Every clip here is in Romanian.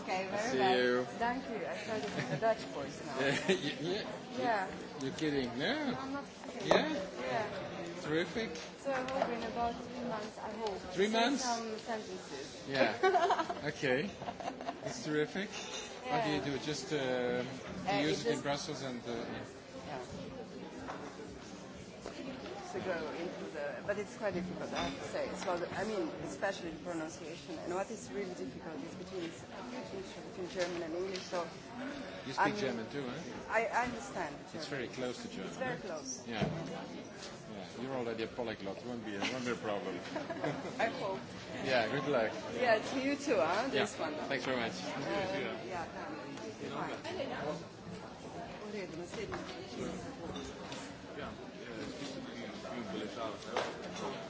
Okay, very well. you. Thank you. I started with the Dutch voice now. yeah. yeah. You're kidding? No. no I'm not kidding. Yeah? Yeah. Terrific. So I hope in about three months, I hope. Three months? Some sentences. Yeah. okay. It's terrific. Yeah. How do you do it? Just uh, uh, use it, in Brussels and... Uh, yeah. To go into the, but it's quite difficult, I have to say. So, I mean, especially the pronunciation. And what is really difficult is between It's in German and English, so. You speak I'm, German too, huh? I, I understand. It's very close to German. It's very close. Yeah. yeah. You're already a polyglot. Won't be a, won't be a problem. I hope. Yeah. Good luck. Yeah, to you too, huh? This yeah. one. Thanks very much. Uh, yeah. Yeah.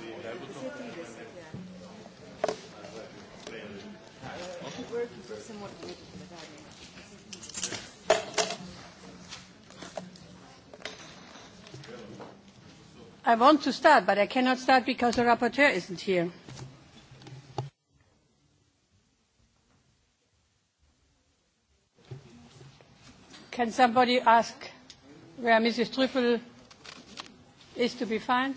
I want to start, but I cannot start because the rapporteur isn't here. Can somebody ask where Mrs. Trüffel is to be found?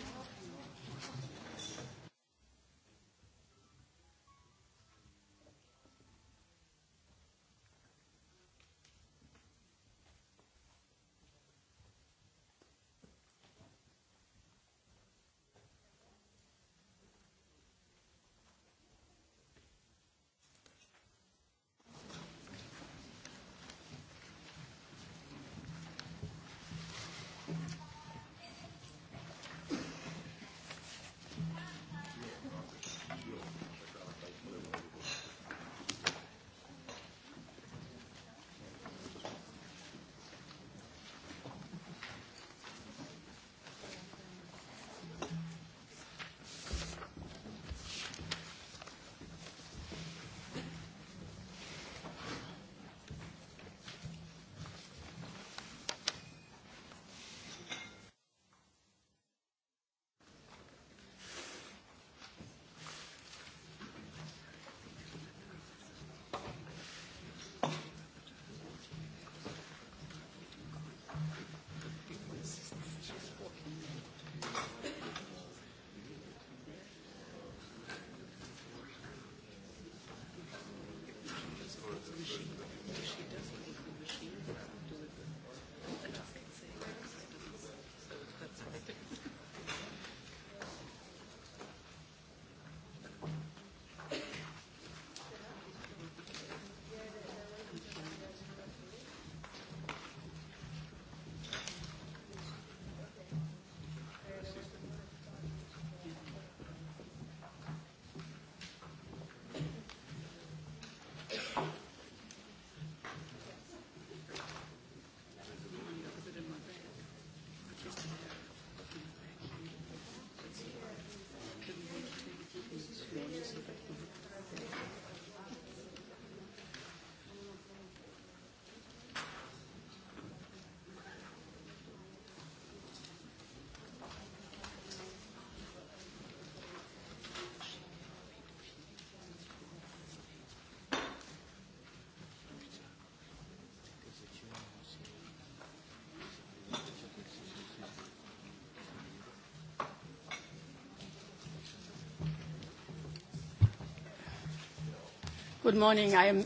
Good morning. I am,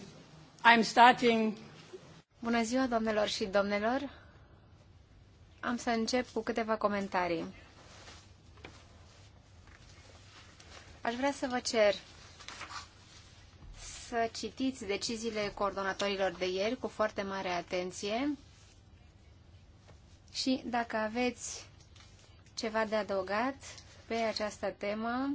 I'm starting... Bună ziua, doamnelor și domnilor. Am să încep cu câteva comentarii. Aș vrea să vă cer să citiți deciziile coordonatorilor de ieri cu foarte mare atenție și dacă aveți ceva de adăugat pe această temă,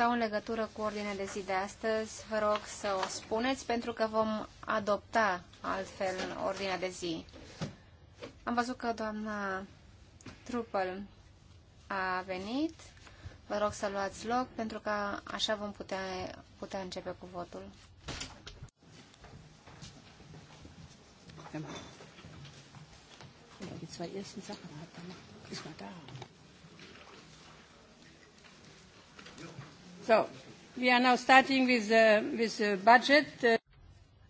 sau în legătură cu ordinea de zi de astăzi, vă rog să o spuneți, pentru că vom adopta altfel ordinea de zi. Am văzut că doamna Trupel a venit. Vă rog să luați loc, pentru că așa vom putea, putea începe cu votul. Die zwei ersten Sachen hat er noch. Ist mal da. So, we are now starting with the, with the budget.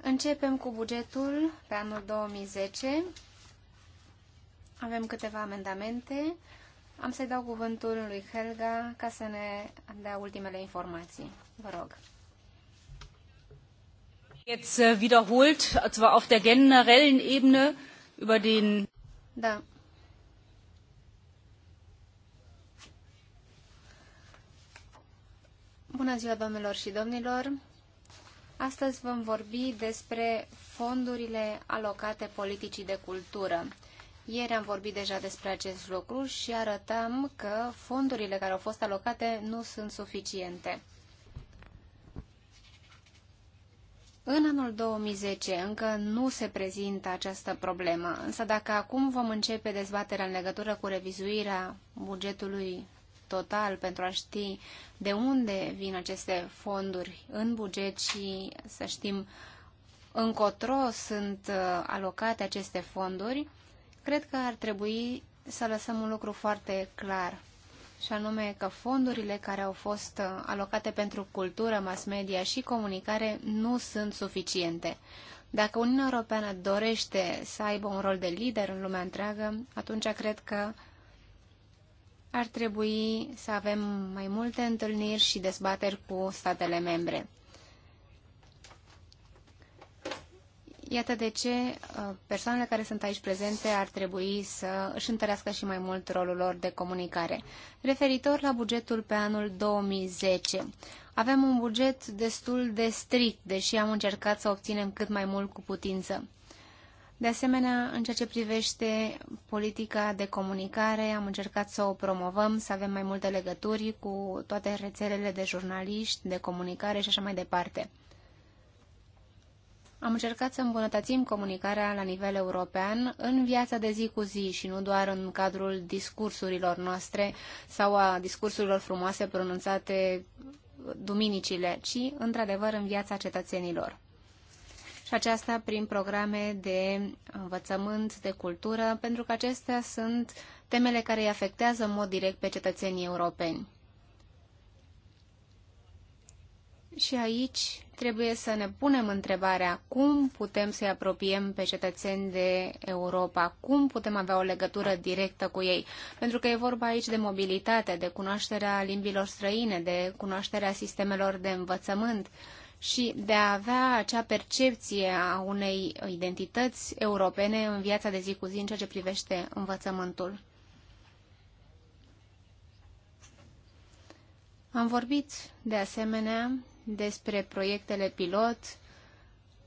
Începem cu bugetul pe anul 2010. Avem câteva amendamente. Am să-i dau cuvântul lui Helga ca să ne dea ultimele informații. Vă rog. Jetzt uh, wiederholt, zwar auf der generellen Ebene, über den... Da, Bună ziua, domnilor și domnilor! Astăzi vom vorbi despre fondurile alocate politicii de cultură. Ieri am vorbit deja despre acest lucru și arătam că fondurile care au fost alocate nu sunt suficiente. În anul 2010 încă nu se prezintă această problemă, însă dacă acum vom începe dezbaterea în legătură cu revizuirea bugetului total pentru a ști de unde vin aceste fonduri în buget și să știm încotro sunt uh, alocate aceste fonduri, cred că ar trebui să lăsăm un lucru foarte clar, și anume că fondurile care au fost uh, alocate pentru cultură, mass media și comunicare nu sunt suficiente. Dacă Uniunea Europeană dorește să aibă un rol de lider în lumea întreagă, atunci cred că ar trebui să avem mai multe întâlniri și dezbateri cu statele membre. Iată de ce uh, persoanele care sunt aici prezente ar trebui să își întărească și mai mult rolul lor de comunicare. Referitor la bugetul pe anul 2010, avem un buget destul de strict, deși am încercat să obținem cât mai mult cu putință. De asemenea, în ceea ce privește politica de comunicare, am încercat să o promovăm, să avem mai multe legături cu toate rețelele de jurnaliști, de comunicare și așa mai departe. Am încercat să îmbunătățim comunicarea la nivel european în viața de zi cu zi și nu doar în cadrul discursurilor noastre sau a discursurilor frumoase pronunțate duminicile, ci, într-adevăr, în viața cetățenilor și aceasta prin programe de învățământ, de cultură, pentru că acestea sunt temele care îi afectează în mod direct pe cetățenii europeni. Și aici trebuie să ne punem întrebarea cum putem să-i apropiem pe cetățeni de Europa, cum putem avea o legătură directă cu ei. Pentru că e vorba aici de mobilitate, de cunoașterea limbilor străine, de cunoașterea sistemelor de învățământ, și de a avea acea percepție a unei identități europene în viața de zi cu zi în ceea ce privește învățământul. Am vorbit, de asemenea, despre proiectele pilot,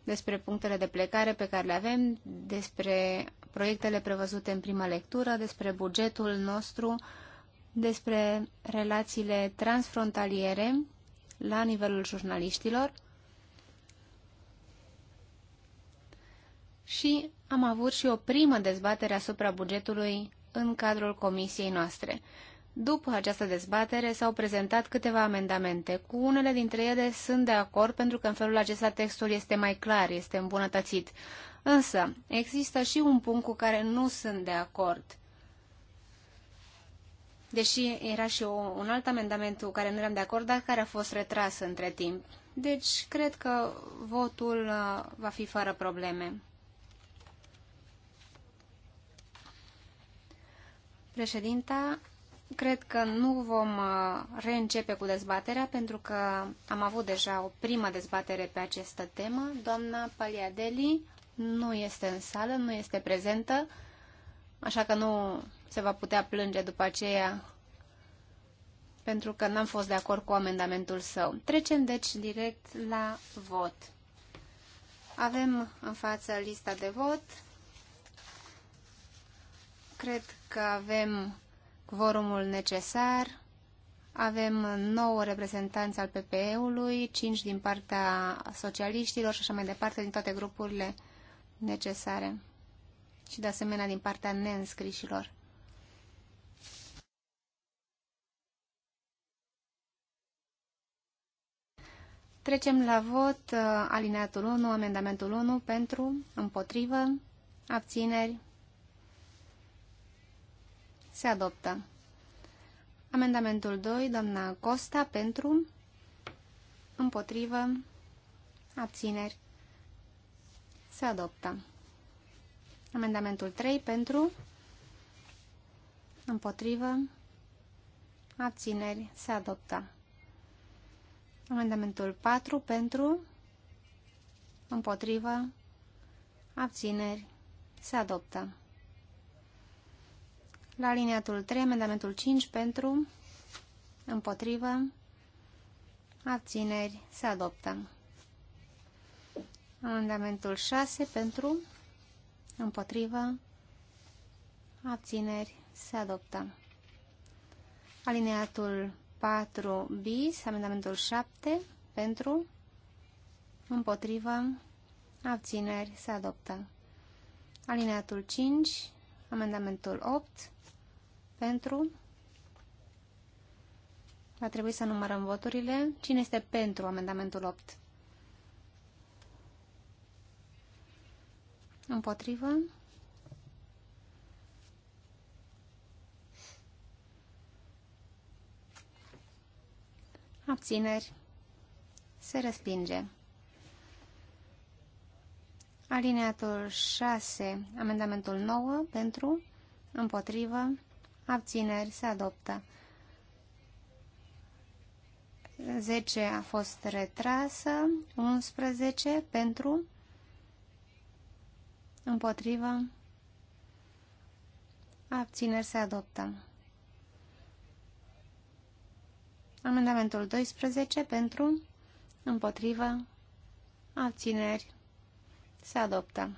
despre punctele de plecare pe care le avem, despre proiectele prevăzute în prima lectură, despre bugetul nostru, despre relațiile transfrontaliere la nivelul jurnaliștilor și am avut și o primă dezbatere asupra bugetului în cadrul comisiei noastre. După această dezbatere s-au prezentat câteva amendamente. Cu unele dintre ele sunt de acord pentru că în felul acesta textul este mai clar, este îmbunătățit. Însă, există și un punct cu care nu sunt de acord – deși era și o, un alt amendament cu care nu eram de acord, dar care a fost retras între timp. Deci, cred că votul uh, va fi fără probleme. Președinta, cred că nu vom uh, reîncepe cu dezbaterea, pentru că am avut deja o primă dezbatere pe această temă. Doamna Paliadeli nu este în sală, nu este prezentă, așa că nu se va putea plânge după aceea pentru că n-am fost de acord cu amendamentul său. Trecem deci direct la vot. Avem în față lista de vot. Cred că avem quorumul necesar. Avem 9 reprezentanți al PPE-ului, 5 din partea socialiștilor și așa mai departe, din toate grupurile necesare. Și de asemenea din partea neînscrișilor. Trecem la vot uh, alineatul 1, amendamentul 1 pentru, împotrivă, abțineri, se adoptă. Amendamentul 2, doamna Costa, pentru, împotrivă, abțineri, se adoptă. Amendamentul 3, pentru, împotrivă, abțineri, se adoptă. Amendamentul 4 pentru, împotrivă, abțineri, se adoptă. La alineatul 3, amendamentul 5 pentru, împotrivă, abțineri, se adoptă. Amendamentul 6 pentru, împotrivă, abțineri, se adoptă. Alineatul 4 bis, amendamentul 7, pentru, împotrivă, abțineri, se adoptă. Alineatul 5, amendamentul 8, pentru, va trebui să numărăm voturile. Cine este pentru amendamentul 8? Împotrivă, abțineri, se respinge. Alineatul 6, amendamentul 9, pentru, împotrivă, abțineri, se adoptă. 10 a fost retrasă, 11 pentru, împotrivă, abțineri, se adoptă. Amendamentul 12 pentru, împotrivă, abțineri, se adoptă.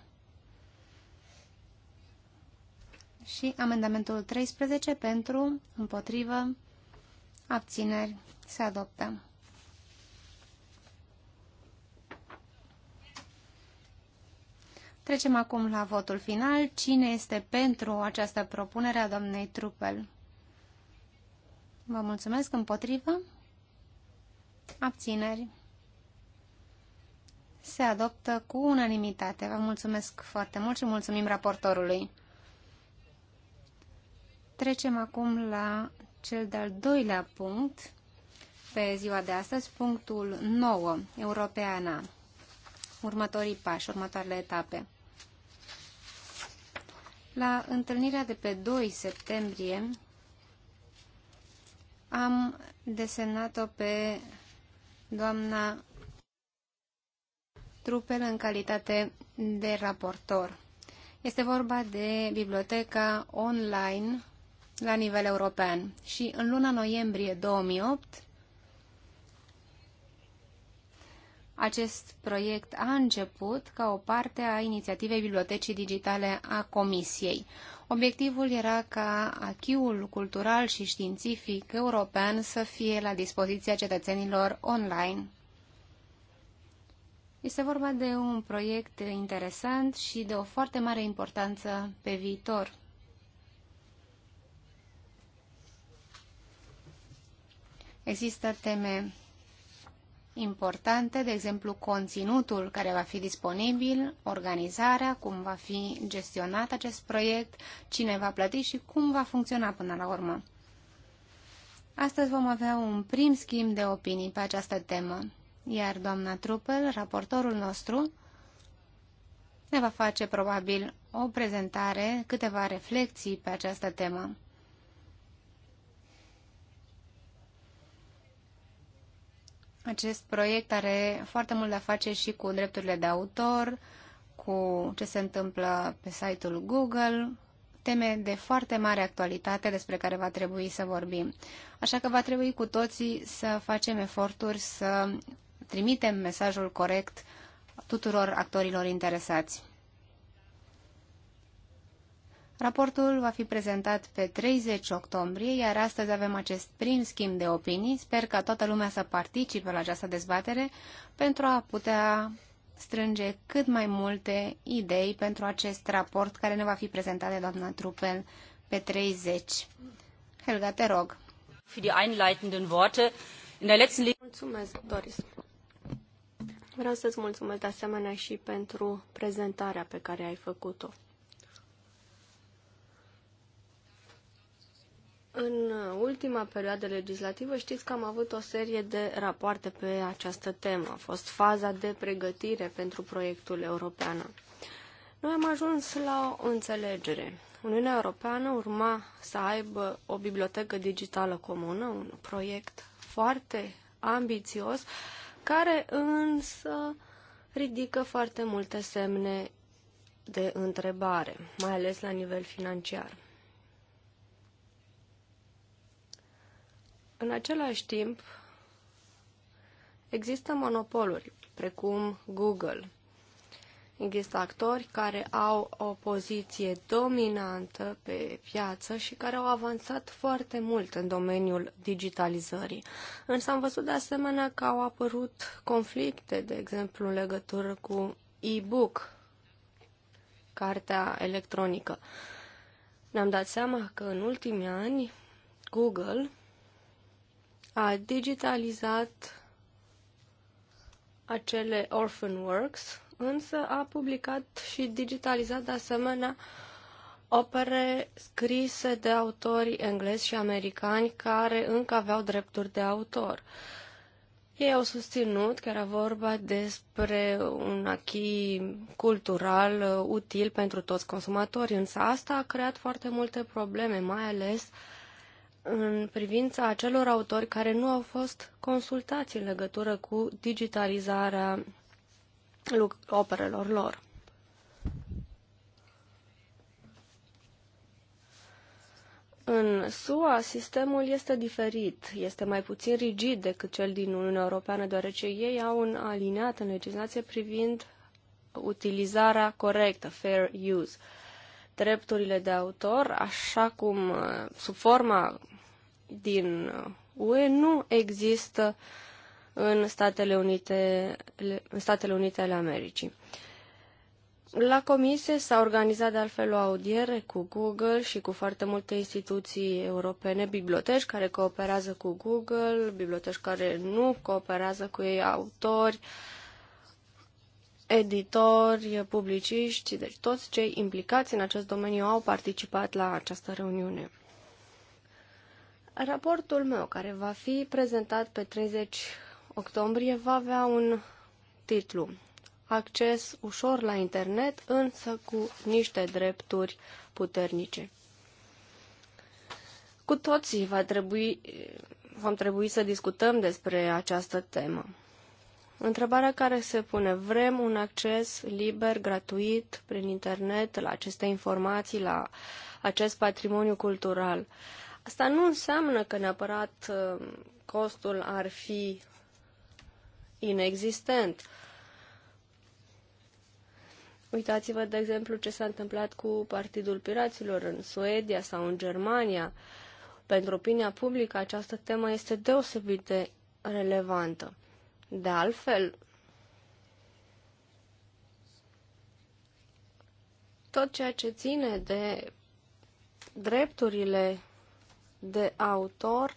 Și amendamentul 13 pentru, împotrivă, abțineri, se adoptă. Trecem acum la votul final. Cine este pentru această propunere a doamnei Trupel? Vă mulțumesc. Împotrivă? Abțineri. Se adoptă cu unanimitate. Vă mulțumesc foarte mult și mulțumim raportorului. Trecem acum la cel de-al doilea punct pe ziua de astăzi, punctul 9, Europeana. Următorii pași, următoarele etape. La întâlnirea de pe 2 septembrie am desemnat-o pe doamna Trupel în calitate de raportor. Este vorba de biblioteca online la nivel european și în luna noiembrie 2008 acest proiect a început ca o parte a inițiativei Bibliotecii Digitale a Comisiei. Obiectivul era ca achiul cultural și științific european să fie la dispoziția cetățenilor online. Este vorba de un proiect interesant și de o foarte mare importanță pe viitor. Există teme importante, de exemplu conținutul care va fi disponibil, organizarea, cum va fi gestionat acest proiect, cine va plăti și cum va funcționa până la urmă. Astăzi vom avea un prim schimb de opinii pe această temă, iar doamna Trupel, raportorul nostru, ne va face probabil o prezentare, câteva reflexii pe această temă. Acest proiect are foarte mult de a face și cu drepturile de autor, cu ce se întâmplă pe site-ul Google, teme de foarte mare actualitate despre care va trebui să vorbim. Așa că va trebui cu toții să facem eforturi să trimitem mesajul corect tuturor actorilor interesați. Raportul va fi prezentat pe 30 octombrie, iar astăzi avem acest prim schimb de opinii. Sper ca toată lumea să participe la această dezbatere pentru a putea strânge cât mai multe idei pentru acest raport care ne va fi prezentat de doamna Trupel pe 30. Helga, te rog. Mulțumesc, Doris. Vreau să-ți mulțumesc de asemenea și pentru prezentarea pe care ai făcut-o. În ultima perioadă legislativă știți că am avut o serie de rapoarte pe această temă. A fost faza de pregătire pentru proiectul european. Noi am ajuns la o înțelegere. Uniunea Europeană urma să aibă o bibliotecă digitală comună, un proiect foarte ambițios, care însă ridică foarte multe semne de întrebare, mai ales la nivel financiar. În același timp, există monopoluri, precum Google. Există actori care au o poziție dominantă pe piață și care au avansat foarte mult în domeniul digitalizării. Însă am văzut de asemenea că au apărut conflicte, de exemplu în legătură cu e-book, cartea electronică. Ne-am dat seama că în ultimii ani Google a digitalizat acele orphan works, însă a publicat și digitalizat de asemenea opere scrise de autori englezi și americani care încă aveau drepturi de autor. Ei au susținut că era vorba despre un achii cultural uh, util pentru toți consumatorii, însă asta a creat foarte multe probleme, mai ales uh, în privința acelor autori care nu au fost consultați în legătură cu digitalizarea operelor lor. În SUA, sistemul este diferit, este mai puțin rigid decât cel din Uniunea Europeană, deoarece ei au un aliniat în legislație privind utilizarea corectă, fair use. Drepturile de autor, așa cum sub forma din UE nu există în Statele Unite, în Statele Unite ale Americii. La comisie s-a organizat de altfel o audiere cu Google și cu foarte multe instituții europene, biblioteci care cooperează cu Google, biblioteci care nu cooperează cu ei, autori, editori, publiciști, deci toți cei implicați în acest domeniu au participat la această reuniune. Raportul meu, care va fi prezentat pe 30 octombrie, va avea un titlu Acces ușor la internet, însă cu niște drepturi puternice. Cu toții va trebui, vom trebui să discutăm despre această temă. Întrebarea care se pune, vrem un acces liber, gratuit, prin internet, la aceste informații, la acest patrimoniu cultural? Uh, Asta nu înseamnă că neapărat uh, costul ar fi inexistent. Uitați-vă, de exemplu, ce s-a întâmplat cu Partidul Piraților în Suedia sau în Germania. Pentru opinia publică, această temă este deosebit de relevantă. De altfel, tot ceea ce ține de drepturile de autor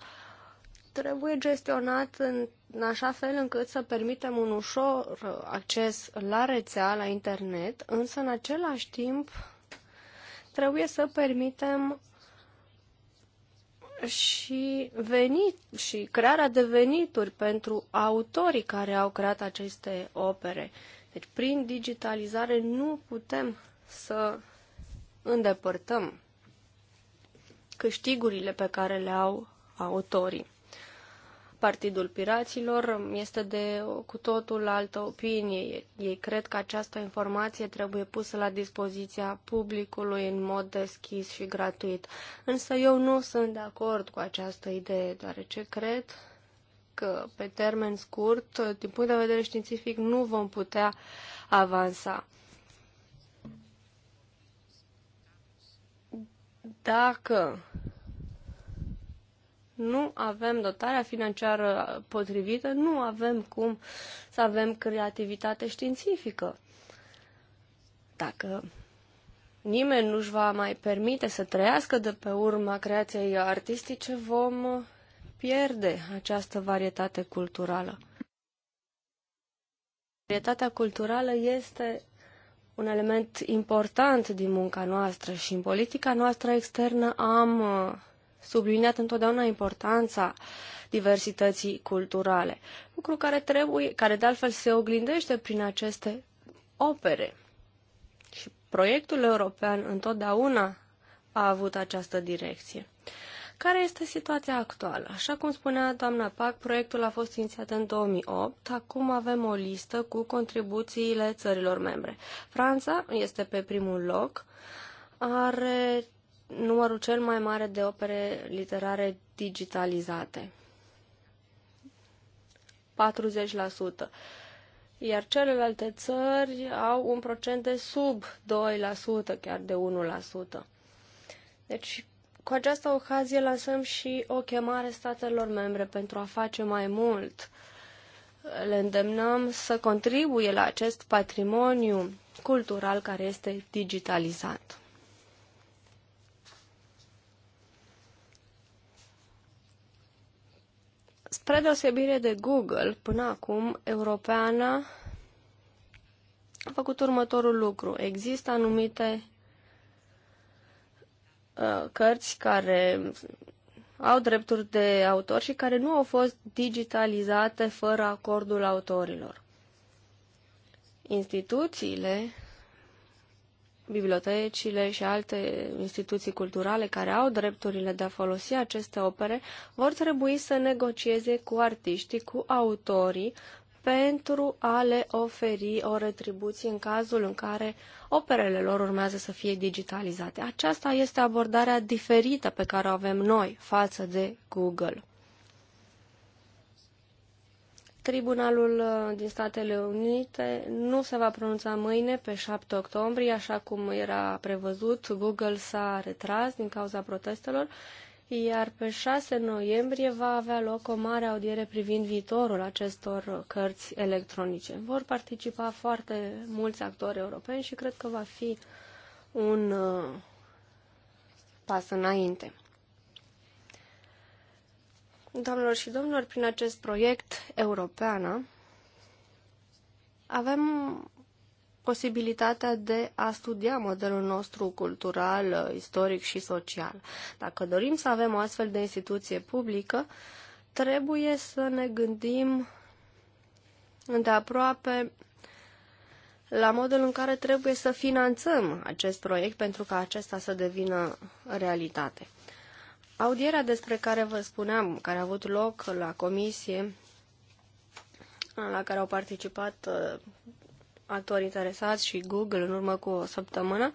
trebuie gestionat în, în așa fel încât să permitem un ușor acces la rețea, la internet, însă în același timp trebuie să permitem și venit și crearea de venituri pentru autorii care au creat aceste opere. Deci prin digitalizare nu putem să îndepărtăm câștigurile pe care le au autorii. Partidul Piraților este de cu totul altă opinie. Ei cred că această informație trebuie pusă la dispoziția publicului în mod deschis și gratuit. Însă eu nu sunt de acord cu această idee, deoarece cred că pe termen scurt, din punct de vedere științific, nu vom putea avansa. Dacă nu avem dotarea financiară potrivită, nu avem cum să avem creativitate științifică. Dacă nimeni nu-și va mai permite să trăiască de pe urma creației artistice, vom pierde această varietate culturală. Varietatea culturală este un element important din munca noastră și în politica noastră externă am uh, subliniat întotdeauna importanța diversității culturale, lucru care trebuie, care de altfel se oglindește prin aceste opere. Și proiectul european întotdeauna a avut această direcție. Care este situația actuală? Așa cum spunea doamna Pac, proiectul a fost inițiat în 2008. Acum avem o listă cu contribuțiile țărilor membre. Franța este pe primul loc, are numărul cel mai mare de opere literare digitalizate. 40%. Iar celelalte țări au un procent de sub 2%, chiar de 1%. Deci cu această ocazie lansăm și o chemare statelor membre pentru a face mai mult. Le îndemnăm să contribuie la acest patrimoniu cultural care este digitalizat. Spre deosebire de Google, până acum, Europeana a făcut următorul lucru. Există anumite Uh, cărți care au drepturi de autor și care nu au fost digitalizate fără acordul autorilor. Instituțiile, bibliotecile și alte instituții culturale care au drepturile de a folosi aceste opere vor trebui să negocieze cu artiștii, cu autorii, pentru a le oferi o retribuție în cazul în care operele lor urmează să fie digitalizate. Aceasta este abordarea diferită pe care o avem noi față de Google. Tribunalul uh, din Statele Unite nu se va pronunța mâine, pe 7 octombrie, așa cum era prevăzut. Google s-a retras din cauza protestelor iar pe 6 noiembrie va avea loc o mare audiere privind viitorul acestor cărți electronice. Vor participa foarte mulți actori europeni și cred că va fi un uh, pas înainte. Doamnelor și domnilor, prin acest proiect Europeana avem posibilitatea de a studia modelul nostru cultural, uh, istoric și social. Dacă dorim să avem o astfel de instituție publică, trebuie să ne gândim îndeaproape la modul în care trebuie să finanțăm acest proiect pentru ca acesta să devină realitate. Audierea despre care vă spuneam, care a avut loc la comisie, la care au participat uh, actori interesați și Google în urmă cu o săptămână.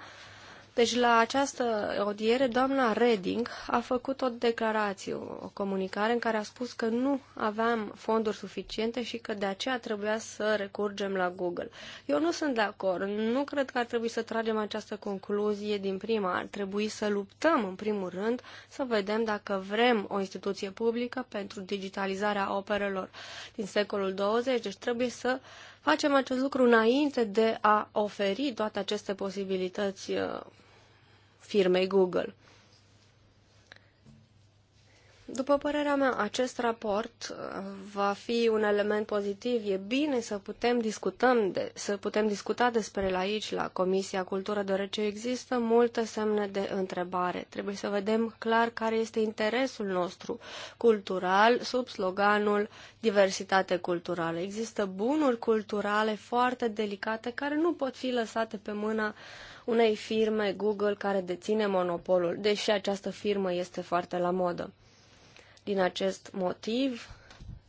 Deci la această audiere, doamna Reding a făcut o declarație, o comunicare în care a spus că nu aveam fonduri suficiente și că de aceea trebuia să recurgem la Google. Eu nu sunt de acord, nu cred că ar trebui să tragem această concluzie din prima, ar trebui să luptăm în primul rând să vedem dacă vrem o instituție publică pentru digitalizarea operelor din secolul 20, deci trebuie să Facem acest lucru înainte de a oferi toate aceste posibilități uh, firmei Google. După părerea mea, acest raport uh, va fi un element pozitiv. E bine să putem, discutăm de, să putem discuta despre el aici, la Comisia Cultură, deoarece există multe semne de întrebare. Trebuie să vedem clar care este interesul nostru cultural sub sloganul diversitate culturală. Există bunuri culturale foarte delicate care nu pot fi lăsate pe mâna unei firme Google care deține monopolul, deși această firmă este foarte la modă. Din acest motiv,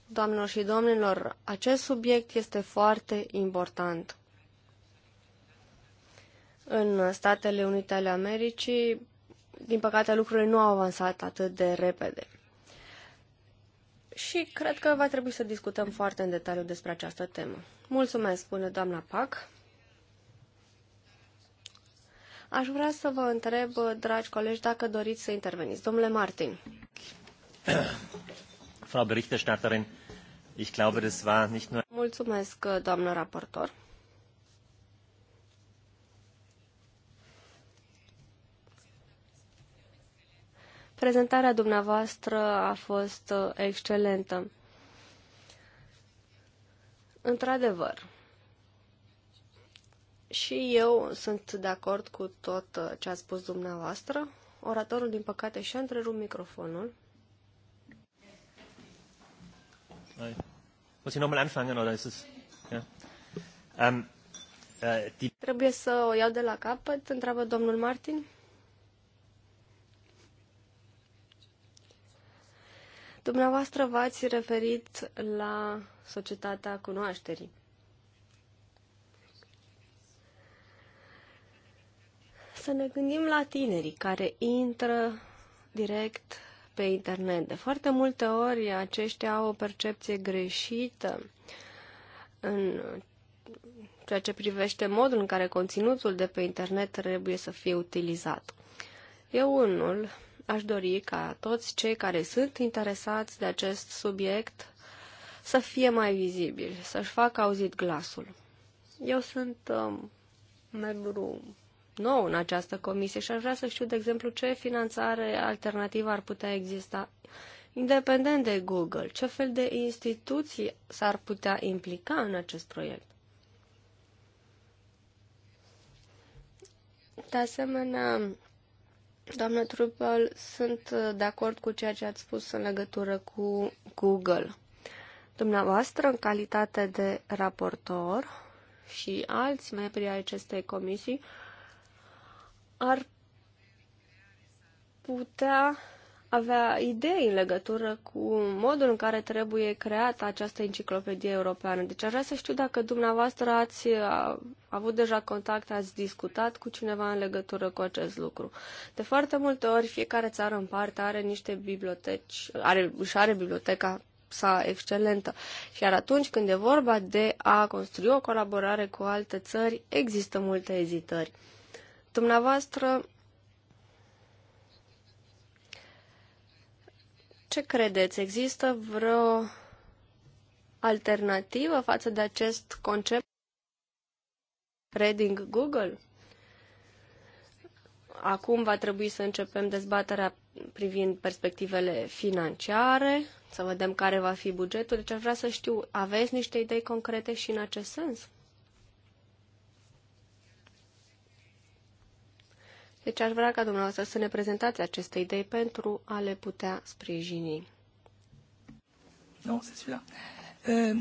doamnelor și domnilor, acest subiect este foarte important. În Statele Unite ale Americii, din păcate, lucrurile nu au avansat atât de repede. Și cred că va trebui să discutăm foarte în detaliu despre această temă. Mulțumesc, spune doamna Pac. Aș vrea să vă întreb, dragi colegi, dacă doriți să interveniți. Domnule Martin. Frau Berichterstatterin, ich glaube, das war nicht nur... Mulțumesc, doamnă raportor. Prezentarea dumneavoastră a fost uh, excelentă. Într-adevăr, și eu sunt de acord cu tot uh, ce a spus dumneavoastră. Oratorul, din păcate, și-a întrerupt microfonul. Muss ich nochmal anfangen oder ist es... Ja? Ähm, äh, die... Trebuie să o iau de la capăt, întreabă domnul Martin. Dumneavoastră v-ați referit la societatea cunoașterii. Să ne gândim la tinerii care intră direct pe internet. De foarte multe ori aceștia au o percepție greșită în ceea ce privește modul în care conținutul de pe internet trebuie să fie utilizat. Eu unul aș dori ca toți cei care sunt interesați de acest subiect să fie mai vizibili, să-și facă auzit glasul. Eu sunt um, membru nou în această comisie și aș vrea să știu, de exemplu, ce finanțare alternativă ar putea exista independent de Google. Ce fel de instituții s-ar putea implica în acest proiect? De asemenea, doamnă Trupel, sunt de acord cu ceea ce ați spus în legătură cu Google. Dumneavoastră, în calitate de raportor și alți membri ai acestei comisii, ar putea avea idei în legătură cu modul în care trebuie creată această enciclopedie europeană. Deci aș vrea să știu dacă dumneavoastră ați uh, avut deja contact, ați discutat cu cineva în legătură cu acest lucru. De foarte multe ori, fiecare țară în parte are niște biblioteci, are, și are biblioteca sa excelentă. Și Iar atunci când e vorba de a construi o colaborare cu alte țări, există multe ezitări. Dumneavoastră, ce credeți? Există vreo alternativă față de acest concept? Reading Google? Acum va trebui să începem dezbaterea privind perspectivele financiare, să vedem care va fi bugetul. Deci aș vrea să știu, aveți niște idei concrete și în acest sens? Deci aș vrea ca dumneavoastră să ne prezentați aceste idei pentru a le putea sprijini. Nu, se celui-là. Euh,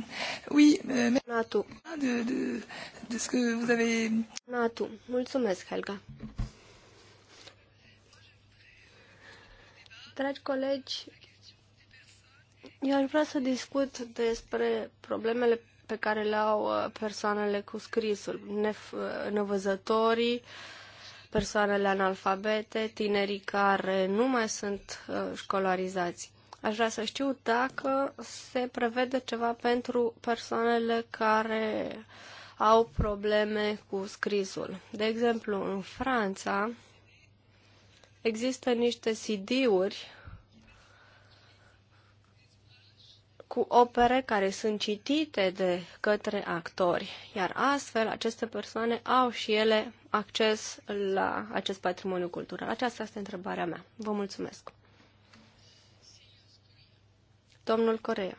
oui, euh, Natu. De, de, de ce que vous avez... Natu, mulțumesc, Helga. Dragi colegi, eu aș vrea să discut despre problemele pe care le au uh, persoanele cu scrisul, nef- uh, nevăzătorii, uh, persoanele analfabete, tinerii care nu mai sunt uh, școlarizați. Aș vrea să știu dacă se prevede ceva pentru persoanele care au probleme cu scrisul. De exemplu, în Franța există niște CD-uri cu opere care sunt citite de către actori, iar astfel aceste persoane au și ele acces la acest patrimoniu cultural? Aceasta este întrebarea mea. Vă mulțumesc. Domnul Corea.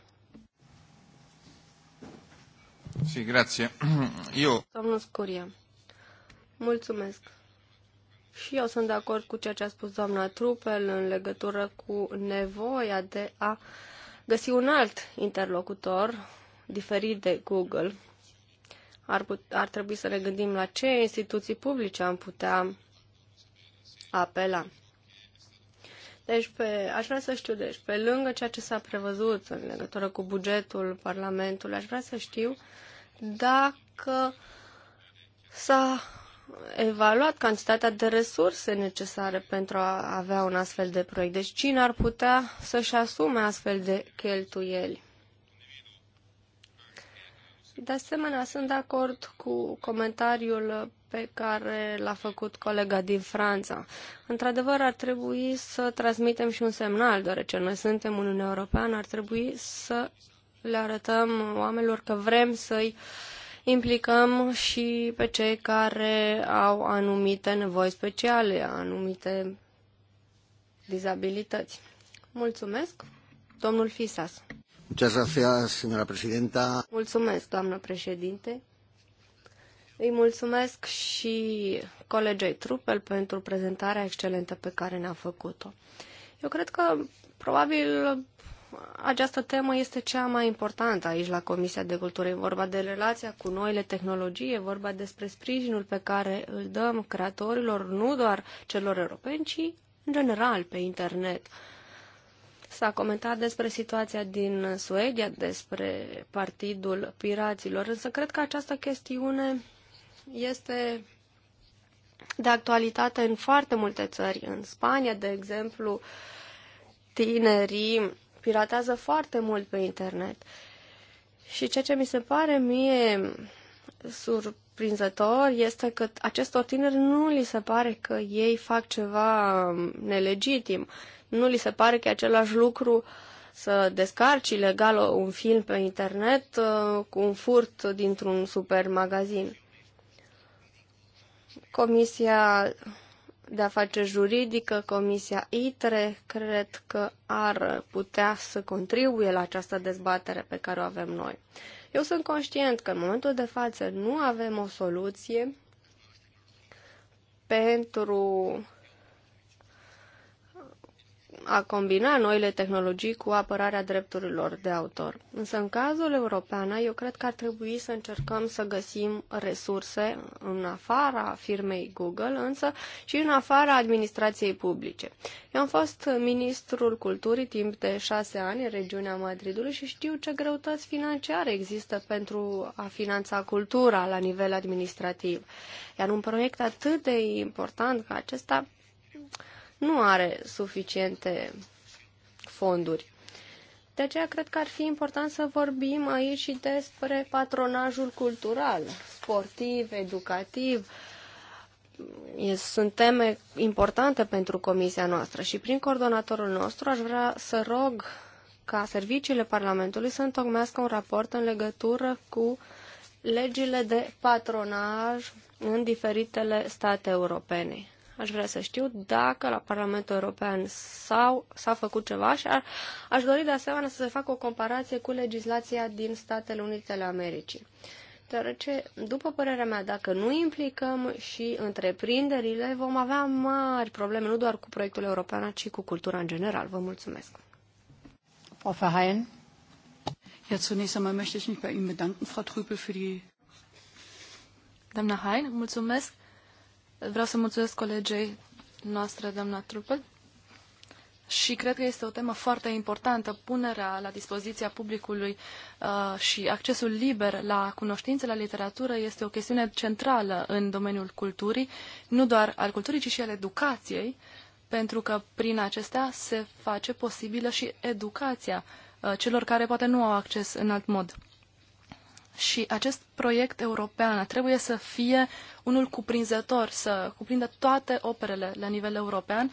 Si, grație. Eu... Domnul Scuria. Mulțumesc. Și eu sunt de acord cu ceea ce a spus doamna Trupel în legătură cu nevoia de a găsi un alt interlocutor diferit de Google ar, put, ar trebui să ne gândim la ce instituții publice am putea apela. Deci, pe, aș vrea să știu, deci, pe lângă ceea ce s-a prevăzut în legătură cu bugetul Parlamentului, aș vrea să știu dacă s-a evaluat cantitatea de resurse necesare pentru a avea un astfel de proiect. Deci, cine ar putea să-și asume astfel de cheltuieli? De asemenea, sunt de acord cu comentariul pe care l-a făcut colega din Franța. Într-adevăr, ar trebui să transmitem și un semnal, deoarece noi suntem Uniunea Europeană, ar trebui să le arătăm oamenilor că vrem să-i implicăm și pe cei care au anumite nevoi speciale, anumite dizabilități. Mulțumesc, domnul Fisas. Mulțumesc, doamnă președinte. Îi mulțumesc și colegei Trupel pentru prezentarea excelentă pe care ne-a făcut-o. Eu cred că probabil această temă este cea mai importantă aici la Comisia de Cultură. E vorba de relația cu noile tehnologii, e vorba despre sprijinul pe care îl dăm creatorilor, nu doar celor europeni, ci în general pe internet. Uh, S-a comentat despre situația din Suedia, despre partidul piraților, însă cred că această chestiune este de actualitate în foarte multe țări. În Spania, de exemplu, tinerii piratează foarte mult pe internet. Și ceea ce mi se pare mie sur surprinzător este că acestor tineri nu li se pare că ei fac ceva nelegitim, nu li se pare că e același lucru să descarci ilegal un film pe internet uh, cu un furt dintr-un supermagazin. Comisia de afaceri juridică, Comisia ITRE, cred că ar putea să contribuie la această dezbatere pe care o avem noi. Eu sunt conștient că în momentul de față nu avem o soluție pentru a combina noile tehnologii cu apărarea drepturilor de autor. Însă, în cazul european, eu cred că ar trebui să încercăm să găsim resurse în afara firmei Google, însă și în afara administrației publice. Eu am fost ministrul culturii timp de șase ani în regiunea Madridului și știu ce greutăți financiare există pentru a finanța cultura la nivel administrativ. Iar un proiect atât de important ca acesta nu are suficiente fonduri. De aceea cred că ar fi important să vorbim aici și despre patronajul cultural, sportiv, educativ. Sunt teme importante pentru comisia noastră și prin coordonatorul nostru aș vrea să rog ca serviciile Parlamentului să întocmească un raport în legătură cu legile de patronaj în diferitele state europene. Aș vrea să știu dacă la Parlamentul European s-a făcut ceva și ar, aș dori de asemenea să se facă o comparație cu legislația din Statele Unite ale Americii. Deoarece, după părerea mea, dacă nu implicăm și întreprinderile, vom avea mari probleme, nu doar cu proiectul european, ci cu cultura în general. Vă mulțumesc. Frau Verheyen. Ja, zunächst einmal möchte ich mich bei Ihnen bedanken, Frau Trüpel, für die... Doamna Hain, mulțumesc Vreau să mulțumesc colegei noastre, doamna Trupel, și cred că este o temă foarte importantă, punerea la dispoziția publicului uh, și accesul liber la cunoștințe, la literatură, este o chestiune centrală în domeniul culturii, nu doar al culturii, ci și al educației, pentru că prin acestea se face posibilă și educația uh, celor care poate nu au acces în alt mod și acest proiect european trebuie să fie unul cuprinzător, să cuprindă toate operele la nivel european.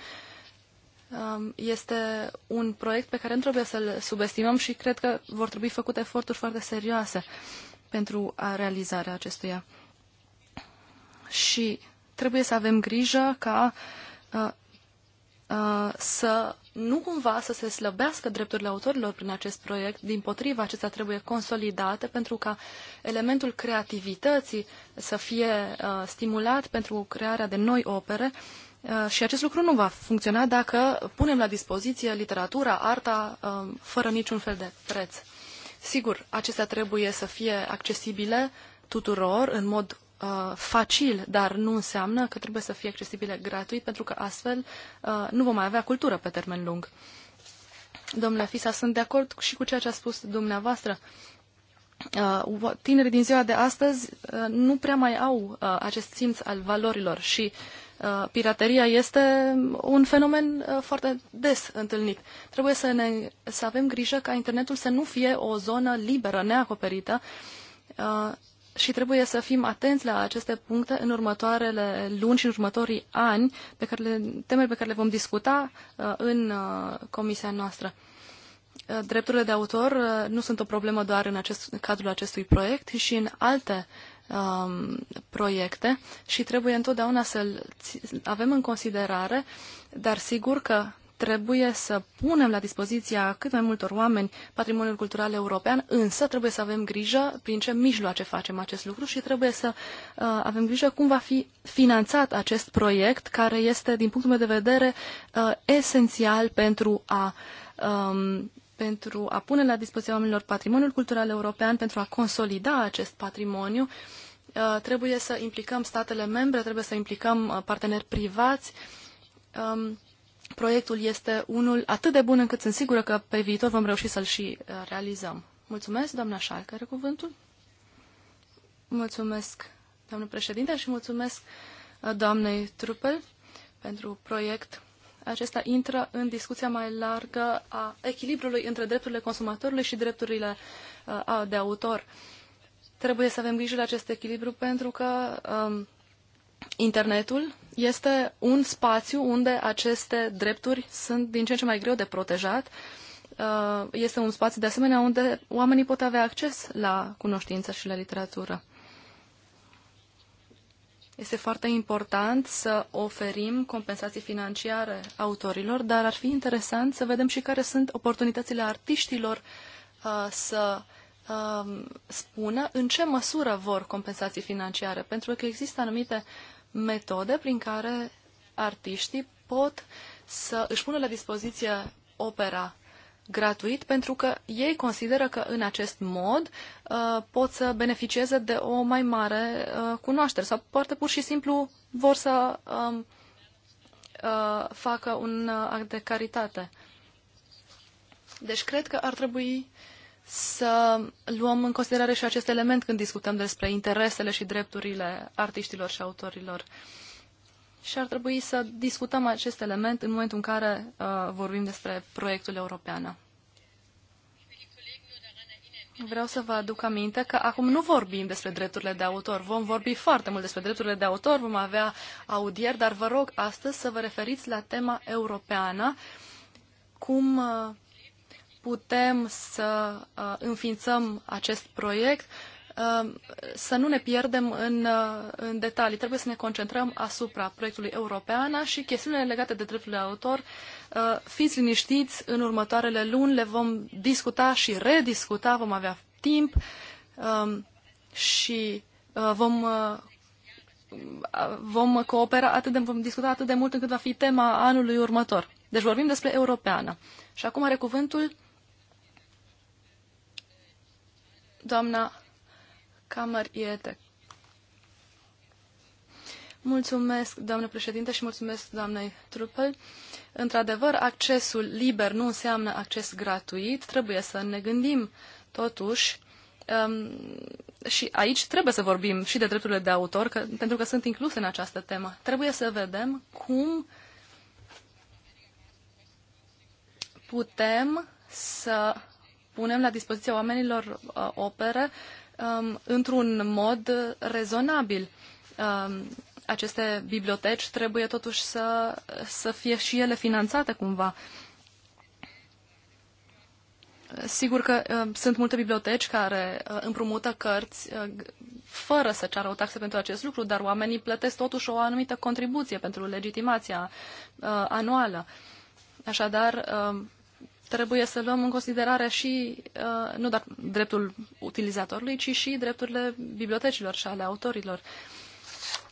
Um, este un proiect pe care nu trebuie să-l subestimăm și cred că vor trebui făcute eforturi foarte serioase pentru a realizarea acestuia. Și trebuie să avem grijă ca uh, uh, să nu cumva să se slăbească drepturile autorilor prin acest proiect, din potriva acestea trebuie consolidate pentru ca elementul creativității să fie uh, stimulat pentru crearea de noi opere uh, și acest lucru nu va funcționa dacă punem la dispoziție literatura, arta, uh, fără niciun fel de preț. Sigur, acestea trebuie să fie accesibile tuturor în mod Uh, facil, dar nu înseamnă că trebuie să fie accesibile gratuit, pentru că astfel uh, nu vom mai avea cultură pe termen lung. Domnule Fisa, sunt de acord și cu ceea ce a spus dumneavoastră. Uh, tinerii din ziua de astăzi uh, nu prea mai au uh, acest simț al valorilor și uh, pirateria este un fenomen uh, foarte des întâlnit. Trebuie să, ne, să avem grijă ca internetul să nu fie o zonă liberă, neacoperită, și trebuie să fim atenți la aceste puncte în următoarele luni și în următorii ani, pe care le, temele pe care le vom discuta uh, în uh, comisia noastră. Uh, drepturile de autor uh, nu sunt o problemă doar în, acest, în cadrul acestui proiect, ci și în alte um, proiecte și trebuie întotdeauna să-l avem în considerare, dar sigur că Trebuie să punem la dispoziția cât mai multor oameni patrimoniul cultural european, însă trebuie să avem grijă prin ce mijloace facem acest lucru și trebuie să uh, avem grijă cum va fi finanțat acest proiect, care este, din punctul meu de vedere, uh, esențial pentru a um, pentru a pune la dispoziția oamenilor patrimoniul cultural european, pentru a consolida acest patrimoniu. Uh, trebuie să implicăm statele membre, trebuie să implicăm uh, parteneri privați. Um, proiectul este unul atât de bun încât sunt sigură că pe viitor vom reuși să-l și uh, realizăm. Mulțumesc, doamna Șalcă, are cuvântul. Mulțumesc, doamnă președinte, și mulțumesc uh, doamnei Trupel pentru proiect. Acesta intră în discuția mai largă a echilibrului între drepturile consumatorului și drepturile uh, de autor. Trebuie să avem grijă la acest echilibru pentru că um, internetul este un spațiu unde aceste drepturi sunt din ce în ce mai greu de protejat. Uh, este un spațiu de asemenea unde oamenii pot avea acces la cunoștință și la literatură. Este foarte important să oferim compensații financiare autorilor, dar ar fi interesant să vedem și care sunt oportunitățile artiștilor uh, să uh, spună în ce măsură vor compensații financiare, pentru că există anumite uh, metode prin care artiștii pot să își pună la dispoziție opera gratuit pentru că ei consideră că în acest mod uh, pot să beneficieze de o mai mare uh, cunoaștere sau poate pur și simplu vor să um, uh, facă un act de caritate. Deci cred că ar trebui să luăm în considerare și acest element când discutăm despre interesele și drepturile artiștilor și autorilor. Și ar trebui să discutăm acest element în momentul în care uh, vorbim despre proiectul european. Vreau să vă aduc aminte că acum nu vorbim despre drepturile de autor. Vom vorbi foarte mult despre drepturile de autor, vom avea audieri, dar vă rog astăzi să vă referiți la tema europeană, cum uh, putem să uh, înființăm acest proiect, uh, să nu ne pierdem în, uh, în detalii. Trebuie să ne concentrăm asupra proiectului european și chestiunile legate de drepturile autor. Uh, fiți liniștiți, în următoarele luni le vom discuta și rediscuta, vom avea timp um, și uh, vom uh, vom coopera atât de, vom discuta atât de mult încât va fi tema anului următor. Deci vorbim despre europeană. Și acum are cuvântul doamna Kamar Ietek. Mulțumesc, doamnă președinte, și mulțumesc doamnei Trupel. Într-adevăr, accesul liber nu înseamnă acces gratuit, trebuie să ne gândim totuși um, și aici trebuie să vorbim și de drepturile de autor, că, pentru că sunt incluse în această temă. Trebuie să vedem cum putem să punem la dispoziția oamenilor uh, opere um, într-un mod rezonabil. Um, aceste biblioteci trebuie totuși să, să fie și ele finanțate cumva. Sigur că uh, sunt multe biblioteci care uh, împrumută cărți uh, fără să ceară o taxă pentru acest lucru, dar oamenii plătesc totuși o anumită contribuție pentru legitimația uh, anuală. Așadar, uh, trebuie să luăm în considerare și, uh, nu doar dreptul utilizatorului, ci și drepturile bibliotecilor și ale autorilor.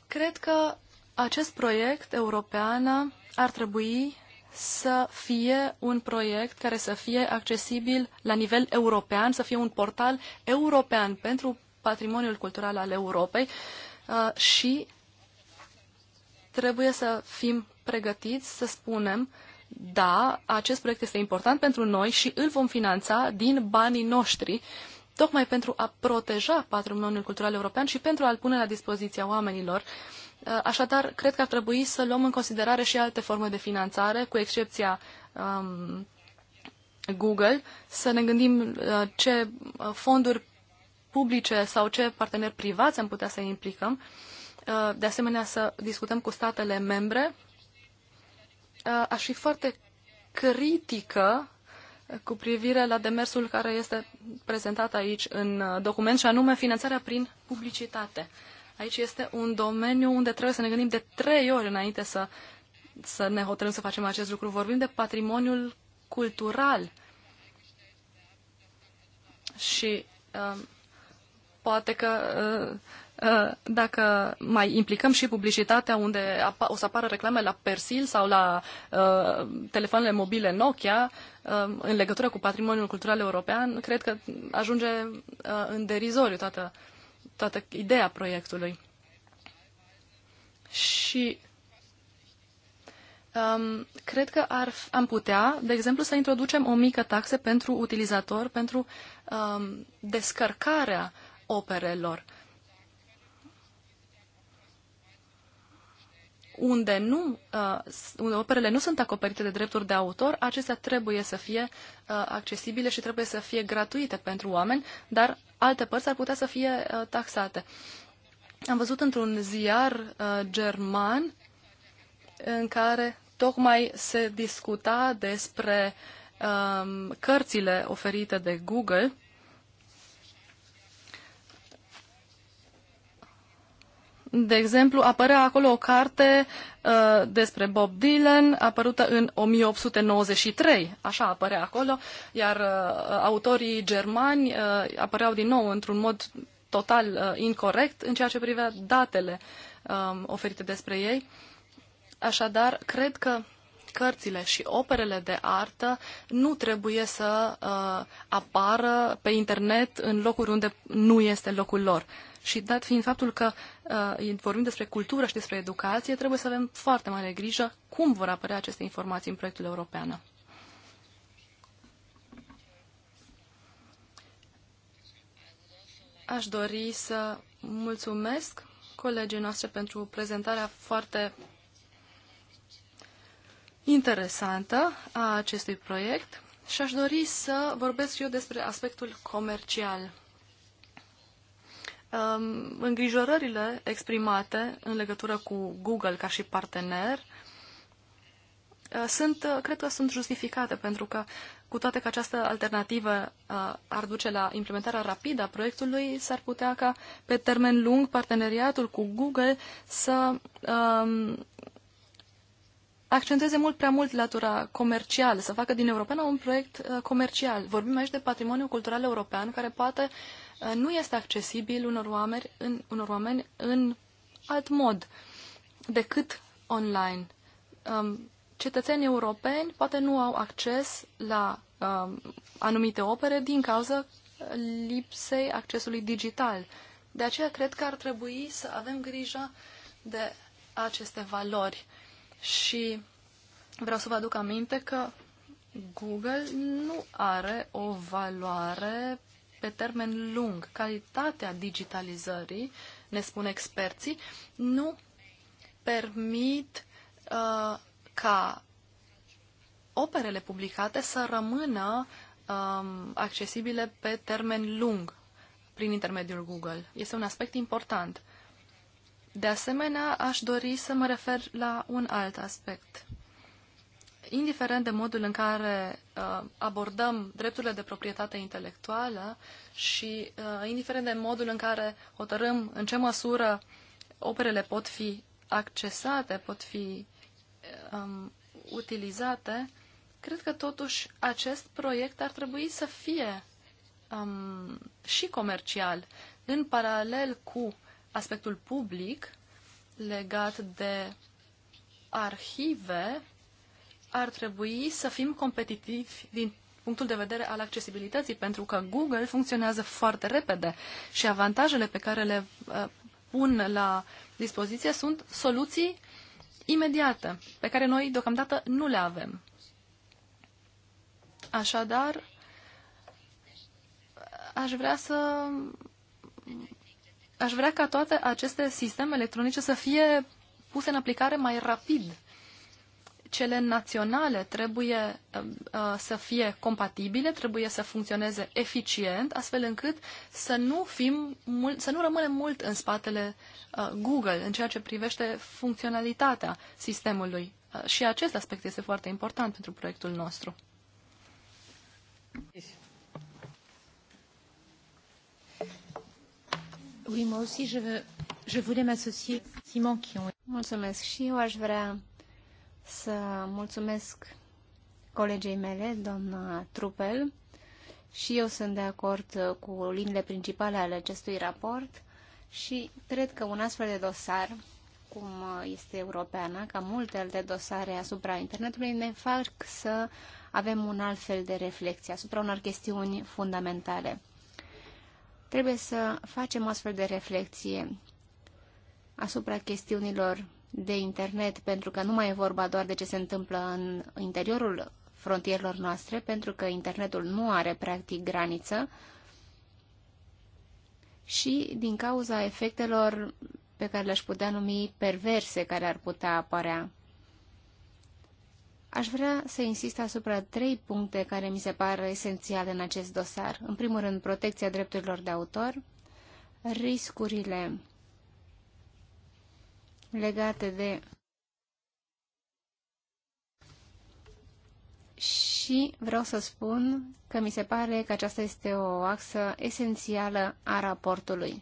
Cred că acest proiect european ar trebui să fie un proiect care să fie accesibil la nivel european, să fie un portal european pentru patrimoniul cultural al Europei uh, și trebuie să fim pregătiți să spunem uh, da, acest proiect este important pentru noi și îl vom finanța din banii noștri, tocmai pentru a proteja patrimoniul cultural european și pentru a-l pune la dispoziția oamenilor. Uh, așadar, cred că ar trebui să luăm în considerare și alte forme de finanțare, cu excepția um, Google, să ne gândim uh, ce uh, fonduri publice sau ce parteneri privați am putea să implicăm, de asemenea să discutăm cu statele membre aș fi foarte critică cu privire la demersul care este prezentat aici în uh, document și anume finanțarea prin publicitate. Aici este un domeniu unde trebuie să ne gândim de trei ori înainte să, să ne hotărâm să facem acest lucru. Vorbim de patrimoniul cultural și uh, poate că uh, Uh, dacă mai implicăm și publicitatea unde o să apară reclame la Persil sau la uh, telefoanele mobile Nokia uh, în legătură cu patrimoniul cultural european, cred că ajunge uh, în derizoriu toată, toată ideea proiectului. Și um, cred că ar, am putea, de exemplu, să introducem o mică taxă pentru utilizator, pentru um, descărcarea operelor. Uh, unde nu, uh, unde operele nu sunt acoperite de drepturi de autor, acestea trebuie să fie uh, accesibile și trebuie să fie gratuite pentru oameni, dar alte părți ar putea să fie uh, taxate. Am văzut într-un ziar german în care tocmai se discuta despre um, cărțile oferite de Google De exemplu, apărea acolo o carte uh, despre Bob Dylan, apărută în 1893, așa apărea acolo, iar uh, autorii germani uh, apăreau din nou într-un mod total uh, incorrect în ceea ce privea datele uh, oferite despre ei. Așadar, cred că cărțile și operele de artă nu trebuie să uh, apară pe internet în locuri unde nu este locul lor. Uh, și dat fiind faptul că uh, vorbim despre cultură și despre educație, trebuie să avem foarte mare grijă cum vor apărea aceste informații în proiectul european. Aș dori să mulțumesc colegii noastre pentru prezentarea foarte interesantă a acestui proiect și aș dori să vorbesc eu despre aspectul comercial um, îngrijorările exprimate în legătură cu Google ca și partener uh, sunt, uh, cred că sunt justificate, pentru că cu toate că această alternativă uh, ar duce la implementarea rapidă a proiectului, s-ar putea ca pe termen lung parteneriatul cu Google să um, accentueze mult prea mult latura comercială, să facă din Europeană un proiect comercial. Vorbim aici de patrimoniu cultural european care poate uh, Uh, nu este accesibil unor oameni în, unor oameni în alt mod decât online. Um, cetățenii europeni poate nu au acces la um, anumite opere din cauza lipsei accesului digital. De aceea cred că ar trebui să avem grijă de aceste valori. Și vreau să vă aduc aminte că Google nu are o valoare pe termen lung, calitatea digitalizării, ne spun experții, nu permit uh, ca operele publicate să rămână um, accesibile pe termen lung prin intermediul Google. Este un aspect important. De asemenea, aș dori să mă refer la un alt aspect indiferent de modul în care uh, abordăm drepturile de proprietate intelectuală și uh, indiferent de modul în care hotărâm în ce măsură operele pot fi accesate, pot fi um, utilizate, cred că totuși acest proiect ar trebui să fie um, și comercial, în paralel cu aspectul public legat de arhive ar trebui să fim competitivi din punctul de vedere al accesibilității, pentru că Google funcționează foarte repede și avantajele pe care le uh, pun la dispoziție sunt soluții imediate, pe care noi deocamdată nu le avem. Așadar, aș vrea să aș vrea ca toate aceste sisteme electronice să fie puse în aplicare mai rapid cele naționale trebuie uh, uh, să fie compatibile, trebuie să funcționeze eficient, astfel încât să nu, fim mult, să nu rămânem mult în spatele uh, Google în ceea ce privește funcționalitatea sistemului. Uh, și acest aspect este foarte important pentru proiectul nostru. Oui, moi aussi, je, veux, je voulais m'associer Mulțumesc și eu aș vrea să mulțumesc colegei mele, doamna Trupel, și eu sunt de acord cu liniile principale ale acestui raport și cred că un astfel de dosar, cum este europeană, ca multe alte dosare asupra internetului, ne fac să avem un alt fel de reflexie asupra unor chestiuni fundamentale. Trebuie să facem astfel de reflexie asupra chestiunilor de internet, pentru că nu mai e vorba doar de ce se întâmplă în interiorul frontierilor noastre, pentru că internetul nu are practic graniță și din cauza efectelor pe care le-aș putea numi perverse care ar putea apărea. Aș vrea să insist asupra trei puncte care mi se par esențiale în acest dosar. În primul rând, protecția drepturilor de autor, riscurile legate de și vreau să spun că mi se pare că aceasta este o axă esențială a raportului.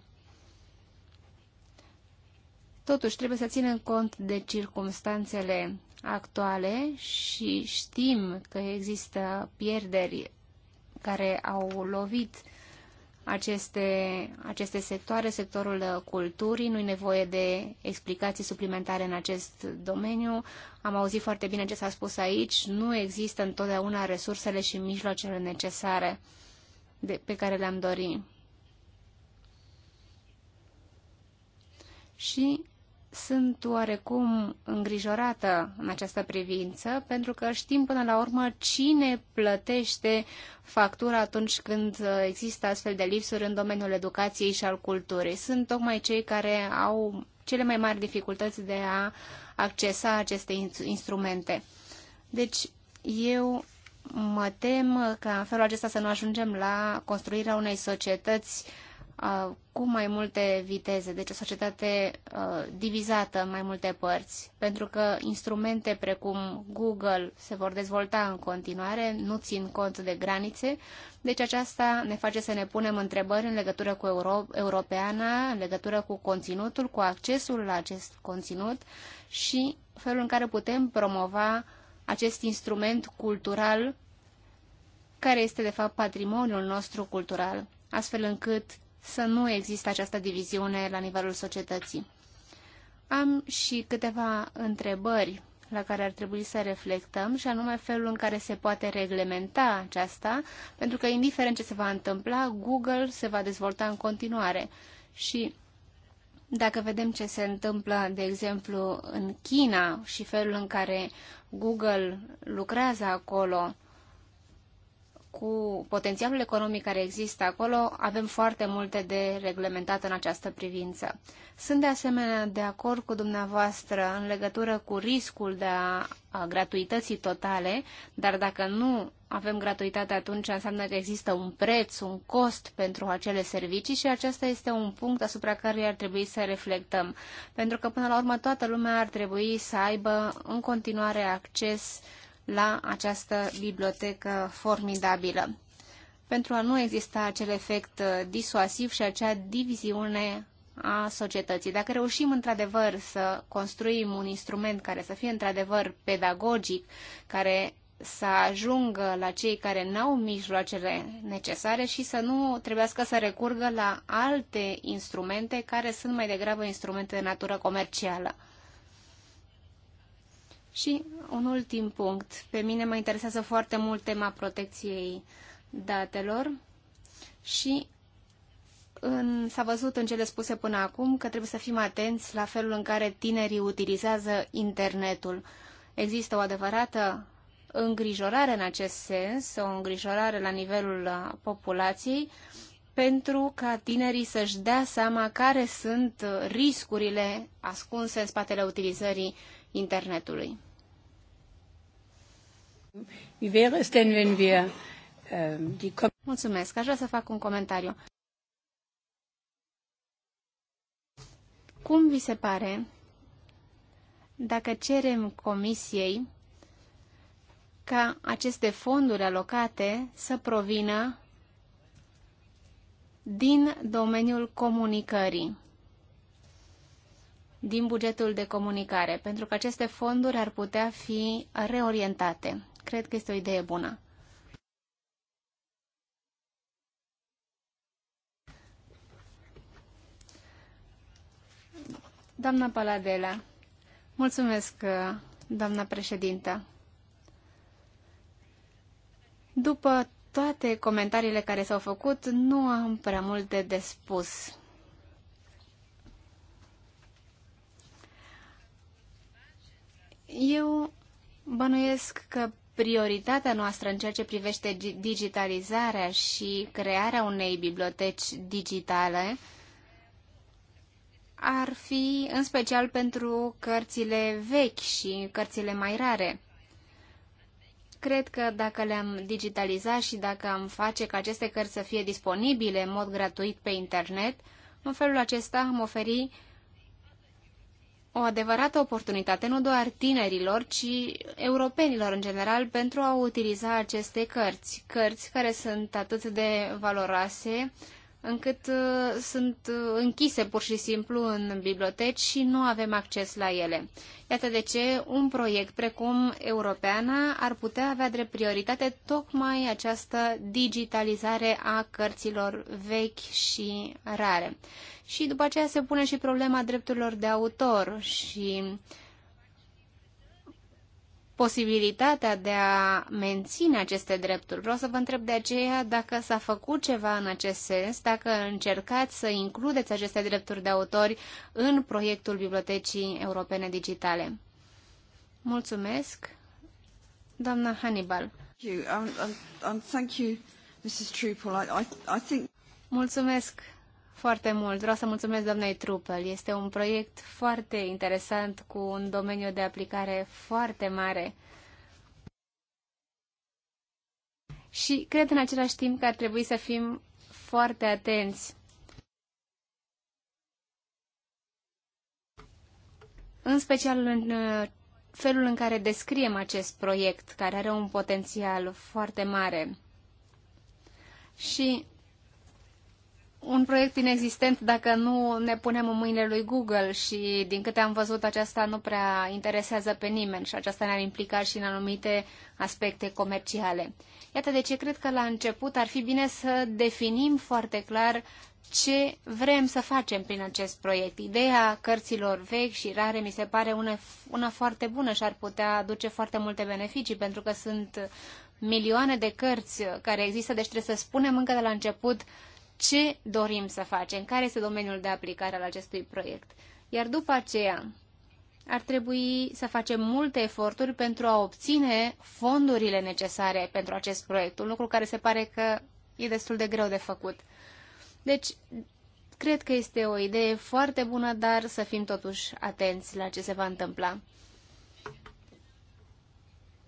Totuși, trebuie să ținem cont de circumstanțele actuale și știm că există pierderi care au lovit uh, aceste, aceste sectoare, sectorul culturii. Nu-i nevoie de explicații suplimentare în acest domeniu. Am auzit foarte bine ce s-a spus aici. Nu există întotdeauna resursele și mijloacele necesare de, pe care le-am dorit. Și sunt oarecum îngrijorată în această privință, pentru că știm până la urmă cine plătește factura atunci când există astfel de lipsuri în domeniul educației și al culturii. Sunt tocmai cei care au cele mai mari dificultăți de a accesa aceste instrumente. Deci, eu mă tem că în felul acesta să nu ajungem la construirea unei societăți uh, cu mai multe viteze, deci o societate divizată în mai multe părți, pentru că instrumente precum Google se vor dezvolta în continuare, nu țin cont de granițe, deci aceasta ne face să ne punem întrebări în legătură cu Euro- europeana, în legătură cu conținutul, cu accesul la acest conținut și felul în care putem promova acest instrument cultural care este de fapt patrimoniul nostru cultural, astfel încât să nu există această diviziune la nivelul societății. Am și câteva întrebări la care ar trebui să reflectăm și anume felul în care se poate reglementa aceasta, pentru că indiferent ce se va întâmpla, Google se va dezvolta în continuare. Și dacă vedem ce se întâmplă, de exemplu, în China și felul în care Google lucrează acolo, cu potențialul economic care există acolo, avem foarte multe de reglementat în această privință. Sunt de asemenea de acord cu dumneavoastră în legătură cu riscul de a, a gratuității totale, dar dacă nu avem gratuitate, atunci înseamnă că există un preț, un cost pentru acele servicii și acesta este un punct asupra care ar trebui să reflectăm. Pentru că, până la urmă, toată lumea ar trebui să aibă în continuare acces uh, la această bibliotecă formidabilă. Pentru a nu exista acel efect uh, disuasiv și acea diviziune a societății. Dacă reușim într-adevăr să construim un instrument care să fie într-adevăr pedagogic, care să ajungă la cei care n-au mijloacele necesare și să nu trebuiască să recurgă la alte instrumente care sunt mai degrabă instrumente de natură comercială. Și un ultim punct. Pe mine mă interesează foarte mult tema protecției datelor și s-a văzut în cele spuse până acum că trebuie să fim atenți la felul în care tinerii utilizează internetul. Există o adevărată îngrijorare în acest sens, o îngrijorare la nivelul uh, populației, pentru ca tinerii să-și dea seama care sunt uh, riscurile ascunse în spatele utilizării internetului. Ähm, Mulțumesc. Aș vrea să fac un comentariu. Cum vi se pare dacă cerem Comisiei ca aceste fonduri alocate să provină din domeniul comunicării, din bugetul de comunicare, pentru că aceste fonduri ar putea fi reorientate. Cred că este o idee bună. Doamna Paladela, mulțumesc, doamna președintă. După toate comentariile care s-au făcut, nu am prea multe de spus. Eu bănuiesc că prioritatea noastră în ceea ce privește digitalizarea și crearea unei biblioteci digitale ar fi în special pentru cărțile vechi și cărțile mai rare. Cred că dacă le-am digitalizat și dacă am face ca aceste cărți să fie disponibile în mod gratuit pe internet, în felul acesta am oferi o adevărată oportunitate nu doar tinerilor, ci europenilor în general pentru a utiliza aceste cărți. Cărți care sunt atât de valoroase, uh, încât uh, sunt uh, închise pur și simplu în biblioteci și nu avem acces la ele. Iată de ce un proiect precum Europeana ar putea avea drept prioritate tocmai această digitalizare a cărților vechi și rare. Și după aceea se pune și problema drepturilor de autor și uh, posibilitatea de a menține aceste drepturi. Vreau să vă întreb de aceea dacă s-a făcut ceva în acest sens, dacă încercați să includeți aceste drepturi de autori în proiectul Bibliotecii Europene Digitale. Mulțumesc, doamna Hannibal. Um, um, um, Mulțumesc, Mulțumesc, foarte mult. Vreau să mulțumesc doamnei Trupel. Este un proiect foarte interesant cu un domeniu de aplicare foarte mare. Și cred în același timp că ar trebui să fim foarte atenți. În special în uh, felul în care descriem acest proiect, care are un potențial foarte mare. Și un proiect inexistent dacă nu ne punem în mâinile lui Google și din câte am văzut aceasta nu prea interesează pe nimeni și aceasta ne-ar implica și în anumite aspecte comerciale. Iată de ce cred că la început ar fi bine să definim foarte clar ce vrem să facem prin acest proiect. Ideea cărților vechi și rare mi se pare una, una foarte bună și ar putea aduce foarte multe beneficii pentru că sunt milioane de cărți care există, deci trebuie să spunem încă de la început ce dorim să facem, care este domeniul de aplicare al acestui proiect. Iar după aceea ar trebui să facem multe eforturi pentru a obține fondurile necesare pentru acest proiect, un lucru care se pare că e destul de greu de făcut. Deci, cred că este o idee foarte bună, dar să fim totuși atenți la ce se va întâmpla.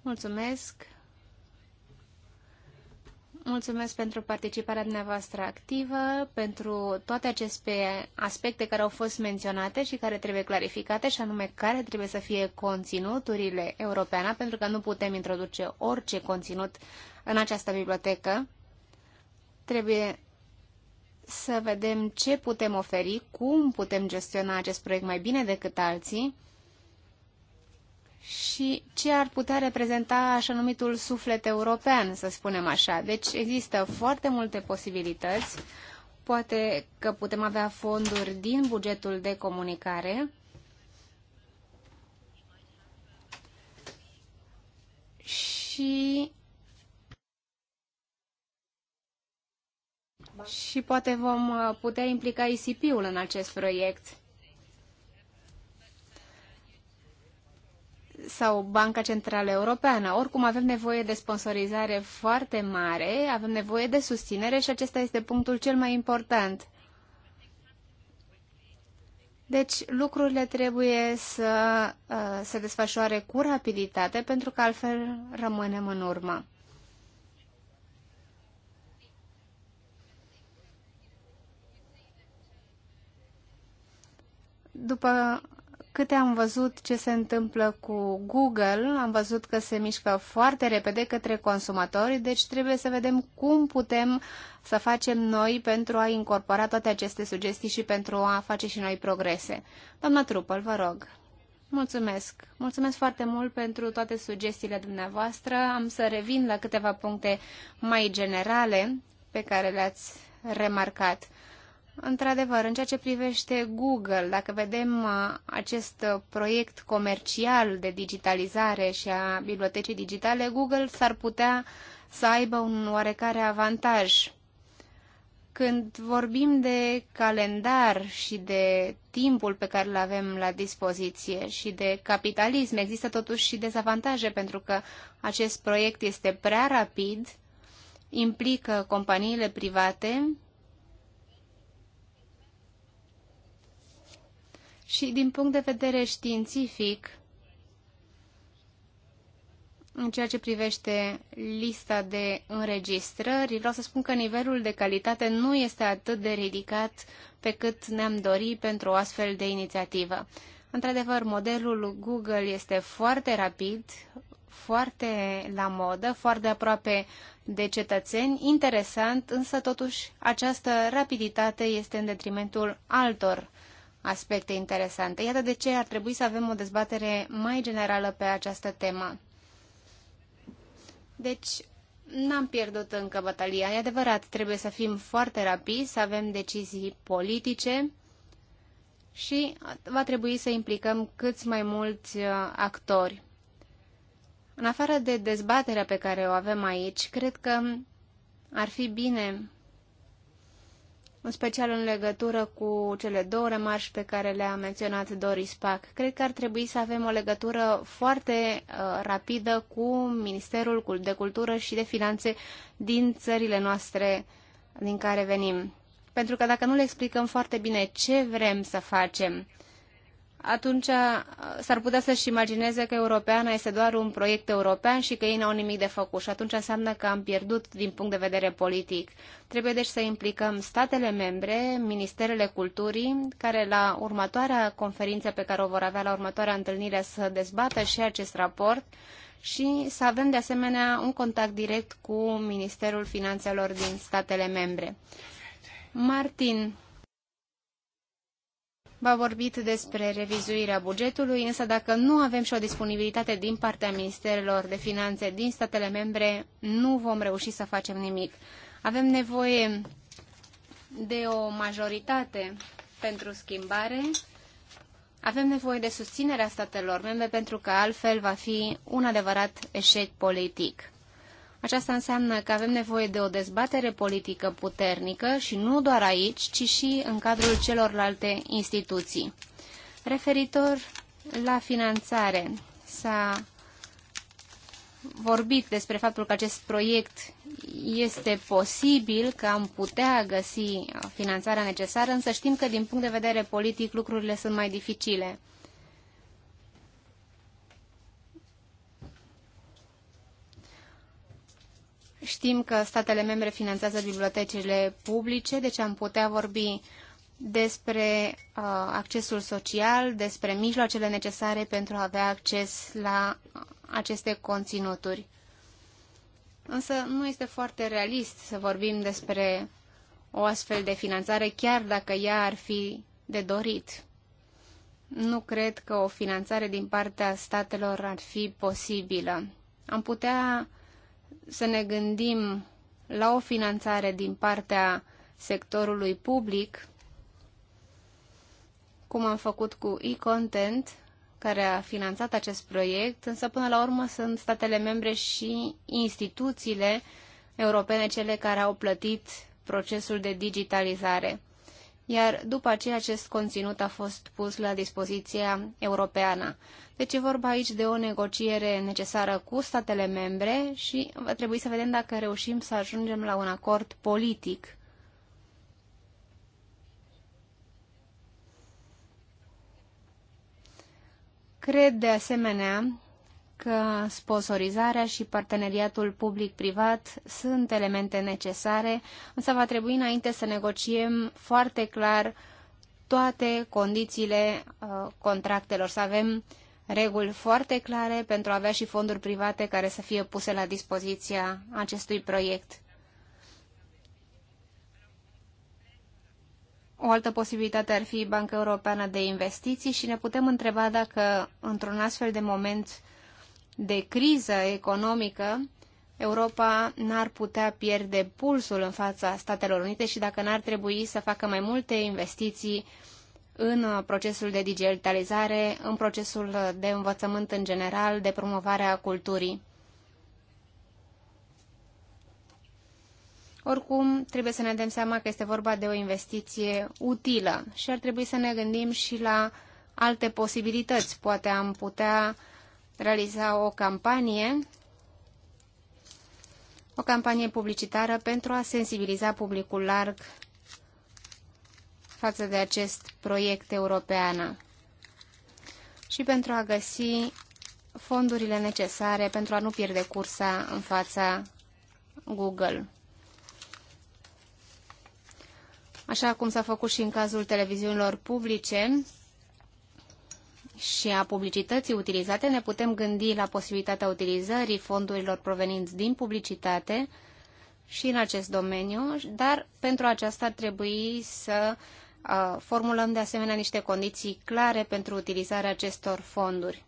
Mulțumesc! Mulțumesc pentru participarea dumneavoastră activă, pentru toate aceste aspecte care au fost menționate și care trebuie clarificate, și anume care trebuie să fie conținuturile europeana, pentru că nu putem introduce orice conținut în această bibliotecă. Trebuie să vedem ce putem oferi, cum putem gestiona acest proiect mai bine decât alții și ce ar putea reprezenta așa numitul suflet european, să spunem așa. Deci există foarte multe posibilități. Poate că putem avea fonduri din bugetul de comunicare și și poate vom uh, putea implica ICP-ul în acest proiect. sau Banca Centrală Europeană. Oricum avem nevoie de sponsorizare foarte mare, avem nevoie de susținere și acesta este punctul cel mai important. Deci lucrurile trebuie să uh, se desfășoare cu rapiditate pentru că altfel rămânem în urmă. După câte am văzut ce se întâmplă cu Google, am văzut că se mișcă foarte repede către consumatori, deci trebuie să vedem cum putem să facem noi pentru a incorpora toate aceste sugestii și pentru a face și noi progrese. Doamna Trupăl, vă rog. Mulțumesc. Mulțumesc foarte mult pentru toate sugestiile dumneavoastră. Am să revin la câteva puncte mai generale pe care le-ați remarcat. Într-adevăr, în ceea ce privește Google, dacă vedem uh, acest uh, proiect comercial de digitalizare și a bibliotecii digitale, Google s-ar putea să aibă un oarecare avantaj. Când vorbim de calendar și de timpul pe care îl avem la dispoziție și de capitalism, există totuși și dezavantaje pentru că acest proiect este prea rapid, implică companiile private Și din punct de vedere științific, în ceea ce privește lista de înregistrări, vreau să spun că nivelul de calitate nu este atât de ridicat pe cât ne-am dori pentru o astfel de inițiativă. Într-adevăr, modelul Google este foarte rapid, foarte la modă, foarte aproape de cetățeni, interesant, însă totuși această rapiditate este în detrimentul altor aspecte interesante. Iată de ce ar trebui să avem o dezbatere mai generală pe această temă. Deci, n-am pierdut încă bătălia. E adevărat, trebuie să fim foarte rapizi, să avem decizii politice și va trebui să implicăm câți mai mulți uh, actori. În afară de dezbaterea pe care o avem aici, cred că ar fi bine în special în legătură cu cele două remarși pe care le-a menționat Doris Pac. Cred că ar trebui să avem o legătură foarte uh, rapidă cu Ministerul de Cultură și de Finanțe din țările noastre din care venim. Pentru că dacă nu le explicăm foarte bine ce vrem să facem, atunci uh, s-ar putea să-și imagineze că europeana este doar un proiect european și că ei n-au nimic de făcut și atunci înseamnă că am pierdut din punct de vedere politic. Trebuie deci să implicăm statele membre, ministerele culturii, care la următoarea conferință pe care o vor avea la următoarea întâlnire să dezbată și acest raport și să avem de asemenea un contact direct cu Ministerul Finanțelor din statele membre. Martin, v-a vorbit despre revizuirea bugetului, însă dacă nu avem și o disponibilitate din partea Ministerilor de Finanțe din statele membre, nu vom reuși să facem nimic. Avem nevoie de o majoritate pentru schimbare. Avem nevoie de susținerea statelor membre pentru că altfel va fi un adevărat eșec politic. Aceasta înseamnă că avem nevoie de o dezbatere politică puternică și nu doar aici, ci și în cadrul celorlalte instituții. Referitor la finanțare, s-a vorbit despre faptul că acest proiect este posibil că am putea găsi finanțarea necesară, însă știm că din punct de vedere politic lucrurile sunt mai dificile. Știm că statele membre finanțează bibliotecile publice, deci am putea vorbi despre uh, accesul social, despre mijloacele necesare pentru a avea acces la aceste conținuturi. Însă nu este foarte realist să vorbim despre o astfel de finanțare, chiar dacă ea ar fi de dorit. Nu cred că o finanțare din partea statelor ar fi posibilă. Am putea să ne gândim la o finanțare din partea sectorului public, cum am făcut cu e-content, care a finanțat acest proiect, însă până la urmă sunt statele membre și instituțiile europene cele care au plătit procesul de digitalizare iar după aceea acest conținut a fost pus la dispoziția europeană. Deci e vorba aici de o negociere necesară cu statele membre și va trebui să vedem dacă reușim să ajungem la un acord politic. Cred de asemenea că sponsorizarea și parteneriatul public-privat sunt elemente necesare, însă va trebui înainte să negociem foarte clar toate condițiile uh, contractelor, să avem reguli foarte clare pentru a avea și fonduri private care să fie puse la dispoziția acestui proiect. O altă posibilitate ar fi Banca Europeană de Investiții și ne putem întreba dacă, într-un astfel de moment, de criză economică, Europa n-ar putea pierde pulsul în fața Statelor Unite și dacă n-ar trebui să facă mai multe investiții în procesul de digitalizare, în procesul de învățământ în general, de promovare a culturii. Oricum, trebuie să ne dăm seama că este vorba de o investiție utilă și ar trebui să ne gândim și la alte posibilități. Poate am putea uh, realiza o campanie, o campanie publicitară pentru a sensibiliza publicul larg față de acest proiect european și pentru a găsi fondurile necesare pentru a nu pierde cursa în fața Google. Așa cum s-a făcut și în cazul televiziunilor publice, și a publicității utilizate, ne putem gândi la posibilitatea utilizării fondurilor provenind din publicitate și în acest domeniu, dar pentru aceasta ar trebui să uh, formulăm de asemenea niște condiții clare pentru utilizarea acestor fonduri.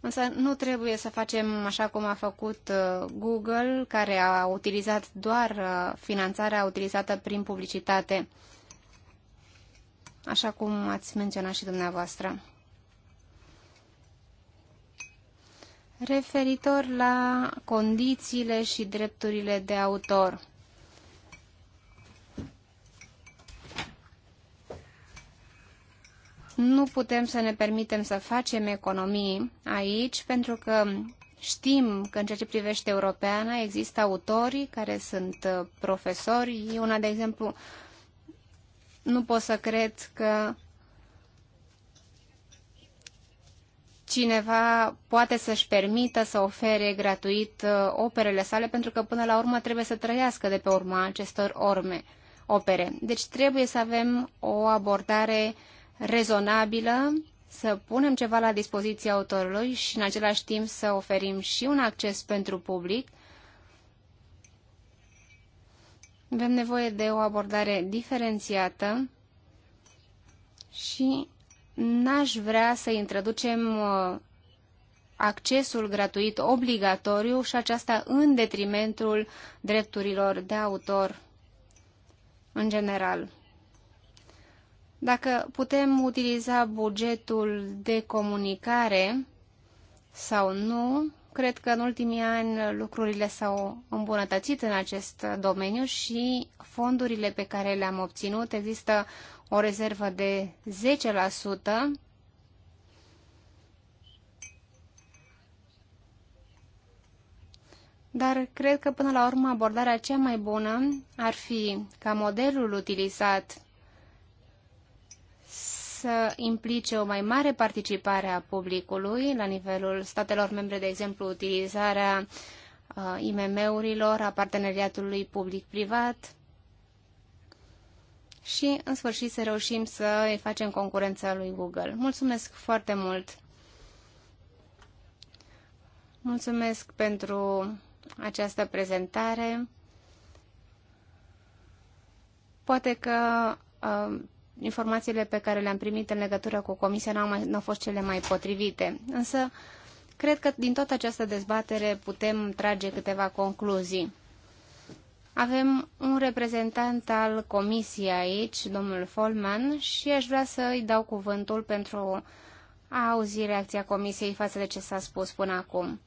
Însă nu trebuie să facem așa cum a făcut uh, Google, care a utilizat doar uh, finanțarea utilizată prin publicitate așa cum ați menționat și dumneavoastră. Referitor la condițiile și drepturile de autor. Nu putem să ne permitem să facem economii aici, pentru că Știm că în ceea ce privește europeana există autorii care sunt profesori. una, de exemplu, nu pot să cred că cineva poate să-și permită să ofere gratuit uh, operele sale, pentru că până la urmă trebuie să trăiască de pe urma acestor orme, opere. Deci trebuie să avem o abordare rezonabilă, să punem ceva la dispoziția autorului și în același timp să oferim și un acces pentru public, avem nevoie de o abordare diferențiată și n-aș vrea să introducem uh, accesul gratuit obligatoriu și aceasta în detrimentul drepturilor de autor în general. Dacă putem utiliza bugetul de comunicare sau nu, cred că în ultimii ani lucrurile s-au îmbunătățit în acest domeniu și fondurile pe care le-am obținut există o rezervă de 10% dar cred că până la urmă abordarea cea mai bună ar fi ca modelul utilizat să implice o mai mare participare a publicului la nivelul statelor membre, de exemplu, utilizarea uh, IMM-urilor, a parteneriatului public-privat și, în sfârșit, să reușim să îi facem concurența lui Google. Mulțumesc foarte mult! Mulțumesc pentru această prezentare. Poate că uh, informațiile pe care le-am primit în legătură cu Comisia nu au mai, au fost cele mai potrivite. Însă, cred că din toată această dezbatere putem trage câteva concluzii. Avem un reprezentant al Comisiei aici, domnul Folman, și aș vrea să îi dau cuvântul pentru a auzi reacția Comisiei față de ce s-a spus până acum.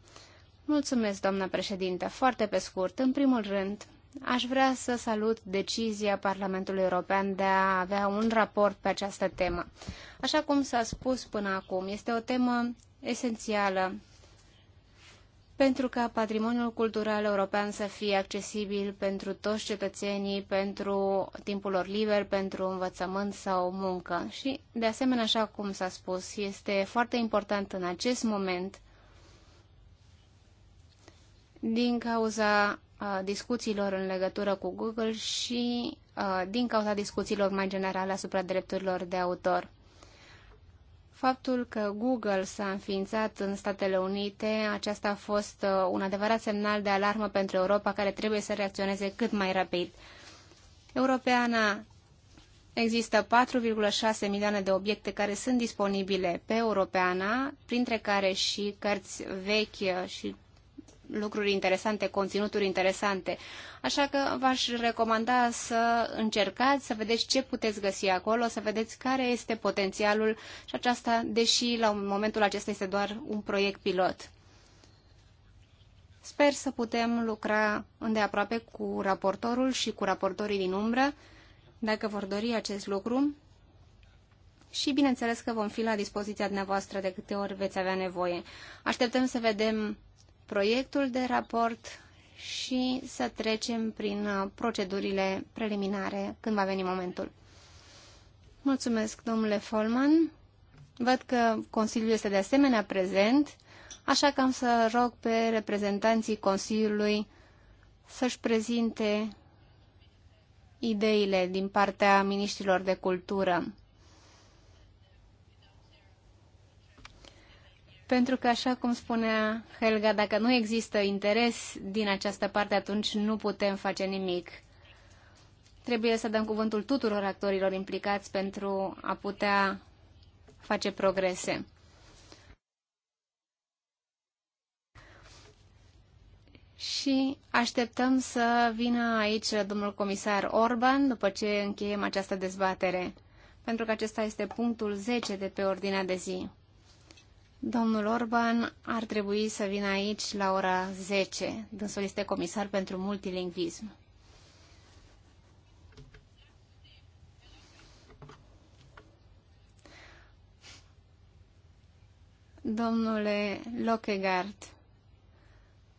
Mulțumesc, doamnă președinte. Foarte pe scurt, în primul rând, Aș vrea să salut decizia Parlamentului European de a avea un raport pe această temă. Așa cum s-a spus până acum, este o temă esențială pentru ca patrimoniul cultural european să fie accesibil pentru toți cetățenii, pentru timpul lor liber, pentru învățământ sau muncă. Și, de asemenea, așa cum s-a spus, este foarte important în acest moment, din cauza Uh, discuțiilor în legătură cu Google și uh, din cauza discuțiilor mai generale asupra drepturilor de autor. Faptul că Google s-a înființat în Statele Unite, aceasta a fost uh, un adevărat semnal de alarmă pentru Europa care trebuie să reacționeze cât mai rapid. Europeana Există 4,6 milioane de obiecte care sunt disponibile pe Europeana, printre care și cărți vechi și lucruri interesante, conținuturi interesante. Așa că v-aș recomanda să încercați, să vedeți ce puteți găsi acolo, să vedeți care este potențialul și aceasta, deși la momentul acesta este doar un proiect pilot. Sper să putem lucra îndeaproape cu raportorul și cu raportorii din umbră, dacă vor dori acest lucru, și bineînțeles că vom fi la dispoziția dumneavoastră de câte ori veți avea nevoie. Așteptăm să vedem proiectul de raport și să trecem prin uh, procedurile preliminare când va veni momentul. Mulțumesc, domnule Folman. Văd că Consiliul este de asemenea prezent, așa că am să rog pe reprezentanții Consiliului să-și prezinte ideile din partea Ministrilor de Cultură. Pentru că, așa cum spunea Helga, dacă nu există interes din această parte, atunci nu putem face nimic. Trebuie să dăm cuvântul tuturor actorilor implicați pentru a putea face progrese. Și așteptăm să vină aici domnul comisar Orban după ce încheiem această dezbatere, pentru că acesta este punctul 10 de pe ordinea de zi. Domnul Orban ar trebui să vină aici la ora 10. Dânsul este comisar pentru multilingvism. Domnule Lockegaard,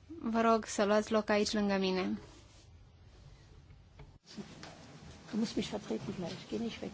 vă rog să luați loc aici lângă mine. Du musst mich vertreten gleich, geh nicht weg.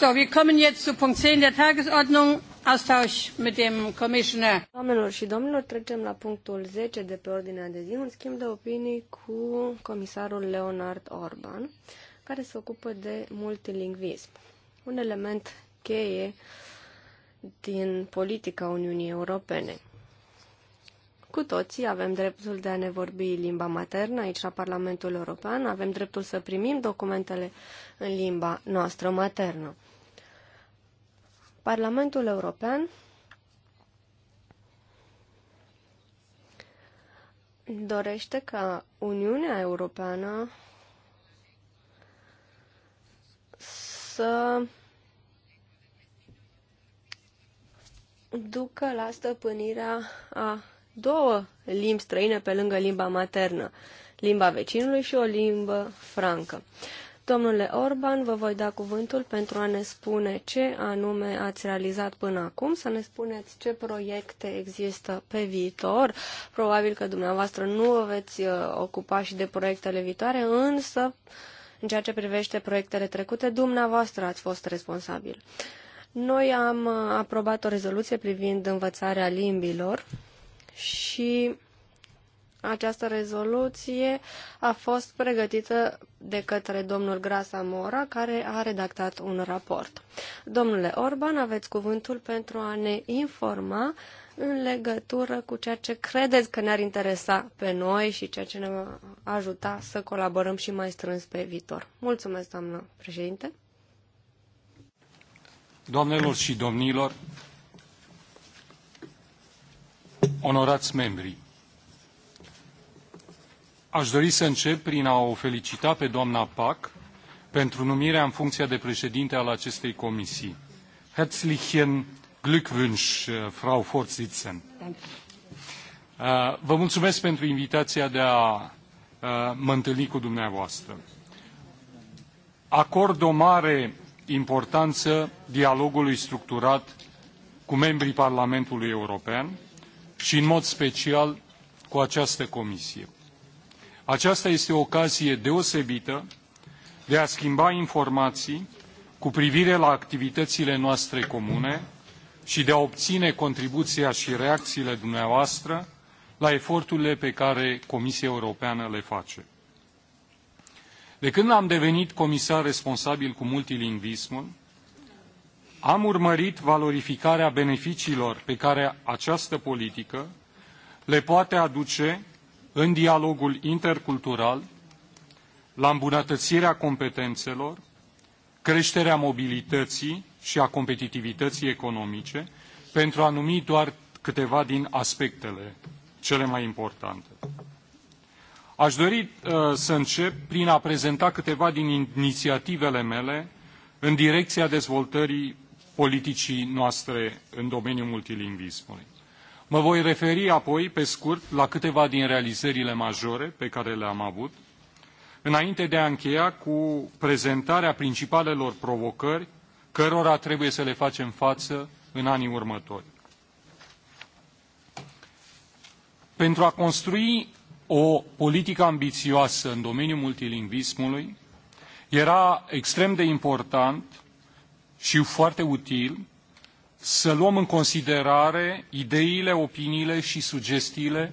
So, wir kommen jetzt zu Punkt 10 der Tagesordnung. Austausch mit dem Commissioner. Doamnelor și domnilor, trecem la punctul 10 de pe ordinea de zi, un schimb de opinii cu comisarul Leonard Orban, care se ocupă de multilingvism. Un element cheie din politica Uniunii Europene. Cu toții avem dreptul de a ne vorbi limba maternă aici la Parlamentul European, avem dreptul să primim documentele în limba noastră maternă. Parlamentul European dorește ca Uniunea Europeană să ducă la stăpânirea a două limbi străine pe lângă limba maternă, limba vecinului și o limbă francă. Domnule Orban, vă voi da cuvântul pentru a ne spune ce anume ați realizat până acum, să ne spuneți ce proiecte există pe viitor. Probabil că dumneavoastră nu vă veți uh, ocupa și de proiectele viitoare, însă în ceea ce privește proiectele trecute, dumneavoastră ați fost responsabil. Noi am uh, aprobat o rezoluție privind învățarea limbilor și această rezoluție a fost pregătită de către domnul Grasa Mora, care a redactat un raport. Domnule Orban, aveți cuvântul pentru a ne informa în legătură cu ceea ce credeți că ne-ar interesa pe noi și ceea ce ne va ajuta să colaborăm și mai strâns pe viitor. Mulțumesc, doamnă președinte. Doamnelor și domnilor, onorați membrii, Aș dori să încep prin a o felicita pe doamna Pack pentru numirea în funcția de președinte al acestei comisii. Herzlichen Glückwunsch, Frau Vorsitzende. Uh, vă mulțumesc pentru invitația de a uh, mă întâlni cu dumneavoastră. Acord o mare importanță dialogului structurat cu membrii Parlamentului European și în mod special cu această comisie. Aceasta este o ocazie deosebită de a schimba informații cu privire la activitățile noastre comune și de a obține contribuția și reacțiile dumneavoastră la eforturile pe care Comisia Europeană le face. De când am devenit comisar responsabil cu multilingvismul, am urmărit valorificarea beneficiilor pe care această politică le poate aduce în dialogul intercultural, la îmbunătățirea competențelor, creșterea mobilității și a competitivității economice, pentru a numi doar câteva din aspectele cele mai importante. Aș dori uh, să încep prin a prezenta câteva din inițiativele mele în direcția dezvoltării politicii noastre în domeniul multilingvismului. Mă voi referi apoi, pe scurt, la câteva din realizările majore pe care le-am avut, înainte de a încheia cu prezentarea principalelor provocări cărora trebuie să le facem față în anii următori. Pentru a construi o politică ambițioasă în domeniul multilingvismului, era extrem de important și foarte util să luăm în considerare ideile, opiniile și sugestiile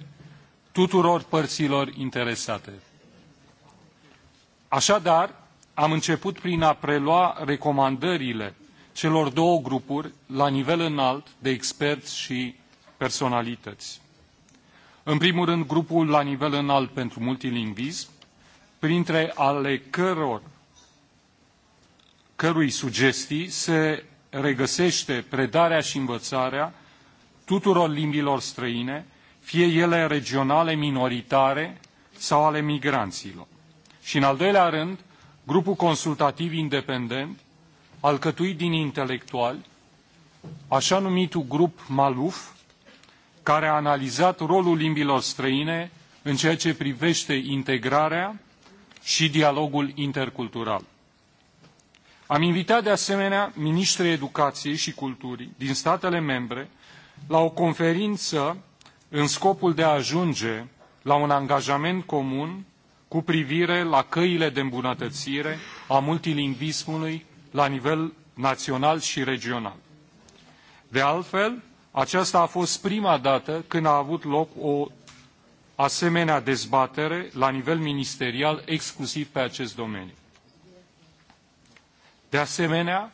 tuturor părților interesate. Așadar, am început prin a prelua recomandările celor două grupuri la nivel înalt de experți și personalități. În primul rând, grupul la nivel înalt pentru multilingvism, printre ale căror, cărui sugestii se regăsește predarea și învățarea tuturor limbilor străine, fie ele regionale, minoritare sau ale migranților. Și în al doilea rând, grupul consultativ independent, alcătuit din intelectuali, așa numitul grup MALUF, care a analizat rolul limbilor străine în ceea ce privește integrarea și dialogul intercultural. Am invitat de asemenea ministrii educației și culturii din statele membre la o conferință în scopul de a ajunge la un angajament comun cu privire la căile de îmbunătățire a multilingvismului la nivel național și regional. De altfel, aceasta a fost prima dată când a avut loc o asemenea dezbatere la nivel ministerial exclusiv pe acest domeniu. De asemenea,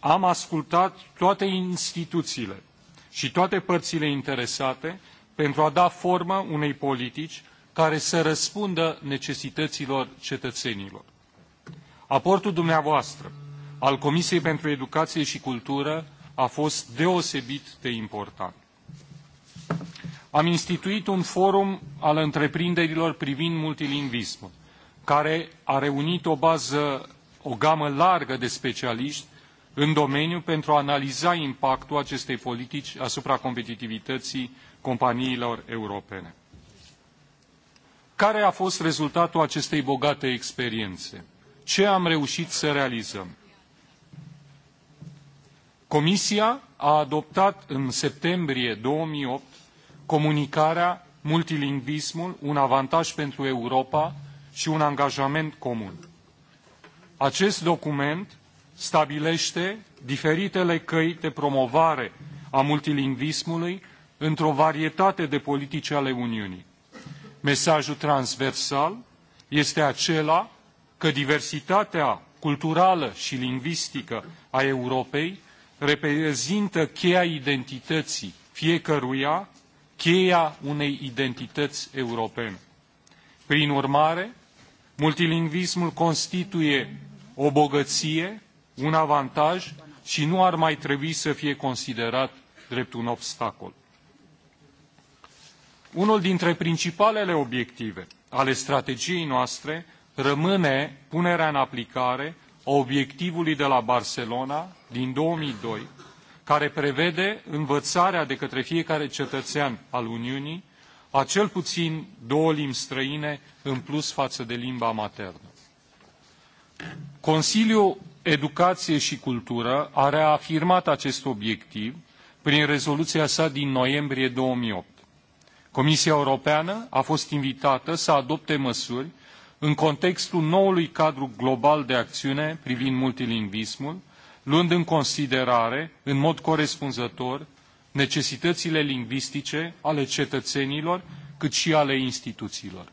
am ascultat toate instituțiile și toate părțile interesate pentru a da formă unei politici care să răspundă necesităților cetățenilor. Aportul dumneavoastră al Comisiei pentru Educație și Cultură a fost deosebit de important. Am instituit un forum al întreprinderilor privind multilingvismul, care a reunit o bază o gamă largă de specialiști în domeniu pentru a analiza impactul acestei politici asupra competitivității companiilor europene. Care a fost rezultatul acestei bogate experiențe? Ce am reușit să realizăm? Comisia a adoptat în septembrie 2008 comunicarea Multilingvismul, un avantaj pentru Europa și un angajament comun. Acest document stabilește diferitele căi de promovare a multilingvismului într-o varietate de politici ale Uniunii. Mesajul transversal este acela că diversitatea culturală și lingvistică a Europei reprezintă cheia identității fiecăruia, cheia unei identități europene. Prin urmare, multilingvismul constituie o bogăție, un avantaj și nu ar mai trebui să fie considerat drept un obstacol. Unul dintre principalele obiective ale strategiei noastre rămâne punerea în aplicare a obiectivului de la Barcelona din 2002, care prevede învățarea de către fiecare cetățean al Uniunii a cel puțin două limbi străine în plus față de limba maternă. Consiliul Educație și Cultură a reafirmat acest obiectiv prin rezoluția sa din noiembrie 2008. Comisia Europeană a fost invitată să adopte măsuri în contextul noului cadru global de acțiune privind multilingvismul, luând în considerare, în mod corespunzător, necesitățile lingvistice ale cetățenilor, cât și ale instituțiilor.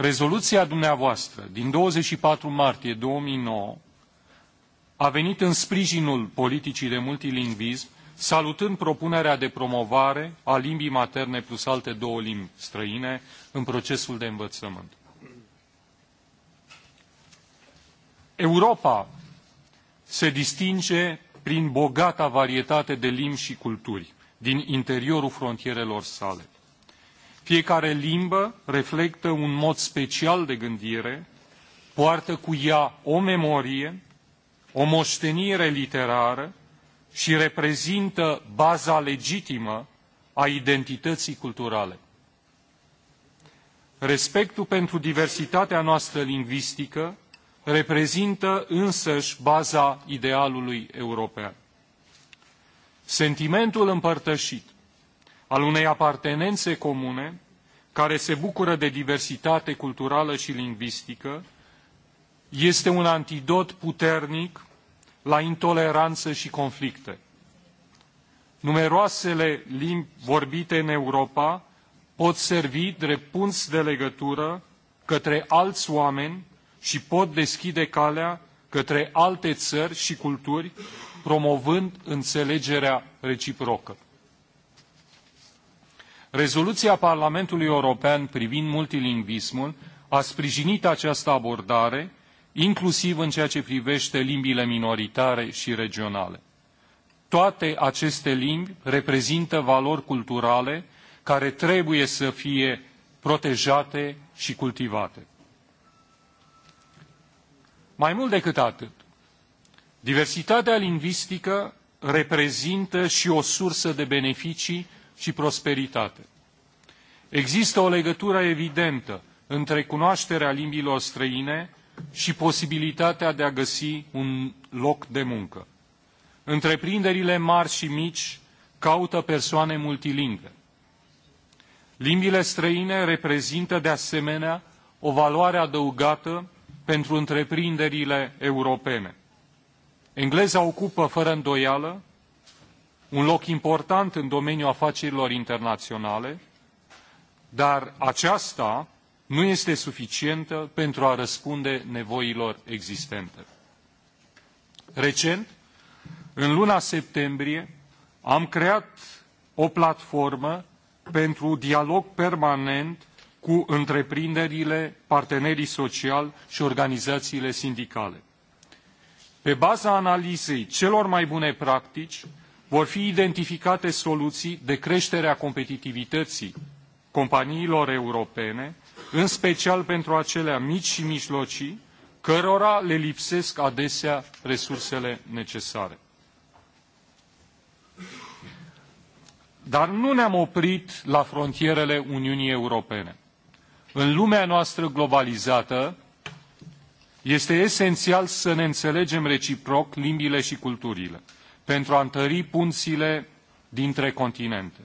Rezoluția dumneavoastră din 24 martie 2009 a venit în sprijinul politicii de multilingvism, salutând propunerea de promovare a limbii materne plus alte două limbi străine în procesul de învățământ. Europa se distinge prin bogata varietate de limbi și culturi din interiorul frontierelor sale. Fiecare limbă reflectă un mod special de gândire, poartă cu ea o memorie, o moștenire literară și reprezintă baza legitimă a identității culturale. Respectul pentru diversitatea noastră lingvistică reprezintă însăși baza idealului european. Sentimentul împărtășit al unei apartenențe comune care se bucură de diversitate culturală și lingvistică, este un antidot puternic la intoleranță și conflicte. Numeroasele limbi vorbite în Europa pot servi drept punți de legătură către alți oameni și pot deschide calea către alte țări și culturi, promovând înțelegerea reciprocă. Rezoluția Parlamentului European privind multilingvismul a sprijinit această abordare, inclusiv în ceea ce privește limbile minoritare și regionale. Toate aceste limbi reprezintă valori culturale care trebuie să fie protejate și cultivate. Mai mult decât atât, diversitatea lingvistică reprezintă și o sursă de beneficii și prosperitate. Există o legătură evidentă între cunoașterea limbilor străine și posibilitatea de a găsi un loc de muncă. Întreprinderile mari și mici caută persoane multilingve. Limbile străine reprezintă de asemenea o valoare adăugată pentru întreprinderile europene. Engleza ocupă fără îndoială un loc important în domeniul afacerilor internaționale, dar aceasta nu este suficientă pentru a răspunde nevoilor existente. Recent, în luna septembrie, am creat o platformă pentru dialog permanent cu întreprinderile, partenerii sociali și organizațiile sindicale. Pe baza analizei celor mai bune practici, vor fi identificate soluții de creștere a competitivității companiilor europene, în special pentru acelea mici și mijlocii, cărora le lipsesc adesea resursele necesare. Dar nu ne-am oprit la frontierele Uniunii Europene. În lumea noastră globalizată, este esențial să ne înțelegem reciproc limbile și culturile pentru a întări punțile dintre continente.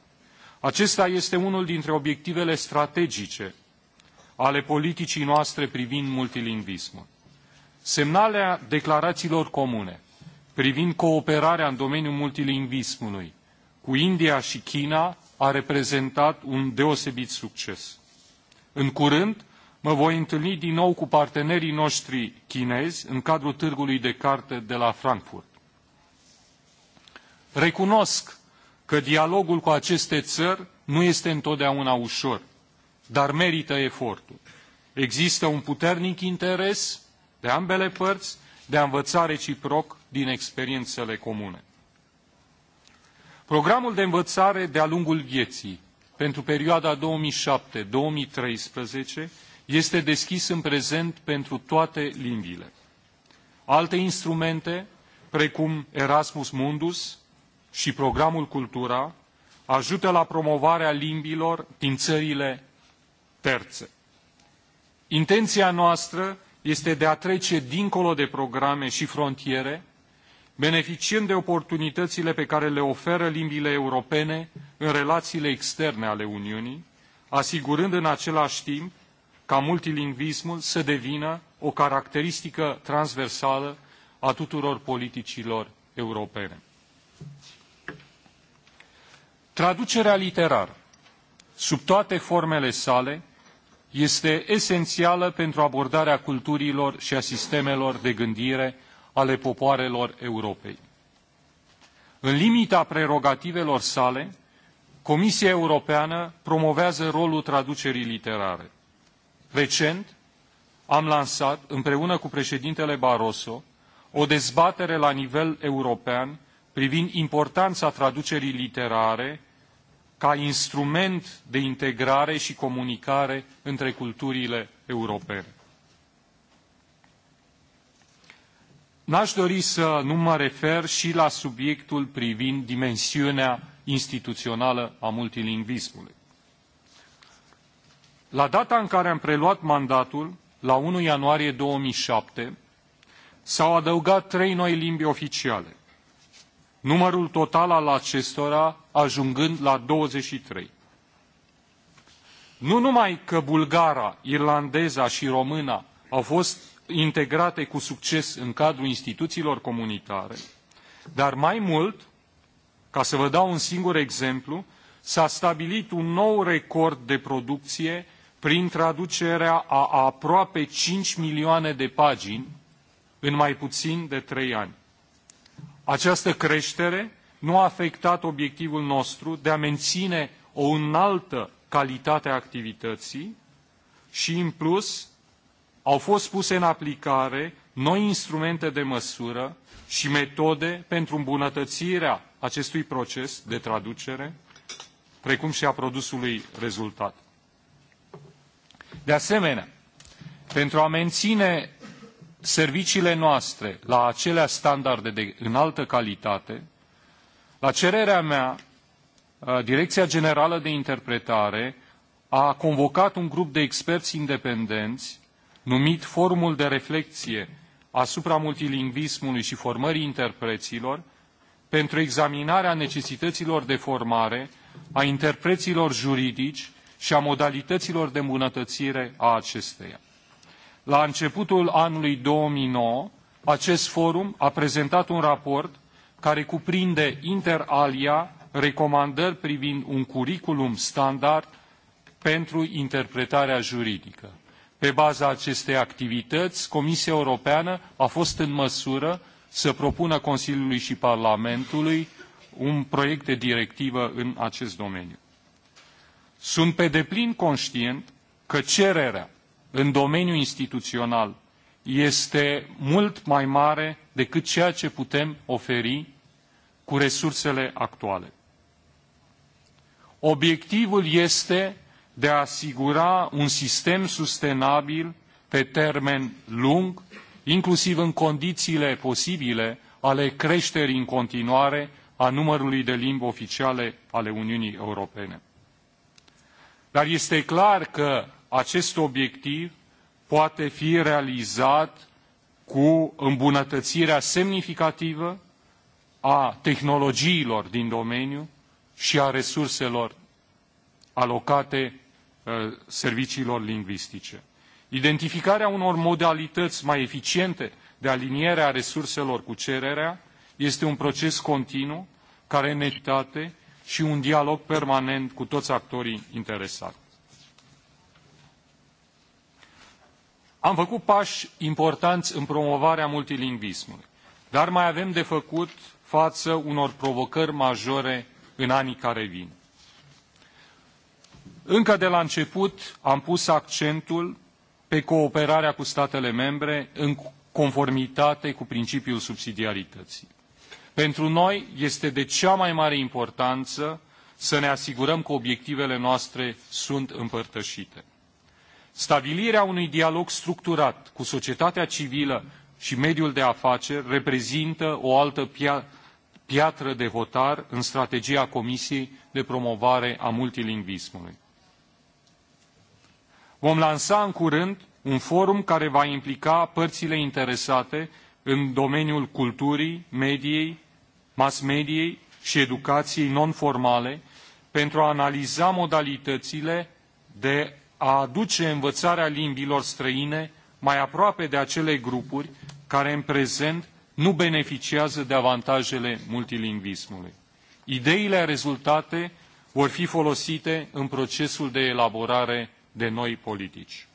Acesta este unul dintre obiectivele strategice ale politicii noastre privind multilingvismul. Semnalea declarațiilor comune privind cooperarea în domeniul multilingvismului cu India și China a reprezentat un deosebit succes. În curând, mă voi întâlni din nou cu partenerii noștri chinezi în cadrul târgului de carte de la Frankfurt. Recunosc că dialogul cu aceste țări nu este întotdeauna ușor, dar merită efortul. Există un puternic interes de ambele părți de a învăța reciproc din experiențele comune. Programul de învățare de-a lungul vieții pentru perioada 2007-2013 este deschis în prezent pentru toate limbile. Alte instrumente, precum Erasmus Mundus, și programul Cultura ajută la promovarea limbilor din țările terțe. Intenția noastră este de a trece dincolo de programe și frontiere, beneficiind de oportunitățile pe care le oferă limbile europene în relațiile externe ale Uniunii, asigurând în același timp ca multilingvismul să devină o caracteristică transversală a tuturor politicilor europene. Traducerea literară, sub toate formele sale, este esențială pentru abordarea culturilor și a sistemelor de gândire ale popoarelor Europei. În limita prerogativelor sale, Comisia Europeană promovează rolul traducerii literare. Recent, am lansat, împreună cu președintele Barroso, o dezbatere la nivel european privind importanța traducerii literare ca instrument de integrare și comunicare între culturile europene. N-aș dori să nu mă refer și la subiectul privind dimensiunea instituțională a multilingvismului. La data în care am preluat mandatul, la 1 ianuarie 2007, s-au adăugat trei noi limbi oficiale numărul total al acestora ajungând la 23. Nu numai că bulgara, irlandeza și româna au fost integrate cu succes în cadrul instituțiilor comunitare, dar mai mult, ca să vă dau un singur exemplu, s-a stabilit un nou record de producție prin traducerea a aproape 5 milioane de pagini în mai puțin de 3 ani. Această creștere nu a afectat obiectivul nostru de a menține o înaltă calitate a activității și, în plus, au fost puse în aplicare noi instrumente de măsură și metode pentru îmbunătățirea acestui proces de traducere, precum și a produsului rezultat. De asemenea, pentru a menține serviciile noastre la acelea standarde de înaltă calitate, la cererea mea, uh, Direcția Generală de Interpretare a convocat un grup de experți independenți numit Forumul de Reflecție asupra multilingvismului și formării interpreților pentru examinarea necesităților de formare a interpreților juridici și a modalităților de îmbunătățire a acesteia. La începutul anului 2009, acest forum a prezentat un raport care cuprinde inter alia recomandări privind un curriculum standard pentru interpretarea juridică. Pe baza acestei activități, Comisia Europeană a fost în măsură să propună Consiliului și Parlamentului un proiect de directivă în acest domeniu. Sunt pe deplin conștient că cererea în domeniul instituțional este mult mai mare decât ceea ce putem oferi cu resursele actuale. Obiectivul este de a asigura un sistem sustenabil pe termen lung, inclusiv în condițiile posibile ale creșterii în continuare a numărului de limbi oficiale ale Uniunii Europene. Dar este clar că acest obiectiv poate fi realizat cu îmbunătățirea semnificativă a tehnologiilor din domeniu și a resurselor alocate uh, serviciilor lingvistice. Identificarea unor modalități mai eficiente de aliniere a resurselor cu cererea este un proces continuu care necesită și un dialog permanent cu toți actorii interesați. Am făcut pași importanți în promovarea multilingvismului, dar mai avem de făcut față unor provocări majore în anii care vin. Încă de la început am pus accentul pe cooperarea cu statele membre în conformitate cu principiul subsidiarității. Pentru noi este de cea mai mare importanță să ne asigurăm că obiectivele noastre sunt împărtășite. Stabilirea unui dialog structurat cu societatea civilă și mediul de afaceri reprezintă o altă piatră de hotar în strategia Comisiei de promovare a multilingvismului. Vom lansa în curând un forum care va implica părțile interesate în domeniul culturii, mediei, mass mediei și educației non-formale pentru a analiza modalitățile de a aduce învățarea limbilor străine mai aproape de acele grupuri care în prezent nu beneficiază de avantajele multilingvismului. Ideile rezultate vor fi folosite în procesul de elaborare de noi politici.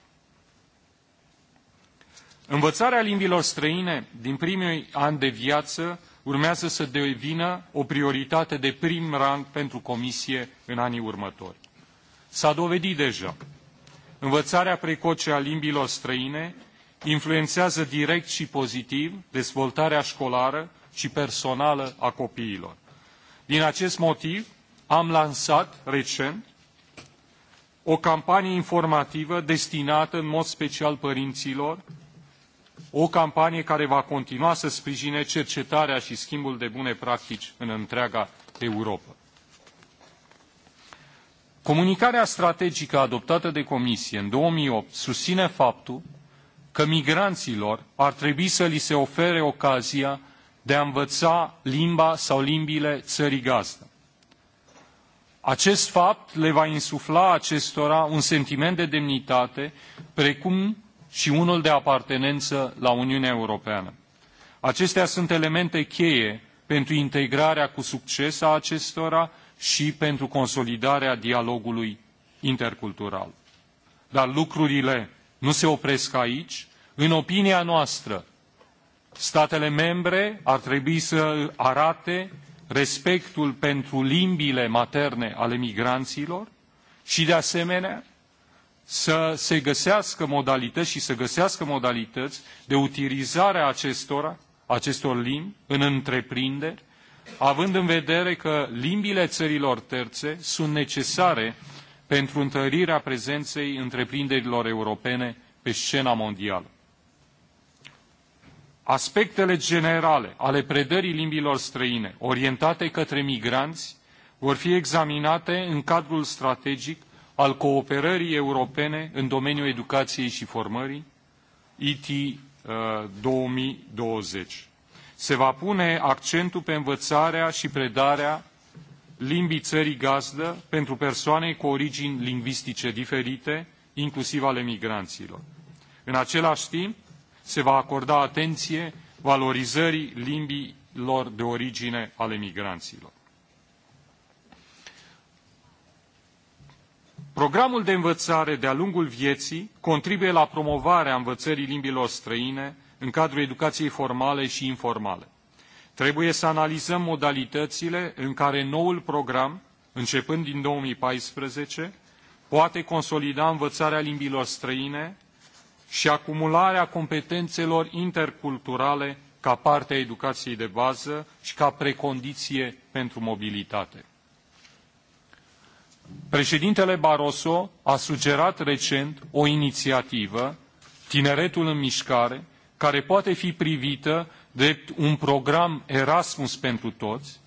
Învățarea limbilor străine din primii ani de viață urmează să devină o prioritate de prim rang pentru Comisie în anii următori. S-a dovedit deja Învățarea precoce a limbilor străine influențează direct și pozitiv dezvoltarea școlară și personală a copiilor. Din acest motiv, am lansat recent o campanie informativă destinată în mod special părinților, o campanie care va continua să sprijine cercetarea și schimbul de bune practici în întreaga Europa. Comunicarea strategică adoptată de Comisie în 2008 susține faptul că migranților ar trebui să li se ofere ocazia de a învăța limba sau limbile țării gazdă. Acest fapt le va insufla acestora un sentiment de demnitate, precum și unul de apartenență la Uniunea Europeană. Acestea sunt elemente cheie pentru integrarea cu succes a acestora și pentru consolidarea dialogului intercultural. Dar lucrurile nu se opresc aici. În opinia noastră, statele membre ar trebui să arate respectul pentru limbile materne ale migranților și, de asemenea, să se găsească modalități și să găsească modalități de utilizare a acestora, acestor limbi în întreprinderi având în vedere că limbile țărilor terțe sunt necesare pentru întărirea prezenței întreprinderilor europene pe scena mondială. Aspectele generale ale predării limbilor străine orientate către migranți vor fi examinate în cadrul strategic al cooperării europene în domeniul educației și formării, IT 2020. Uh, se va pune accentul pe învățarea și predarea limbii țării gazdă pentru persoane cu origini lingvistice diferite, inclusiv ale migranților. În același timp, se va acorda atenție valorizării limbilor de origine ale migranților. Programul de învățare de-a lungul vieții contribuie la promovarea învățării limbilor străine în cadrul educației formale și informale. Trebuie să analizăm modalitățile în care noul program, începând din 2014, poate consolida învățarea limbilor străine și acumularea competențelor interculturale ca parte a educației de bază și ca precondiție pentru mobilitate. Președintele Barroso a sugerat recent o inițiativă, Tineretul în Mișcare, care poate fi privită drept un program Erasmus pentru toți,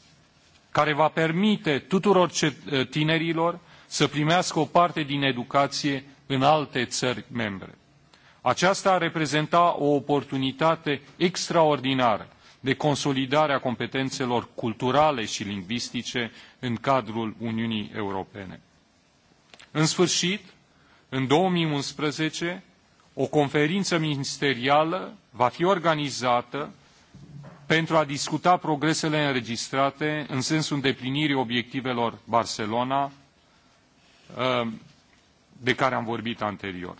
care va permite tuturor ă, tinerilor să primească o parte din educație în alte țări membre. Aceasta ar reprezenta o oportunitate extraordinară de consolidare a competențelor culturale și lingvistice în cadrul Uniunii Europene. În sfârșit, în 2011, o conferință ministerială va fi organizată pentru a discuta progresele înregistrate în sensul îndeplinirii obiectivelor Barcelona, uh, de care am vorbit anterior.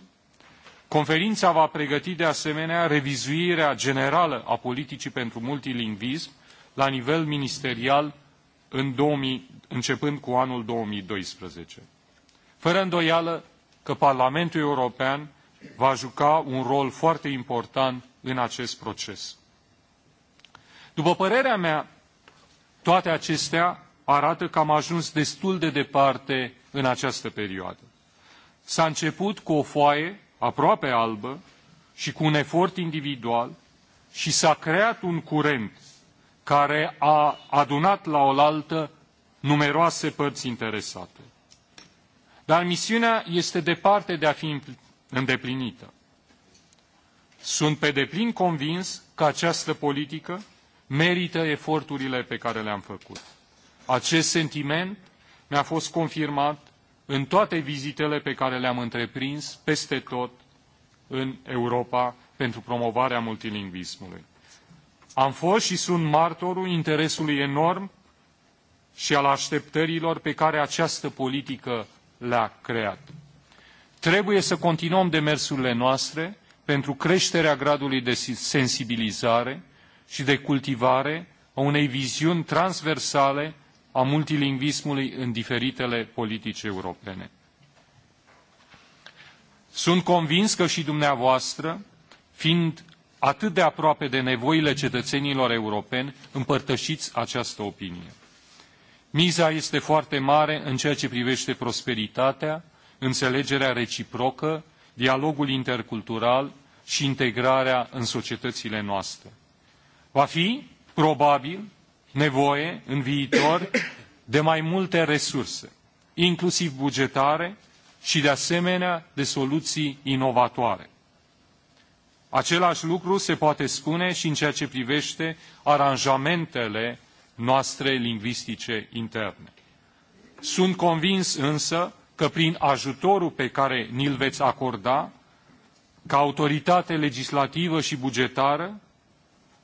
Conferința va pregăti de asemenea revizuirea generală a politicii pentru multilingvism la nivel ministerial în 2000, începând cu anul 2012. Fără îndoială că Parlamentul European va juca un rol foarte important în acest proces. După părerea mea, toate acestea arată că am ajuns destul de departe în această perioadă. S-a început cu o foaie aproape albă și cu un efort individual și s-a creat un curent care a adunat la oaltă numeroase părți interesate. Dar misiunea este departe de a fi îndeplinită. Sunt pe deplin convins că această politică merită eforturile pe care le-am făcut. Acest sentiment mi-a fost confirmat în toate vizitele pe care le-am întreprins peste tot în Europa pentru promovarea multilingvismului. Am fost și sunt martorul interesului enorm și al așteptărilor pe care această politică le-a creat. Trebuie să continuăm demersurile noastre pentru creșterea gradului de sensibilizare și de cultivare a unei viziuni transversale a multilingvismului în diferitele politici europene. Sunt convins că și dumneavoastră, fiind atât de aproape de nevoile cetățenilor europeni, împărtășiți această opinie. Miza este foarte mare în ceea ce privește prosperitatea, înțelegerea reciprocă, dialogul intercultural și integrarea în societățile noastre. Va fi, probabil, nevoie în viitor de mai multe resurse, inclusiv bugetare și, de asemenea, de soluții inovatoare. Același lucru se poate spune și în ceea ce privește aranjamentele noastre lingvistice interne. Sunt convins însă că prin ajutorul pe care ni-l veți acorda, ca autoritate legislativă și bugetară,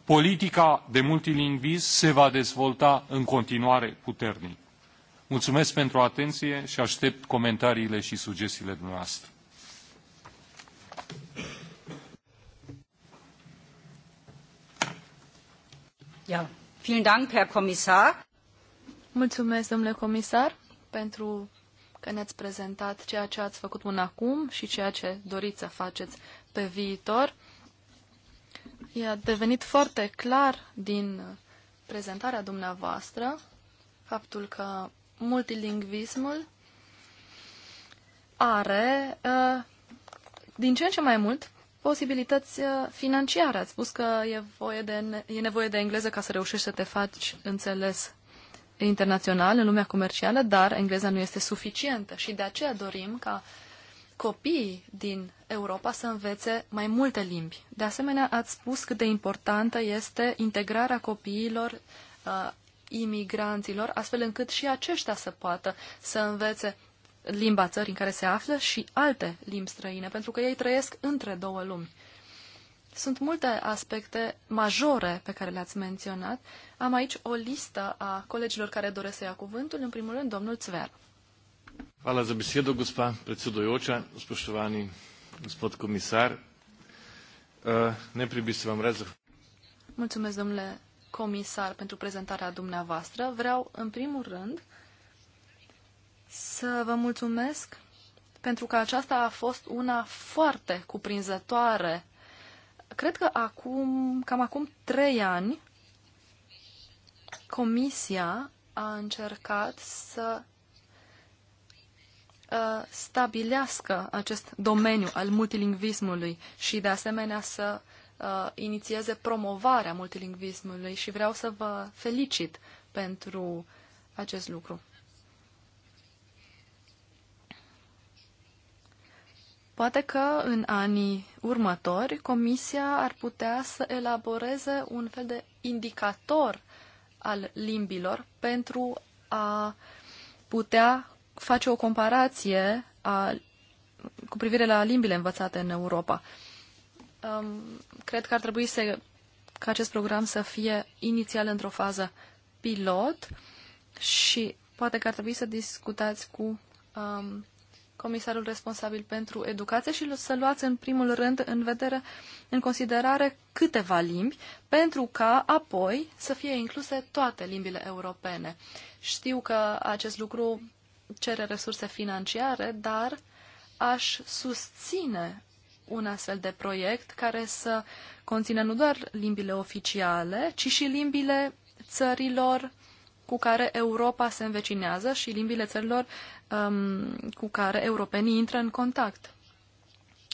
politica de multilingvism se va dezvolta în continuare puternic. Mulțumesc pentru atenție și aștept comentariile și sugestiile dumneavoastră. Ja, vielen Dank, Herr Kommissar. Mulțumesc, domnule comisar, pentru că ne-ați prezentat ceea ce ați făcut până acum și ceea ce doriți să faceți pe viitor. I-a devenit foarte clar din prezentarea dumneavoastră faptul că multilingvismul are uh, din ce în ce mai mult posibilități uh, financiare. Ați spus că e, voie de, e nevoie de engleză ca să reușești să te faci înțeles internațional, în lumea comercială, dar engleza nu este suficientă și de aceea dorim ca copiii din Europa să învețe mai multe limbi. De asemenea, ați spus cât de importantă este integrarea copiilor uh, imigranților, astfel încât și aceștia să poată să învețe limba țării în care se află și alte limbi străine, pentru că ei trăiesc între două lumi. Sunt multe aspecte majore pe care le-ați menționat. Am aici o listă a colegilor care doresc să ia cuvântul. În primul rând, domnul Țver. Hvala za besedo, gospa predsedujoča, spoštovani gospod komisar. Eh, ne bi se vam rad Mulțumesc, domnule comisar, pentru prezentarea dumneavoastră. Vreau, în primul rând, să vă mulțumesc pentru că aceasta a fost una foarte cuprinzătoare Cred că acum, cam acum trei ani, Comisia a încercat să uh, stabilească acest domeniu al multilingvismului și, de asemenea, să uh, inițieze promovarea multilingvismului și vreau să vă felicit pentru acest lucru. Poate că în anii următori Comisia ar putea să elaboreze un fel de indicator al limbilor pentru a putea face o comparație a, cu privire la limbile învățate în Europa. Um, cred că ar trebui să, ca acest program să fie inițial într-o fază pilot și poate că ar trebui să discutați cu um, comisarul responsabil pentru educație și să luați în primul rând în vedere, în considerare câteva limbi, pentru ca apoi să fie incluse toate limbile europene. Știu că acest lucru cere resurse financiare, dar aș susține un astfel de proiect care să conțină nu doar limbile oficiale, ci și limbile țărilor cu care Europa se învecinează și limbile țărilor um, cu care europenii intră în contact.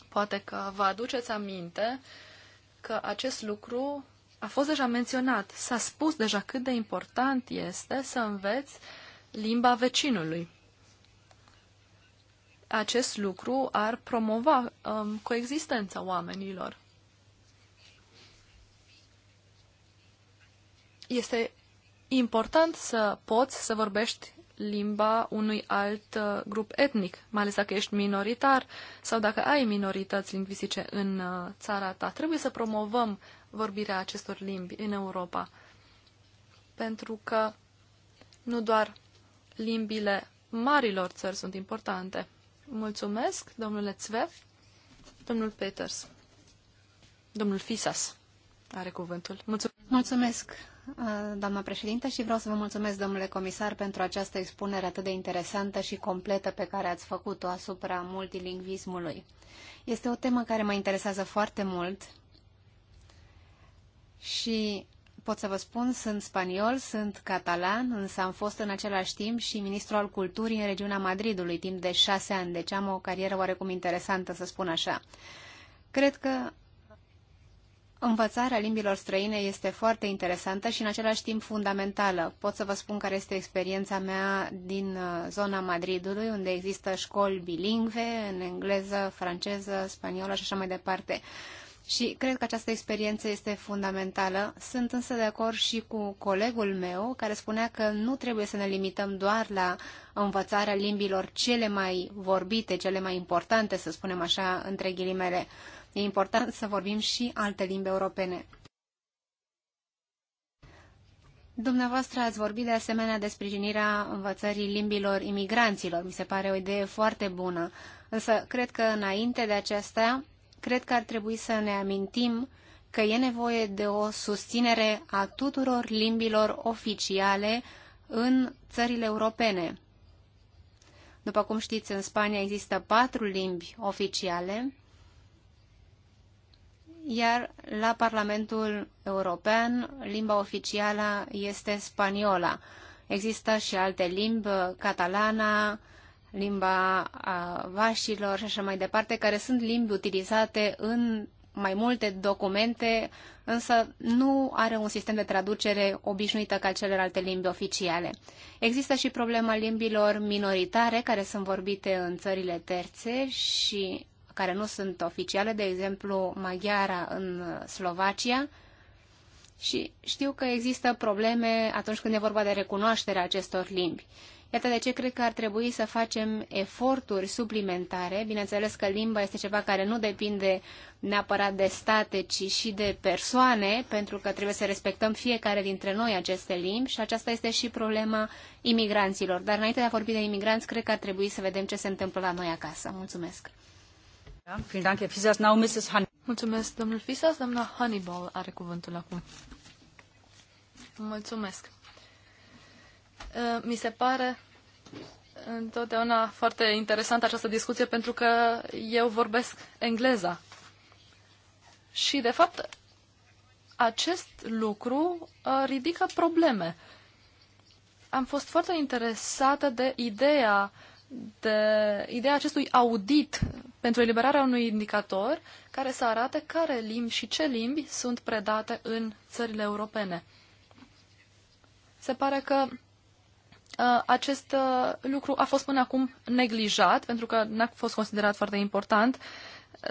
Poate că vă aduceți aminte că acest lucru a fost deja menționat. S-a spus deja cât de important este să înveți limba vecinului. Acest lucru ar promova um, coexistența oamenilor. Este important să poți să vorbești limba unui alt uh, grup etnic, mai ales dacă ești minoritar sau dacă ai minorități lingvistice în uh, țara ta. Trebuie să promovăm vorbirea acestor limbi în Europa. Pentru că nu doar limbile marilor țări sunt importante. Mulțumesc, domnule Țvev, domnul Peters, domnul Fisas are cuvântul. Mulțumesc. Mulțumesc doamna președinte, și vreau să vă mulțumesc, domnule comisar, pentru această expunere atât de interesantă și completă pe care ați făcut-o asupra multilingvismului. Este o temă care mă interesează foarte mult și pot să vă spun, sunt spaniol, sunt catalan, însă am fost în același timp și ministru al culturii în regiunea Madridului timp de șase ani, deci am o carieră oarecum interesantă, să spun așa. Cred că Învățarea limbilor străine este foarte interesantă și în același timp fundamentală. Pot să vă spun care este experiența mea din uh, zona Madridului, unde există școli bilingve în engleză, franceză, spaniolă și așa mai departe. Și cred că această experiență este fundamentală. Sunt însă de acord și cu colegul meu care spunea că nu trebuie să ne limităm doar la învățarea limbilor cele mai vorbite, cele mai importante, să spunem așa, între ghilimele. E important să vorbim și alte limbi europene. Dumneavoastră ați vorbit de asemenea de sprijinirea învățării limbilor imigranților. Mi se pare o idee foarte bună. Însă, cred că înainte de aceasta, cred că ar trebui să ne amintim că e nevoie de o susținere a tuturor limbilor oficiale în țările europene. După cum știți, în Spania există patru limbi oficiale, iar la Parlamentul European limba oficială este spaniola. Există și alte limbi, catalana, limba vașilor și așa mai departe, care sunt limbi utilizate în mai multe documente, însă nu are un sistem de traducere obișnuită ca celelalte limbi oficiale. Există și problema limbilor minoritare care sunt vorbite în țările terțe și care nu sunt oficiale, de exemplu maghiara în Slovacia, și știu că există probleme atunci când e vorba de recunoașterea acestor limbi. Iată de ce cred că ar trebui să facem eforturi suplimentare. Bineînțeles că limba este ceva care nu depinde neapărat de state, ci și de persoane, pentru că trebuie să respectăm fiecare dintre noi aceste limbi și aceasta este și problema imigranților. Dar înainte de a vorbi de imigranți, cred că ar trebui să vedem ce se întâmplă la noi acasă. Mulțumesc! Da, Mulțumesc, domnul Fisas. Doamna Honeyball are cuvântul acum. Mulțumesc. Ă, mi se pare întotdeauna foarte interesantă această discuție pentru că eu vorbesc engleza. Și, de fapt, acest lucru ă, ridică probleme. Am fost foarte interesată de ideea uh, de ideea acestui audit pentru eliberarea unui indicator care să arate care limbi și ce limbi sunt predate în țările europene. Se pare că uh, acest uh, lucru a fost până acum neglijat, pentru că n-a fost considerat foarte important,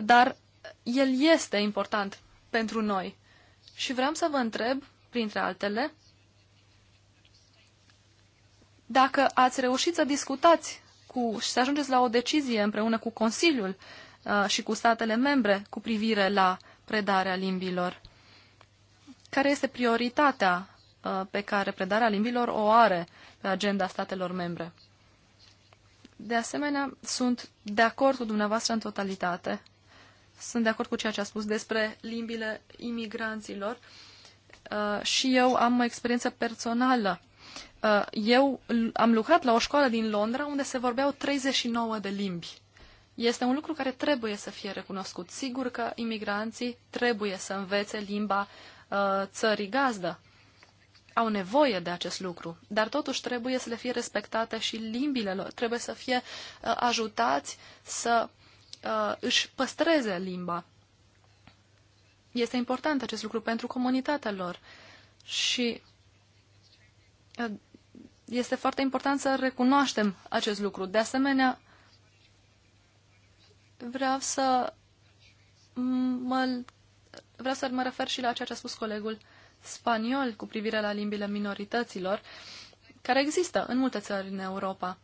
dar el este important pentru noi. Și vreau să vă întreb, printre altele, dacă ați reușit să discutați cu, și să ajungeți la o decizie împreună cu Consiliul uh, și cu statele membre cu privire la predarea limbilor. Care este prioritatea uh, pe care predarea limbilor o are pe agenda statelor membre? De asemenea, sunt de acord cu dumneavoastră în totalitate. Sunt de acord cu ceea ce a spus despre limbile imigranților. Uh, și eu am o experiență personală Uh, eu am lucrat la o școală din Londra unde se vorbeau 39 de limbi. Este un lucru care trebuie să fie recunoscut. Sigur că imigranții trebuie să învețe limba uh, țării gazdă. Au nevoie de acest lucru, dar totuși trebuie să le fie respectate și limbile lor. Trebuie să fie uh, ajutați să își păstreze limba. Este important acest lucru pentru comunitatea lor. Și este foarte important să recunoaștem acest lucru. De asemenea, vreau să mă, vreau să mă refer și la ceea ce a spus colegul spaniol cu privire la limbile minorităților, care există în multe țări în Europa.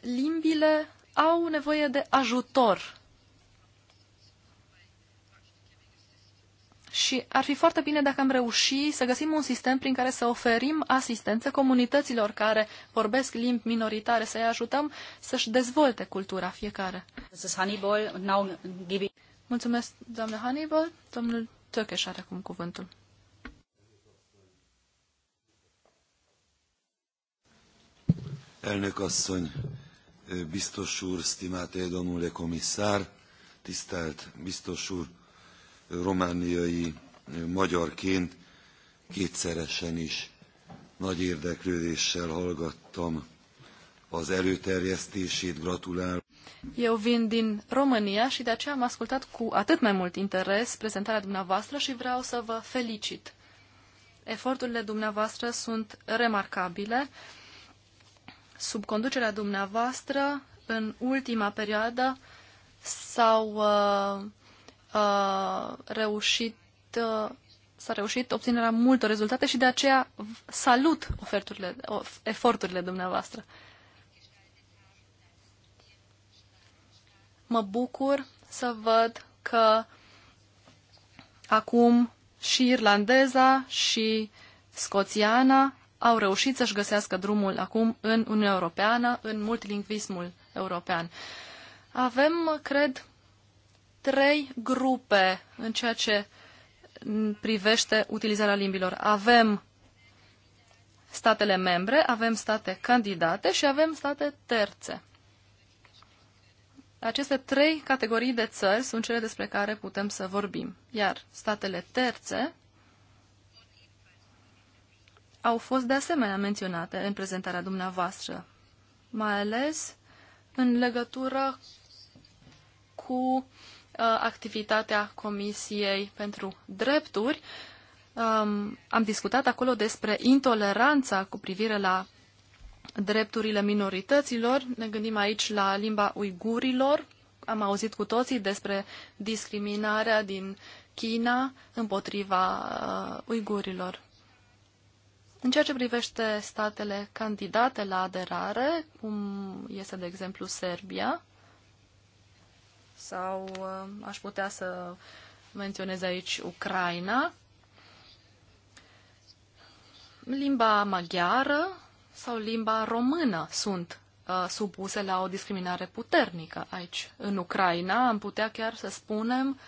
Limbile au nevoie de ajutor Și ar fi foarte bine dacă am reușit să găsim un sistem prin care să oferim asistență comunităților care vorbesc limbi minoritare, să-i ajutăm să-și dezvolte cultura fiecare. Mulțumesc, doamnă Hannibal. Domnul Tökeș are acum cuvântul. Elnök asszony, biztos úr, stimate domnule comisar, tisztelt biztos úr, romániai eh, magyarként kétszeresen is nagy érdeklődéssel hallgattam az előterjesztését, gratulál. Eu vin din România și de aceea am ascultat cu atât mai mult interes prezentarea dumneavoastră și vreau să vă felicit. Eforturile dumneavoastră sunt remarcabile. Sub conducerea dumneavoastră, în ultima perioadă, s-au uh, reușit, uh, s-a reușit obținerea multor rezultate și de aceea salut oferturile, of, eforturile dumneavoastră. Mă bucur să văd că acum și irlandeza și scoțiana au reușit să-și găsească drumul acum în Uniunea Europeană, în multilingvismul european. Avem, cred, trei grupe în ceea ce privește utilizarea limbilor. Avem statele membre, avem state candidate și avem state terțe. Aceste trei categorii de țări sunt cele despre care putem să vorbim. Iar statele terțe au fost de asemenea menționate în prezentarea dumneavoastră, mai ales în legătură cu Uh, activitatea Comisiei pentru Drepturi. Um, am discutat acolo despre intoleranța cu privire la drepturile minorităților. Ne gândim aici la limba uigurilor. Am auzit cu toții despre discriminarea din China împotriva uh, uigurilor. În ceea ce privește statele candidate la aderare, cum este de exemplu Serbia, sau uh, aș putea să menționez aici Ucraina, limba maghiară sau limba română sunt uh, supuse la o discriminare puternică aici. În Ucraina am putea chiar să spunem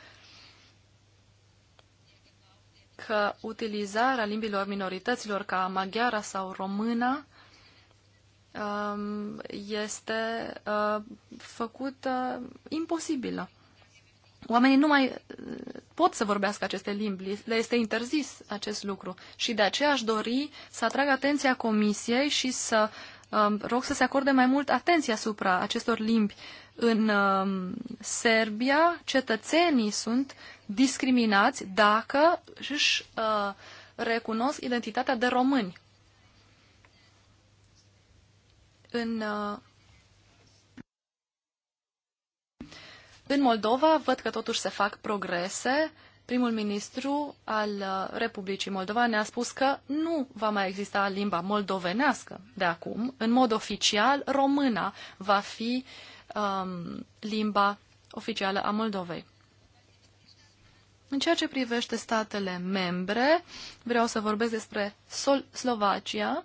că utilizarea limbilor minorităților ca maghiara sau româna Um, este uh, făcută imposibilă. Oamenii nu mai uh, pot să vorbească aceste limbi, le este interzis acest lucru și de aceea aș dori să atrag atenția Comisiei și să um, rog să se acorde mai mult atenție asupra acestor limbi. În um, Serbia, cetățenii sunt discriminați dacă își uh, recunosc identitatea de români în, uh, în Moldova văd că totuși se fac progrese. Primul ministru al uh, Republicii Moldova ne-a spus că nu va mai exista limba moldovenească de acum. În mod oficial, româna va fi um, limba oficială a Moldovei. În ceea ce privește statele membre, vreau să vorbesc despre Sol Slovacia,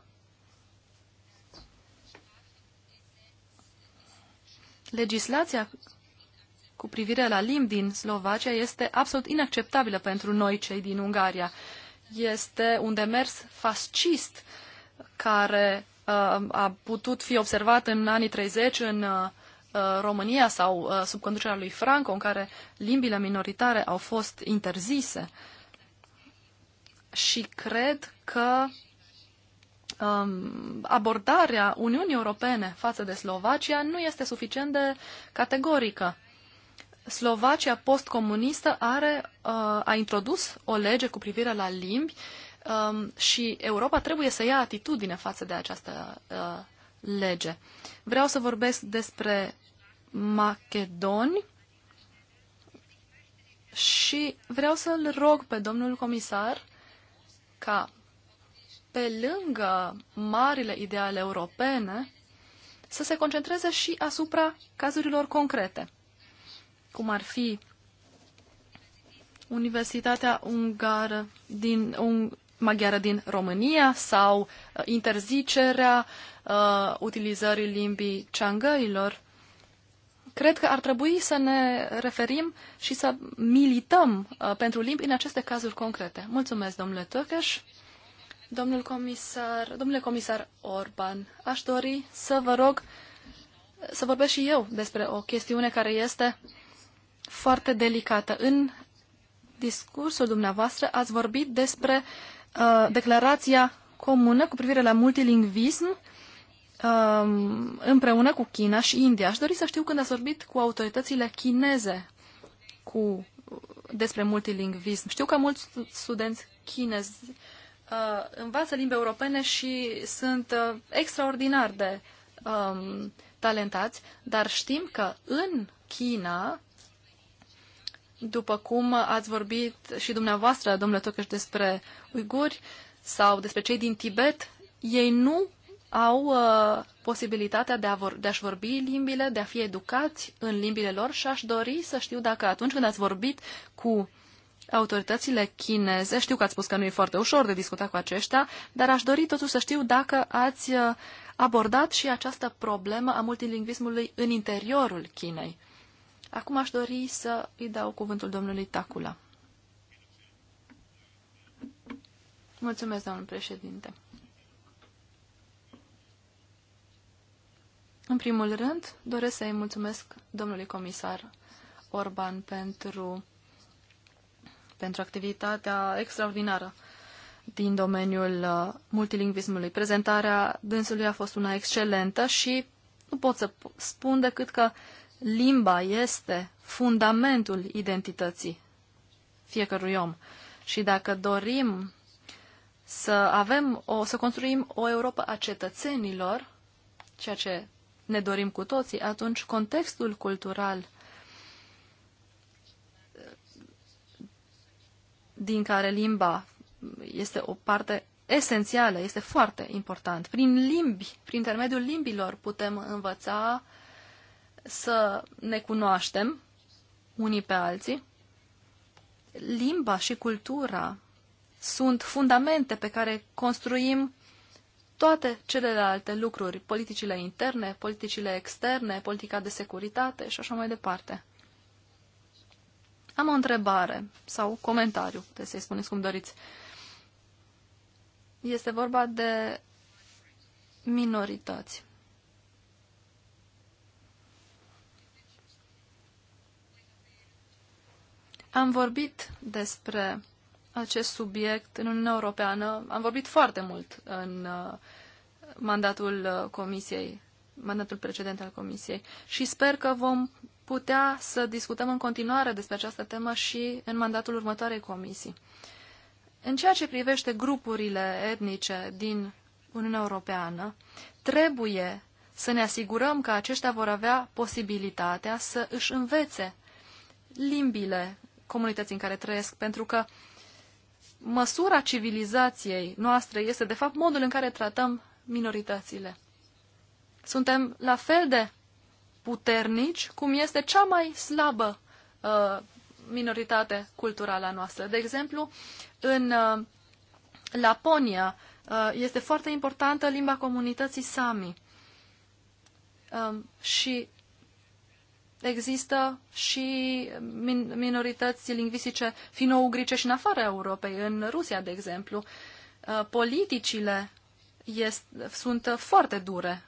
legislația cu privire la limbi din Slovacia este absolut inacceptabilă pentru noi, cei din Ungaria. Este un demers fascist care uh, a putut fi observat în anii 30 în uh, uh, România sau uh, sub conducerea lui Franco, în care limbile minoritare au fost interzise. Și cred că Um, abordarea Uniunii Europene față de Slovacia nu este suficient de categorică. Slovacia postcomunistă are, uh, a introdus o lege cu privire la limbi um, și Europa trebuie să ia atitudine față de această uh, lege. Vreau să vorbesc despre macedoni și vreau să-l rog pe domnul comisar ca pe lângă marile ideale europene, să se concentreze și asupra cazurilor concrete, cum ar fi Universitatea Ungară din, un, maghiară din România sau uh, interzicerea uh, utilizării limbii ceangăilor. Cred că ar trebui să ne referim și să milităm uh, pentru limbi în aceste cazuri concrete. Mulțumesc, domnule Tăcăș! Domnul comisar, domnule comisar Orban, aș dori să vă rog să vorbesc și eu despre o chestiune care este foarte delicată. În discursul dumneavoastră ați vorbit despre uh, declarația comună cu privire la multilingvism um, împreună cu China și India. Aș dori să știu când ați vorbit cu autoritățile chineze cu, despre multilingvism. Știu că mulți studenți chinezi uh, învață limbi europene și sunt uh, extraordinar de um, talentați, dar știm că în China, după cum ați vorbit și dumneavoastră, domnule Tocăș, despre uiguri sau despre cei din Tibet, ei nu au uh, posibilitatea de, a vor, de a vorbi limbile, de a fi educați în limbile lor și aș dori să știu dacă atunci când ați vorbit cu autoritățile chineze, știu că ați spus că nu e foarte ușor de discutat cu aceștia, dar aș dori totuși să știu dacă ați uh, abordat și această problemă a multilingvismului în interiorul Chinei. Acum aș dori să îi dau cuvântul domnului Tacula. Mulțumesc, domnul președinte. În primul rând, doresc să-i mulțumesc domnului comisar Orban pentru pentru activitatea extraordinară din domeniul uh, multilingvismului. Prezentarea dânsului a fost una excelentă și nu pot să spun decât că limba este fundamentul identității fiecărui om. Și dacă dorim să avem o, să construim o Europa a cetățenilor, ceea ce ne dorim cu toții, atunci contextul cultural din care limba este o parte esențială, este foarte important. Prin limbi, prin intermediul limbilor putem învăța să ne cunoaștem unii pe alții. Limba și cultura sunt fundamente pe care construim toate celelalte lucruri, politicile interne, politicile externe, politica de securitate și așa mai departe. Am o întrebare sau comentariu, puteți să-i spuneți cum doriți. Este vorba de minorități. Am vorbit despre acest subiect în Uniunea Europeană, am vorbit foarte mult în uh, mandatul uh, comisiei, mandatul precedent al comisiei și sper că vom putea să discutăm în continuare despre această temă și în mandatul următoarei comisii. În ceea ce privește grupurile etnice din Uniunea Europeană, trebuie să ne asigurăm că aceștia vor avea posibilitatea să își învețe limbile comunității în care trăiesc, pentru că măsura civilizației noastre este, de fapt, modul în care tratăm minoritățile. Suntem la fel de puternici, cum este cea mai slabă uh, minoritate culturală a noastră. De exemplu, în uh, Laponia uh, este foarte importantă limba comunității Sami. Uh, și există și min- minorități lingvistice finougrice și în afara Europei, în Rusia, de exemplu. Uh, politicile este, sunt foarte dure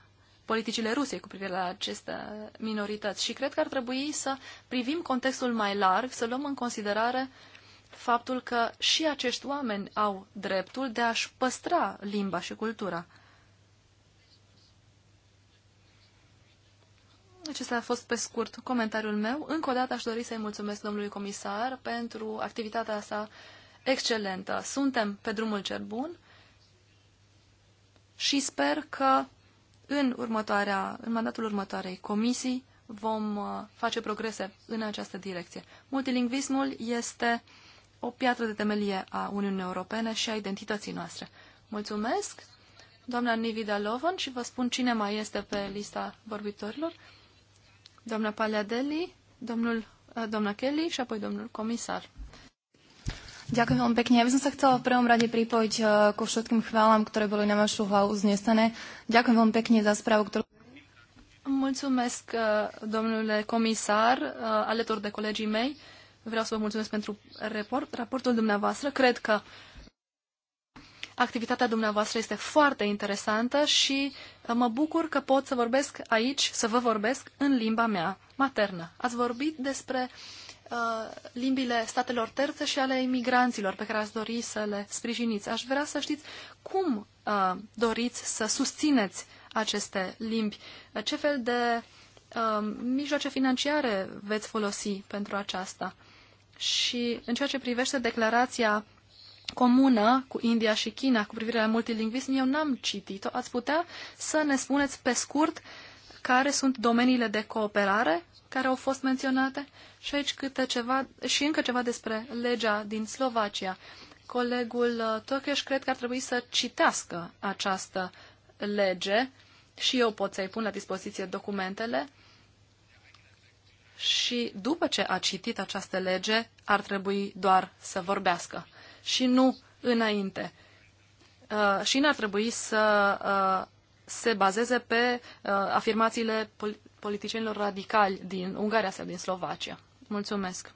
politicile Rusiei cu privire la aceste minorități. Și cred că ar trebui să privim contextul mai larg, să luăm în considerare faptul că și acești oameni au dreptul de a-și păstra limba și cultura. Acesta a fost pe scurt comentariul meu. Încă o dată aș dori să-i mulțumesc domnului comisar pentru activitatea sa excelentă. Suntem pe drumul cel bun și sper că în, următoarea, în mandatul următoarei comisii vom uh, face progrese în această direcție. Multilingvismul este o piatră de temelie a Uniunii Europene și a identității noastre. Mulțumesc, doamna Nivida Lovan, și vă spun cine mai este pe lista vorbitorilor. Doamna Paliadeli, domnul, uh, doamna Kelly și apoi domnul comisar. Ďakujem veľmi pekne. Ja by som sa chcela v prvom rade pripojiť eh, ku všetkým chválam, ktoré boli na vašu hlavu znesené. Ďakujem veľmi pekne za správu, ktorú... Mulțumesc, eh, domnule comisar, eh, alături de colegii mei. Vreau să vă mulțumesc pentru report, raportul dumneavoastră. Cred că activitatea dumneavoastră este foarte interesantă și mă bucur că pot să vorbesc aici, să vă vorbesc în limba mea maternă. Ați vorbit despre uh, Uh, limbile statelor terțe și ale imigranților pe care ați dori să le sprijiniți. Aș vrea să știți cum uh, doriți să susțineți aceste limbi, uh, ce fel de mijloace financiare veți folosi pentru aceasta. Și în ceea ce privește declarația comună cu India și China cu privire la multilingvism, eu n-am citit-o. Ați putea să ne spuneți pe scurt uh, care sunt domeniile de cooperare care au fost menționate și aici câte ceva, și încă ceva despre legea din Slovacia. Colegul uh, Tokes cred că ar trebui să citească această lege și eu pot să-i pun la dispoziție documentele și după ce a citit această lege ar trebui doar să vorbească și nu înainte. Uh, și n-ar trebui să uh, se bazeze pe uh, afirmațiile pol- politicienilor radicali din Ungaria sau din Slovacia. Mulțumesc.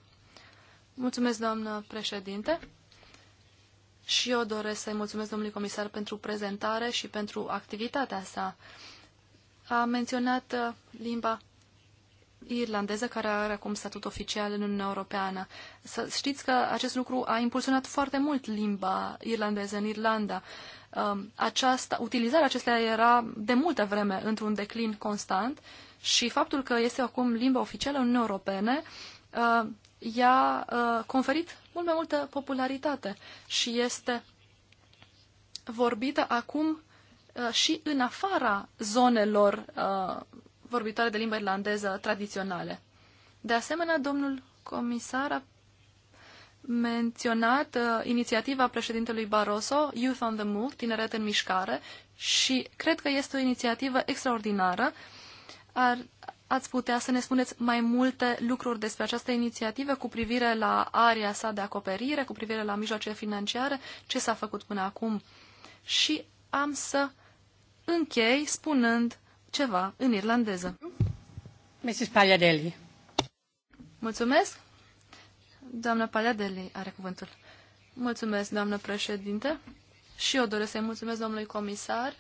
Mulțumesc, doamnă președinte. Și eu doresc să-i mulțumesc domnului comisar pentru prezentare și pentru activitatea sa. A menționat uh, limba irlandeză, care are acum statut oficial în Uniunea Europeană. Să știți că acest lucru a impulsionat foarte mult limba irlandeză în Irlanda. Uh, Um, aceasta, utilizarea acesteia era de multă vreme într-un declin constant și faptul că este acum limba oficială în Uniunii Europene uh, i-a uh, conferit mult mai multă popularitate și este vorbită acum uh, și în afara zonelor vorbitoare de limba irlandeză tradiționale. De asemenea, domnul comisar a menționat uh, inițiativa președintelui Barroso, Youth on the Move, Tineret în Mișcare, și cred că este o inițiativă extraordinară. Ar, ați putea să ne spuneți mai multe lucruri despre această inițiativă cu privire la area sa de acoperire, cu privire la mijloacele financiare, ce s-a făcut până acum. Și am să închei spunând ceva în irlandeză. Mrs. Pagliadelli. Mulțumesc. Doamna Paliadeli are cuvântul. Mulțumesc, doamnă președinte. Și eu doresc să-i mulțumesc domnului comisar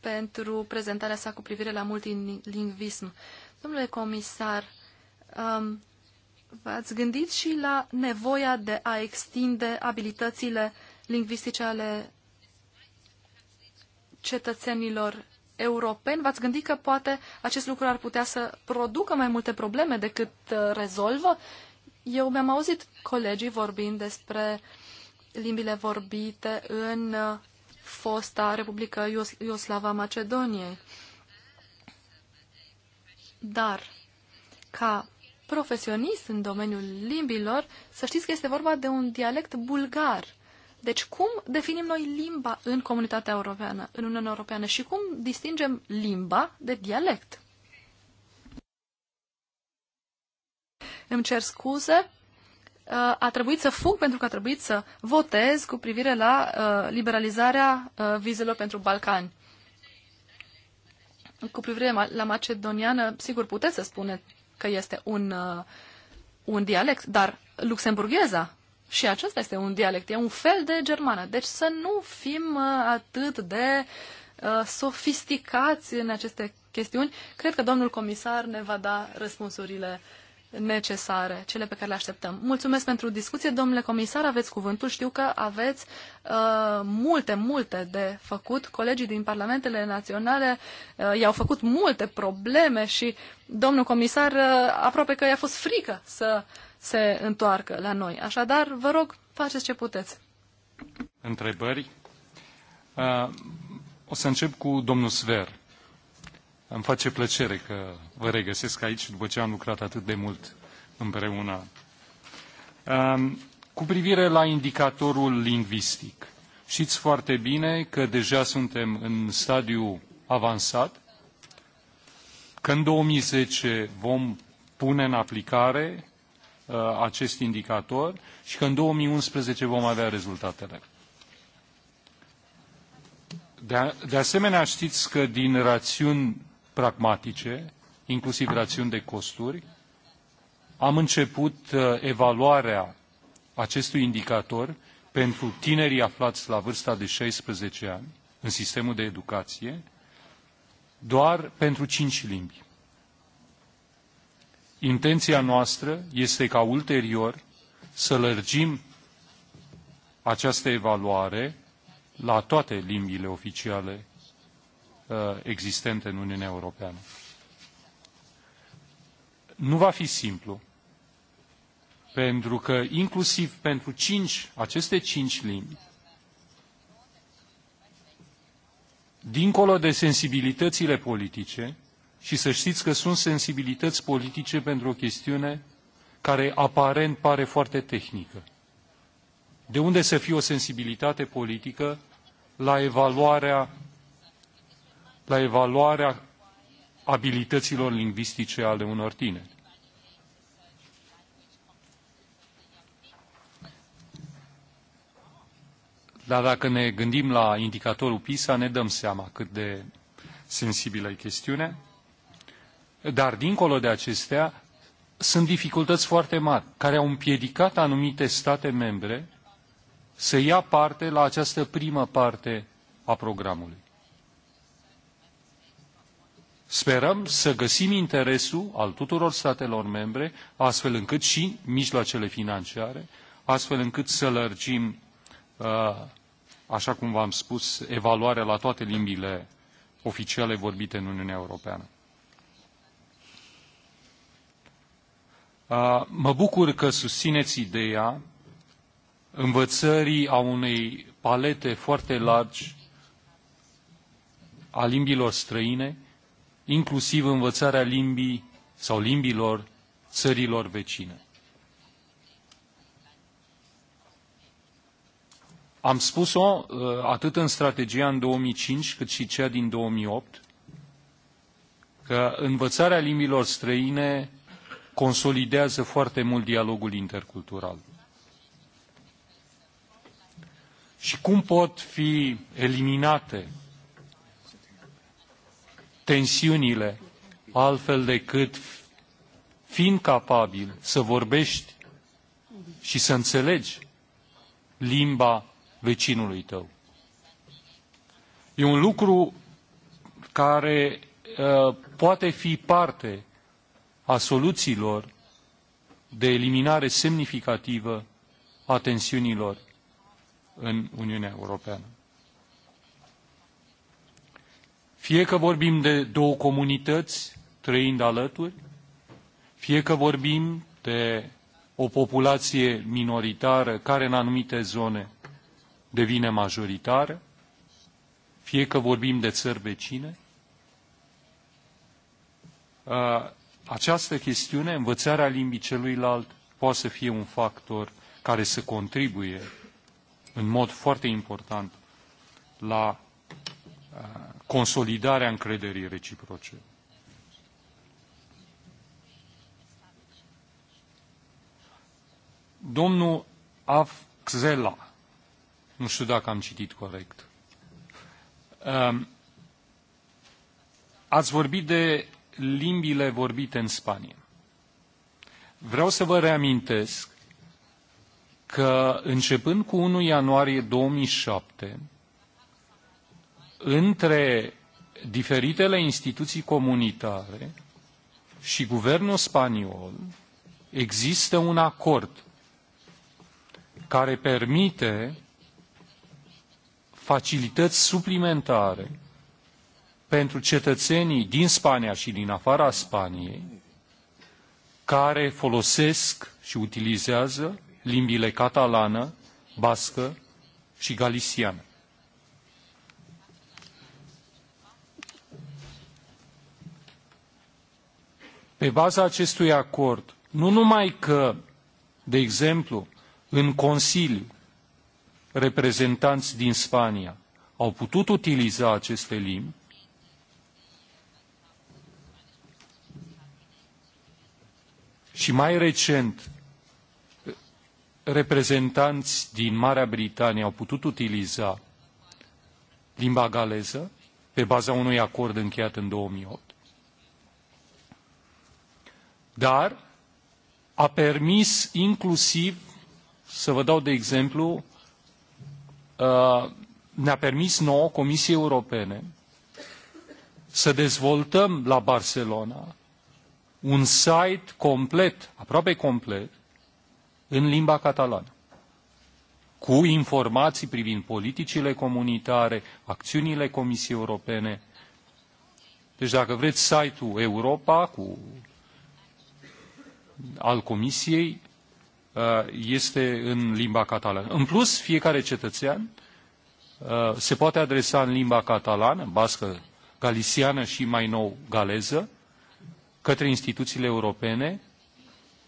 pentru prezentarea sa cu privire la multilingvism. Domnule comisar, um, v-ați gândit și la nevoia de a extinde abilitățile lingvistice ale cetățenilor europeni, v-ați gândit că poate acest lucru ar putea să producă mai multe probleme decât uh, rezolvă? Eu mi-am auzit colegii vorbind despre limbile vorbite în uh, fosta Republică Ios Ioslava Macedoniei. Dar, ca profesionist în domeniul limbilor, să știți că este vorba de un dialect bulgar – deci cum definim noi limba în comunitatea europeană, în Uniunea Europeană și cum distingem limba de dialect? Îmi cer scuze, uh, a trebuit să fug pentru că a trebuit să votez cu privire la uh, liberalizarea uh, vizelor pentru Balcani. Cu privire la macedoniană, sigur puteți să spuneți că este un, un dialect, dar luxemburgheza și acesta este un dialect, e un fel de germană. Deci să nu fim uh, atât de uh, sofisticați în aceste chestiuni. Cred că domnul comisar ne va da răspunsurile necesare, cele pe care le așteptăm. Mulțumesc pentru discuție, domnule comisar, aveți cuvântul. Știu că aveți uh, multe, multe de făcut. Colegii din parlamentele naționale uh, i-au făcut multe probleme și domnul comisar uh, aproape că i-a fost frică să uh, se întoarcă la noi. Așadar, vă rog, faceți ce puteți. Întrebări? O să încep cu domnul Sver. Îmi face plăcere că vă regăsesc aici după ce am lucrat atât de mult împreună. Cu privire la indicatorul lingvistic, știți foarte bine că deja suntem în stadiu avansat, că în 2010 vom pune în aplicare Uh, acest indicator și că în 2011 vom avea rezultatele. De, de asemenea, știți că din rațiuni pragmatice, inclusiv rațiuni de costuri, am început uh, evaluarea acestui indicator pentru tinerii aflați la vârsta de 16 ani în sistemul de educație, doar pentru cinci limbi. Intenția noastră este ca ulterior să lărgim această evaluare la toate limbile oficiale uh, existente în Uniunea Europeană. Nu va fi simplu, pentru că inclusiv pentru cinci, aceste cinci limbi, dincolo de sensibilitățile politice, și să știți că sunt sensibilități politice pentru o chestiune care aparent pare foarte tehnică. De unde să fie o sensibilitate politică la evaluarea, la evaluarea abilităților lingvistice ale unor tineri? Dar dacă ne gândim la indicatorul PISA, ne dăm seama cât de sensibilă e chestiunea. Dar, dincolo de acestea, sunt dificultăți foarte mari care au împiedicat anumite state membre să ia parte la această primă parte a programului. Sperăm să găsim interesul al tuturor statelor membre, astfel încât și mijloacele financiare, astfel încât să lărgim, uh, așa cum v-am spus, evaluarea la toate limbile oficiale vorbite în Uniunea Europeană. Mă bucur că susțineți ideea învățării a unei palete foarte largi a limbilor străine, inclusiv învățarea limbii sau limbilor țărilor vecine. Am spus-o uh, atât în strategia în 2005 cât și cea din 2008, că învățarea limbilor străine consolidează foarte mult dialogul intercultural. Și cum pot fi eliminate tensiunile altfel decât fiind capabil să vorbești și să înțelegi limba vecinului tău. E un lucru care uh, poate fi parte a soluțiilor de eliminare semnificativă a tensiunilor în Uniunea Europeană. Fie că vorbim de două comunități trăind alături, fie că vorbim de o populație minoritară care în anumite zone devine majoritară, fie că vorbim de țări vecine, această chestiune, învățarea limbii celuilalt, poate să fie un factor care să contribuie în mod foarte important la uh, consolidarea încrederii reciproce. Domnul Afxela, nu știu dacă am citit corect, um, ați vorbit de limbile vorbite în Spania. Vreau să vă reamintesc că începând cu 1 ianuarie 2007, între diferitele instituții comunitare și guvernul spaniol există un acord care permite facilități suplimentare pentru cetățenii din Spania și din afara Spaniei care folosesc și utilizează limbile catalană, bască și galisiană. Pe baza acestui acord, nu numai că, de exemplu, în Consiliu, reprezentanți din Spania au putut utiliza aceste limbi, și mai recent reprezentanți din Marea Britanie au putut utiliza limba galeză pe baza unui acord încheiat în 2008. Dar a permis inclusiv, să vă dau de exemplu, uh, ne-a permis nouă Comisiei Europene să dezvoltăm la Barcelona un site complet, aproape complet, în limba catalană, cu informații privind politicile comunitare, acțiunile Comisiei Europene. Deci dacă vreți site-ul Europa cu, al Comisiei, uh, este în limba catalană. În plus, fiecare cetățean uh, se poate adresa în limba catalană, bască, galisiană și mai nou galeză, către instituțiile europene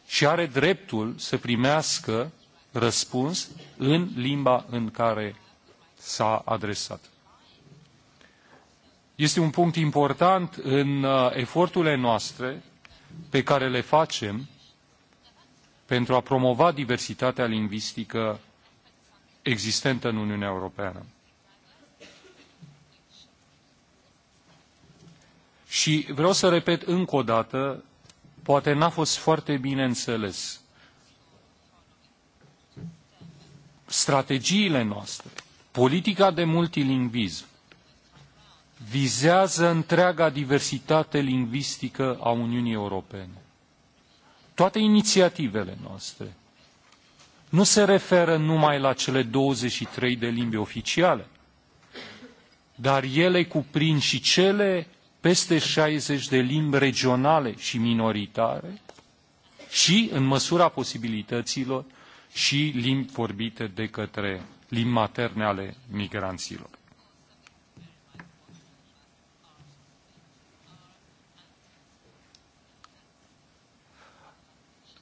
și are dreptul să primească răspuns în limba în care s-a adresat. Este un punct important în uh, eforturile noastre pe care le facem pentru a promova diversitatea lingvistică existentă în Uniunea Europeană. Și vreau să repet încă o dată, poate n-a fost foarte bine înțeles. Strategiile noastre, politica de multilingvism, vizează întreaga diversitate lingvistică a Uniunii Europene. Toate inițiativele noastre nu se referă numai la cele 23 de limbi oficiale, dar ele cuprind și cele peste 60 de limbi regionale și minoritare și, în măsura posibilităților, și limbi vorbite de către limbi materne ale migranților.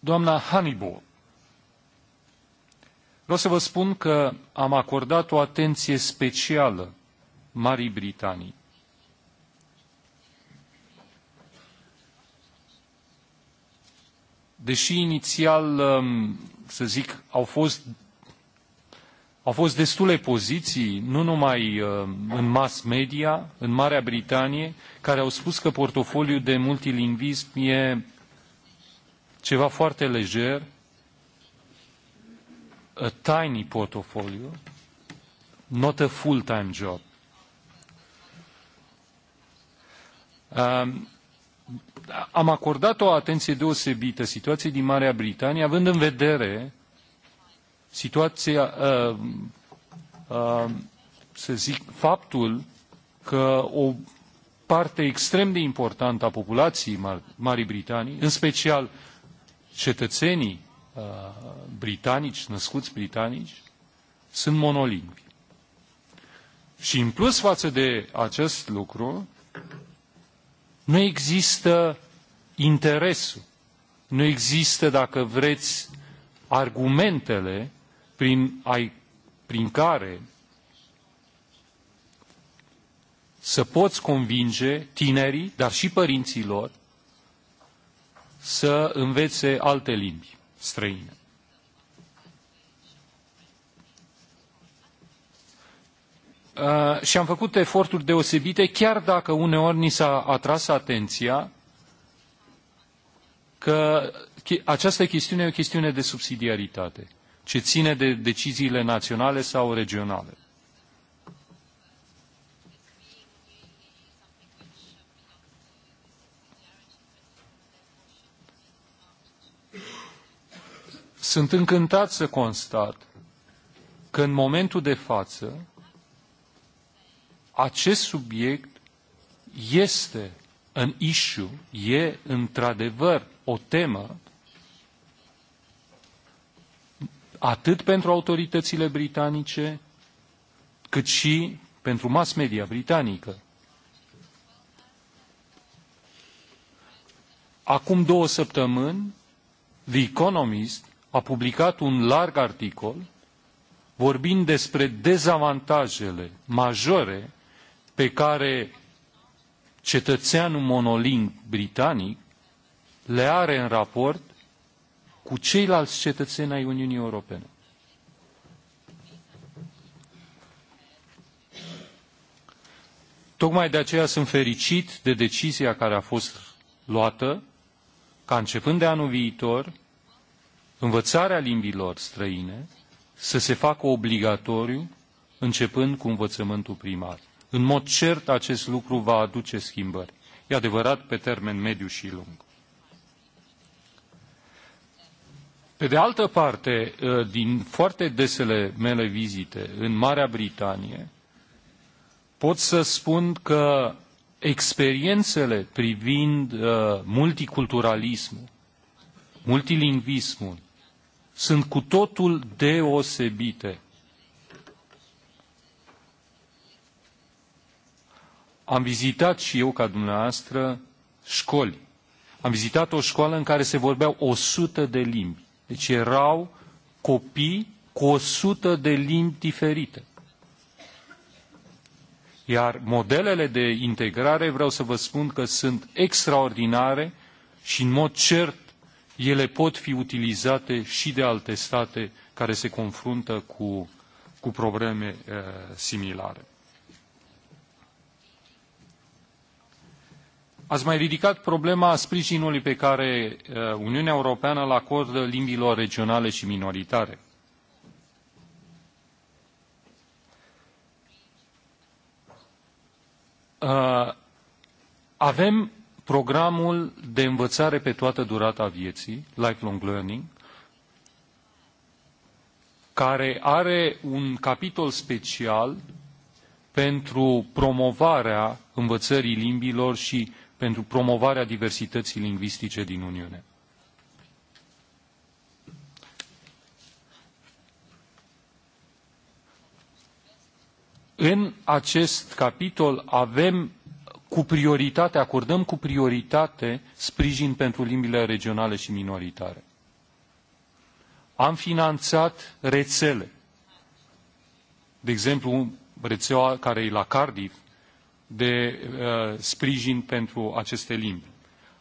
Doamna Hannibal, vreau să vă spun că am acordat o atenție specială Marii Britanii deși inițial, um, să zic, au fost, au fost destule poziții, nu numai um, în mass media, în Marea Britanie, care au spus că portofoliul de multilingvism e ceva foarte lejer, a tiny portfolio, not a full-time job. Um, am acordat o atenție deosebită situației din Marea Britanie, având în vedere situația, uh, uh, să zic, faptul că o parte extrem de importantă a populației Mar Marii Britanii, în special cetățenii uh, britanici, născuți britanici, sunt monolingvi. Și în plus față de acest lucru, nu există interesul, nu există, dacă vreți, argumentele prin, ai, prin care să poți convinge tinerii, dar și părinții lor, să învețe alte limbi străine. Uh, și am făcut eforturi deosebite, chiar dacă uneori ni s-a atras atenția că această chestiune e o chestiune de subsidiaritate, ce ține de deciziile naționale sau regionale. Sunt încântat să constat că în momentul de față acest subiect este în issue, e într-adevăr o temă atât pentru autoritățile britanice, cât și pentru mass media britanică. Acum două săptămâni, The Economist a publicat un larg articol vorbind despre dezavantajele majore pe care cetățeanul monoling britanic le are în raport cu ceilalți cetățeni ai Uniunii Europene. Tocmai de aceea sunt fericit de decizia care a fost luată ca începând de anul viitor învățarea limbilor străine să se facă obligatoriu începând cu învățământul primar. În mod cert, acest lucru va aduce schimbări. E adevărat pe termen mediu și lung. Pe de altă parte, ă, din foarte desele mele vizite în Marea Britanie, pot să spun că experiențele privind ă, multiculturalismul, multilingvismul, sunt cu totul deosebite Am vizitat și eu, ca dumneavoastră, școli. Am vizitat o școală în care se vorbeau 100 de limbi. Deci erau copii cu 100 de limbi diferite. Iar modelele de integrare, vreau să vă spun că sunt extraordinare și, în mod cert, ele pot fi utilizate și de alte state care se confruntă cu, cu probleme uh, similare. Ați mai ridicat problema sprijinului pe care uh, Uniunea Europeană îl acordă limbilor regionale și minoritare. Uh, avem programul de învățare pe toată durata vieții, lifelong learning, care are un capitol special pentru promovarea învățării limbilor și pentru promovarea diversității lingvistice din Uniune. În acest capitol avem cu prioritate, acordăm cu prioritate sprijin pentru limbile regionale și minoritare. Am finanțat rețele. De exemplu, rețeaua care e la Cardiff de uh, sprijin pentru aceste limbi.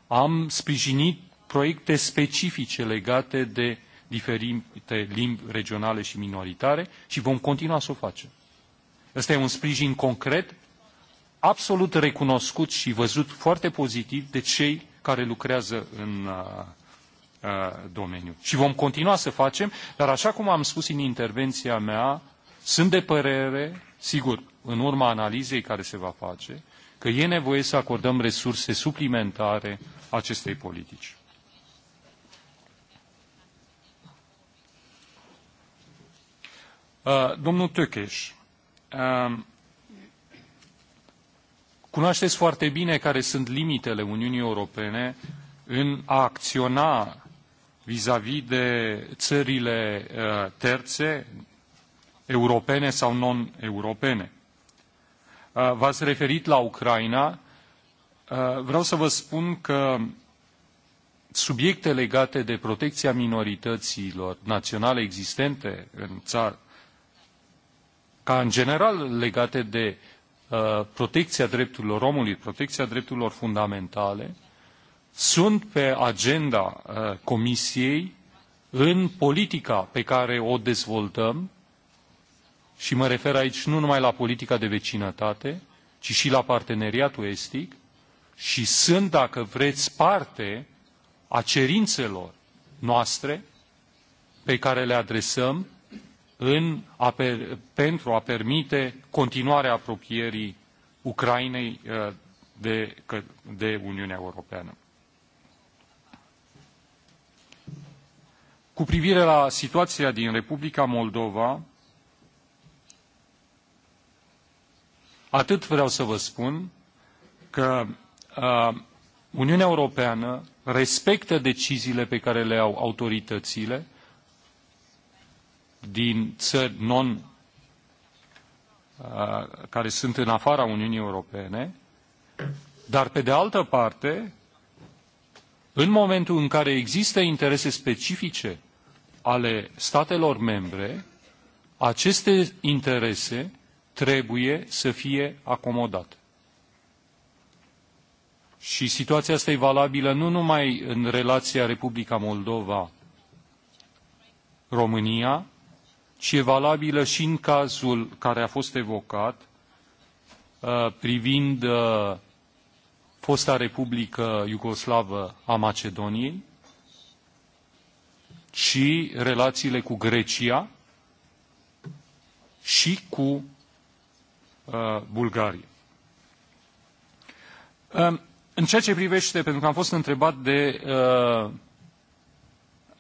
Am sprijinit proiecte specifice legate de diferite limbi regionale și minoritare și vom continua să o facem. Ăsta e un sprijin concret, absolut recunoscut și văzut foarte pozitiv de cei care lucrează în uh, uh, domeniu. Și vom continua să facem, dar așa cum am spus în intervenția mea, sunt de părere, sigur, în urma analizei care se va face, că e nevoie să acordăm resurse suplimentare acestei politici. Uh, domnul Tökeș, um, cunoașteți foarte bine care sunt limitele Uniunii Europene în a acționa vis-a-vis -vis de țările uh, terțe europene sau non-europene. Uh, v-ați referit la Ucraina. Uh, vreau să vă spun că subiecte legate de protecția minorităților naționale existente în țară, ca în general legate de uh, protecția drepturilor omului, protecția drepturilor fundamentale, sunt pe agenda Comisiei în politica pe care o dezvoltăm și mă refer aici nu numai la politica de vecinătate, ci și la parteneriatul estic, și sunt, dacă vreți, parte a cerințelor noastre pe care le adresăm în a, pentru a permite continuarea apropierii Ucrainei uh, de, de Uniunea Europeană. Cu privire la situația din Republica Moldova, Atât vreau să vă spun că uh, Uniunea Europeană respectă deciziile pe care le au autoritățile din țări non uh, care sunt în afara Uniunii Europene, dar pe de altă parte, în momentul în care există interese specifice ale statelor membre, aceste interese trebuie să fie acomodat. Și situația asta e valabilă nu numai în relația Republica Moldova-România, ci e valabilă și în cazul care a fost evocat uh, privind uh, fosta Republică Iugoslavă a Macedoniei și relațiile cu Grecia și cu Uh, bulgarie. Um, în ceea ce privește, pentru că am fost întrebat de, uh,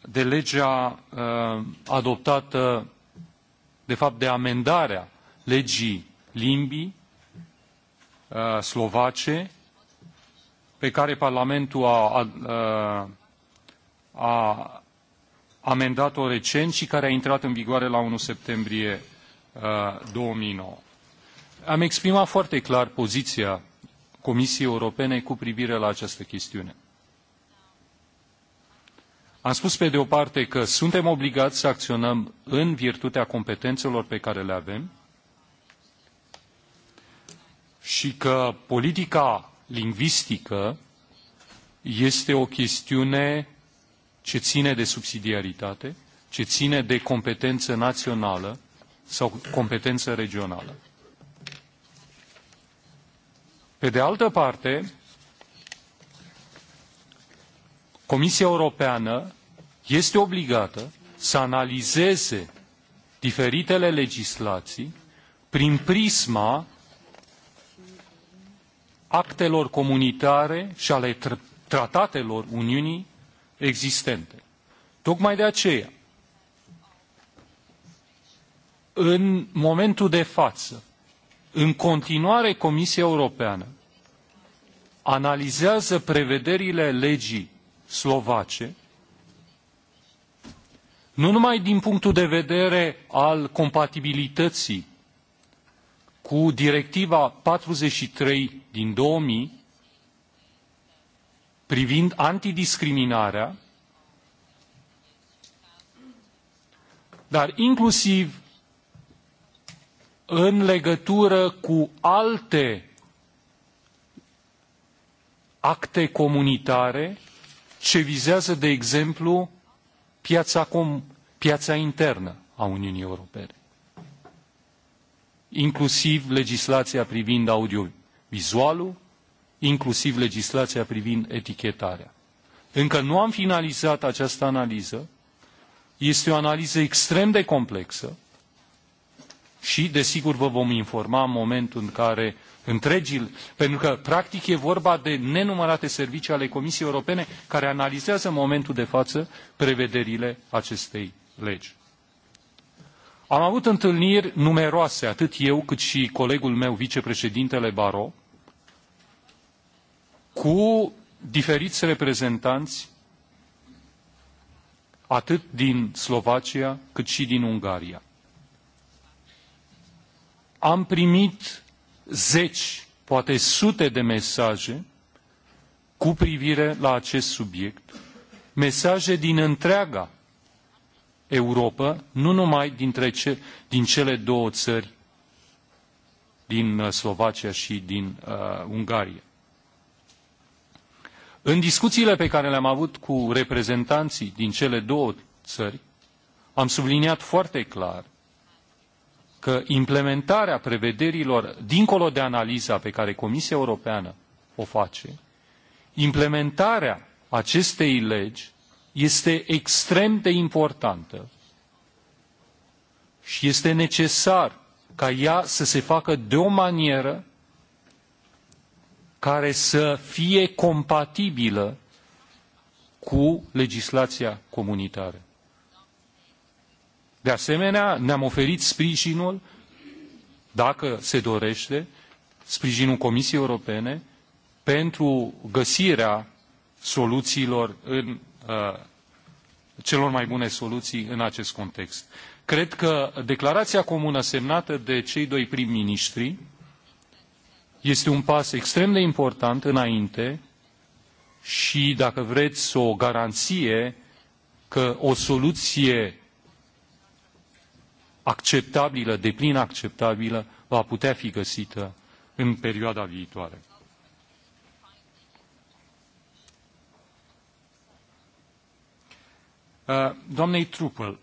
de legea uh, adoptată, de fapt de amendarea legii limbii slovace, pe care Parlamentul a, a, a amendat-o recent și care a intrat în vigoare la 1 septembrie 2009. Am exprimat foarte clar poziția Comisiei Europene cu privire la această chestiune. Am spus pe de o parte că suntem obligați să acționăm în virtutea competențelor pe care le avem și că politica lingvistică este o chestiune ce ține de subsidiaritate, ce ține de competență națională sau competență regională. Pe de altă parte, Comisia Europeană este obligată să analizeze diferitele legislații prin prisma actelor comunitare și ale tratatelor Uniunii existente. Tocmai de aceea, în momentul de față, în continuare, Comisia Europeană analizează prevederile legii slovace, nu numai din punctul de vedere al compatibilității cu directiva 43 din 2000 privind antidiscriminarea, dar inclusiv în legătură cu alte acte comunitare ce vizează, de exemplu, piața, com, piața internă a Uniunii Europene, inclusiv legislația privind audiovizualul, inclusiv legislația privind etichetarea. Încă nu am finalizat această analiză, este o analiză extrem de complexă, și, desigur, vă vom informa în momentul în care întregii, pentru că, practic, e vorba de nenumărate servicii ale Comisiei Europene care analizează în momentul de față prevederile acestei legi. Am avut întâlniri numeroase, atât eu cât și colegul meu, vicepreședintele Baro, cu diferiți reprezentanți atât din Slovacia cât și din Ungaria am primit zeci, poate sute de mesaje cu privire la acest subiect, mesaje din întreaga Europa, nu numai dintre ce, din cele două țări, din uh, Slovacia și din uh, Ungaria. În discuțiile pe care le-am avut cu reprezentanții din cele două țări, am subliniat foarte clar că implementarea prevederilor, dincolo de analiza pe care Comisia Europeană o face, implementarea acestei legi este extrem de importantă și este necesar ca ea să se facă de o manieră care să fie compatibilă cu legislația comunitară. De asemenea, ne-am oferit sprijinul, dacă se dorește, sprijinul Comisiei Europene pentru găsirea soluțiilor în, uh, celor mai bune soluții în acest context. Cred că declarația comună semnată de cei doi prim-ministri este un pas extrem de important înainte și, dacă vreți, o garanție că o soluție acceptabilă, deplin acceptabilă, va putea fi găsită în perioada viitoare. Uh, doamnei Trupel,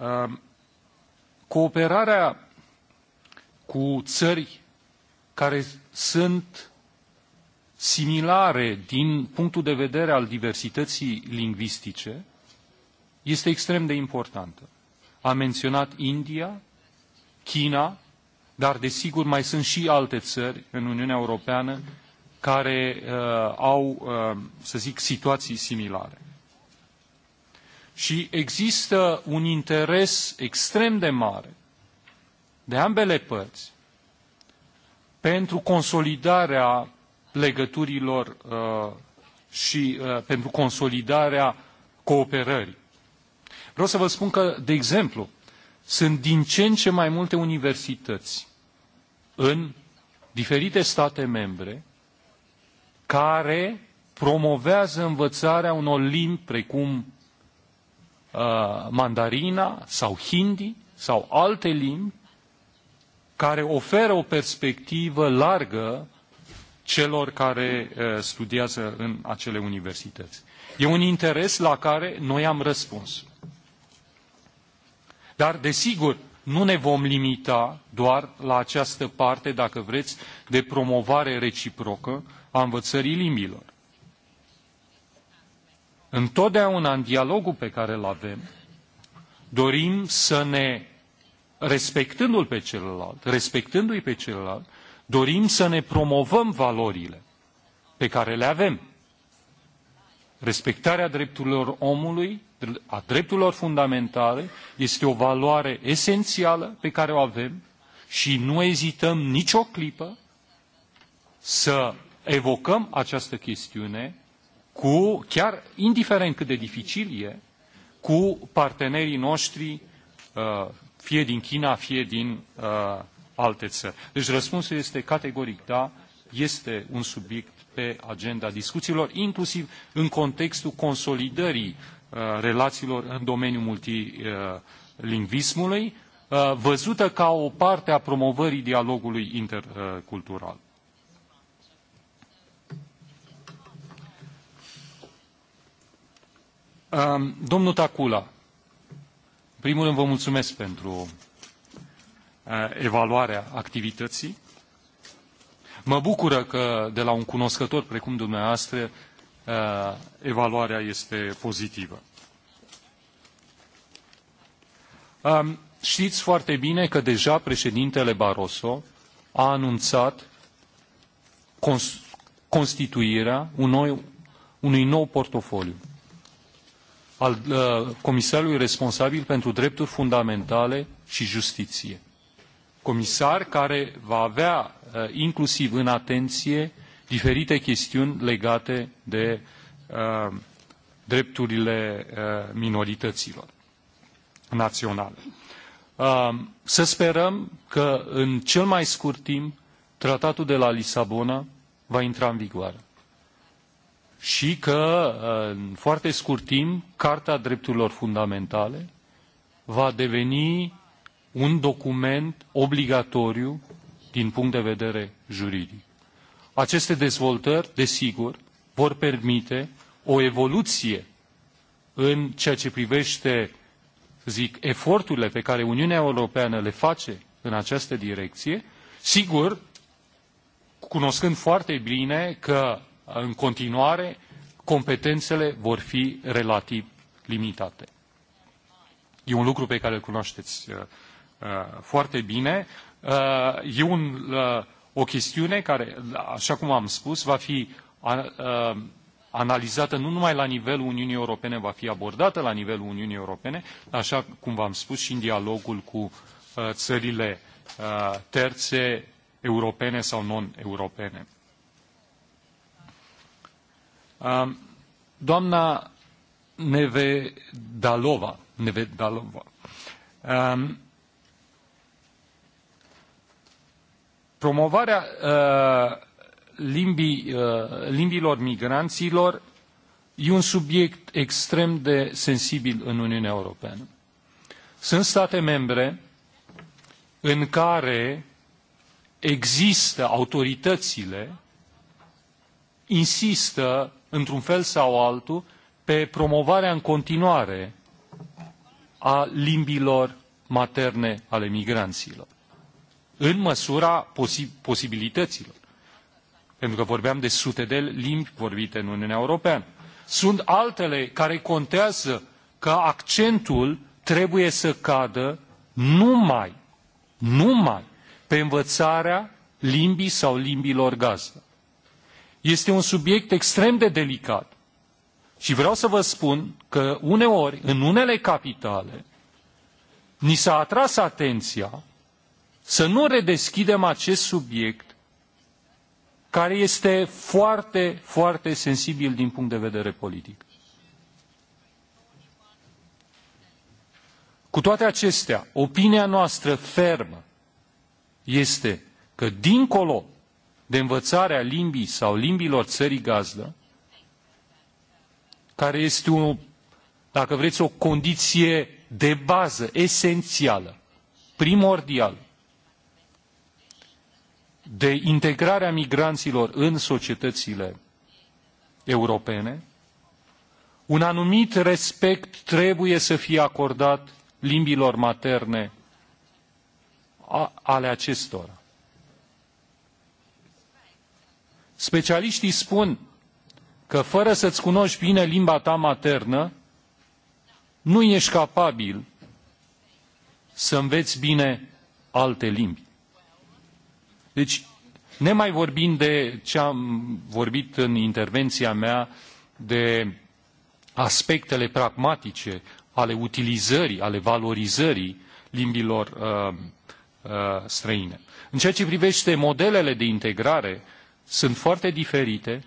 uh, cooperarea cu țări care sunt similare din punctul de vedere al diversității lingvistice este extrem de importantă. A menționat India, China, dar desigur mai sunt și alte țări în Uniunea Europeană care uh, au, uh, să zic, situații similare. Și există un interes extrem de mare de ambele părți pentru consolidarea legăturilor uh, și uh, pentru consolidarea cooperării. Vreau să vă spun că, de exemplu, sunt din ce în ce mai multe universități în diferite state membre care promovează învățarea unor limbi precum uh, mandarina sau hindi sau alte limbi care oferă o perspectivă largă celor care uh, studiază în acele universități. E un interes la care noi am răspuns. Dar, desigur, nu ne vom limita doar la această parte, dacă vreți, de promovare reciprocă a învățării limbilor. Întotdeauna în dialogul pe care îl avem, dorim să ne, respectându-l pe celălalt, respectându-i pe celălalt, dorim să ne promovăm valorile pe care le avem respectarea drepturilor omului, a drepturilor fundamentale, este o valoare esențială pe care o avem și nu ezităm nicio clipă să evocăm această chestiune cu, chiar indiferent cât de dificil e, cu partenerii noștri, uh, fie din China, fie din uh, alte țări. Deci răspunsul este categoric da, este un subiect pe agenda discuțiilor, inclusiv în contextul consolidării uh, relațiilor în domeniul multilingvismului, uh, văzută ca o parte a promovării dialogului intercultural. Um, domnul Tacula, în primul rând vă mulțumesc pentru uh, evaluarea activității Mă bucură că de la un cunoscător precum dumneavoastră uh, evaluarea este pozitivă. Um, știți foarte bine că deja președintele Barroso a anunțat constituirea unui, unui nou portofoliu al uh, comisarului responsabil pentru drepturi fundamentale și justiție comisar care va avea uh, inclusiv în atenție diferite chestiuni legate de uh, drepturile uh, minorităților naționale. să sperăm că în cel mai scurt timp tratatul de la Lisabona va intra în vigoare și că în foarte scurt timp Carta Drepturilor Fundamentale va deveni un document obligatoriu din punct de vedere juridic. Aceste dezvoltări, desigur, vor permite o evoluție în ceea ce privește, zic, eforturile pe care Uniunea Europeană le face în această direcție, sigur, cunoscând foarte bine că, în continuare, competențele vor fi relativ limitate. E un lucru pe care îl cunoașteți uh, Uh, foarte bine. Uh, e un, uh, o chestiune care, așa cum am spus, va fi analizată nu numai la nivelul Uniunii Europene, va fi abordată la nivelul Uniunii Europene, așa cum v-am spus și în dialogul cu țările terțe europene sau non-europene. Doamna Nevedalova, Nevedalova Promovarea uh, limbii, uh, limbilor migranților e un subiect extrem de sensibil în Uniunea Europeană. Sunt state membre în care există autoritățile, insistă într-un fel sau altul pe promovarea în continuare a limbilor materne ale migranților în măsura posibilităților. Pentru că vorbeam de sute de limbi vorbite în Uniunea Europeană. Sunt altele care contează că accentul trebuie să cadă numai, numai pe învățarea limbii sau limbilor gazdă. Este un subiect extrem de delicat și vreau să vă spun că uneori, în unele capitale, ni s-a atras atenția să nu redeschidem acest subiect care este foarte, foarte sensibil din punct de vedere politic. Cu toate acestea, opinia noastră fermă este că dincolo de învățarea limbii sau limbilor țării gazdă, care este, o, dacă vreți, o condiție de bază, esențială, primordială, de integrarea migranților în societățile europene, un anumit respect trebuie să fie acordat limbilor materne ale acestora. Specialiștii spun că fără să-ți cunoști bine limba ta maternă, nu ești capabil să înveți bine alte limbi. Deci, nemai vorbind de ce am vorbit în intervenția mea, de aspectele pragmatice ale utilizării, ale valorizării limbilor uh, uh, străine. În ceea ce privește modelele de integrare, sunt foarte diferite.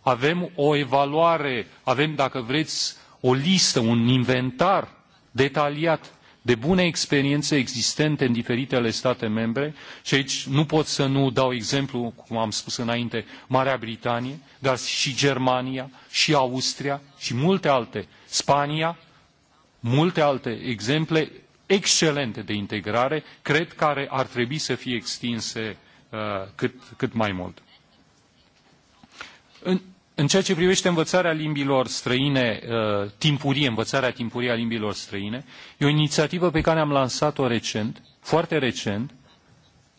Avem o evaluare, avem, dacă vreți, o listă, un inventar detaliat de bune experiențe existente în diferitele state membre și aici nu pot să nu dau exemplu, cum am spus înainte, Marea Britanie, dar și Germania, și Austria și multe alte, Spania, multe alte exemple excelente de integrare, cred care ar trebui să fie extinse uh, cât, cât mai mult. În, în ceea ce privește învățarea limbilor străine, uh, timpurie, învățarea timpurie a limbilor străine, e o inițiativă pe care am lansat-o recent, foarte recent,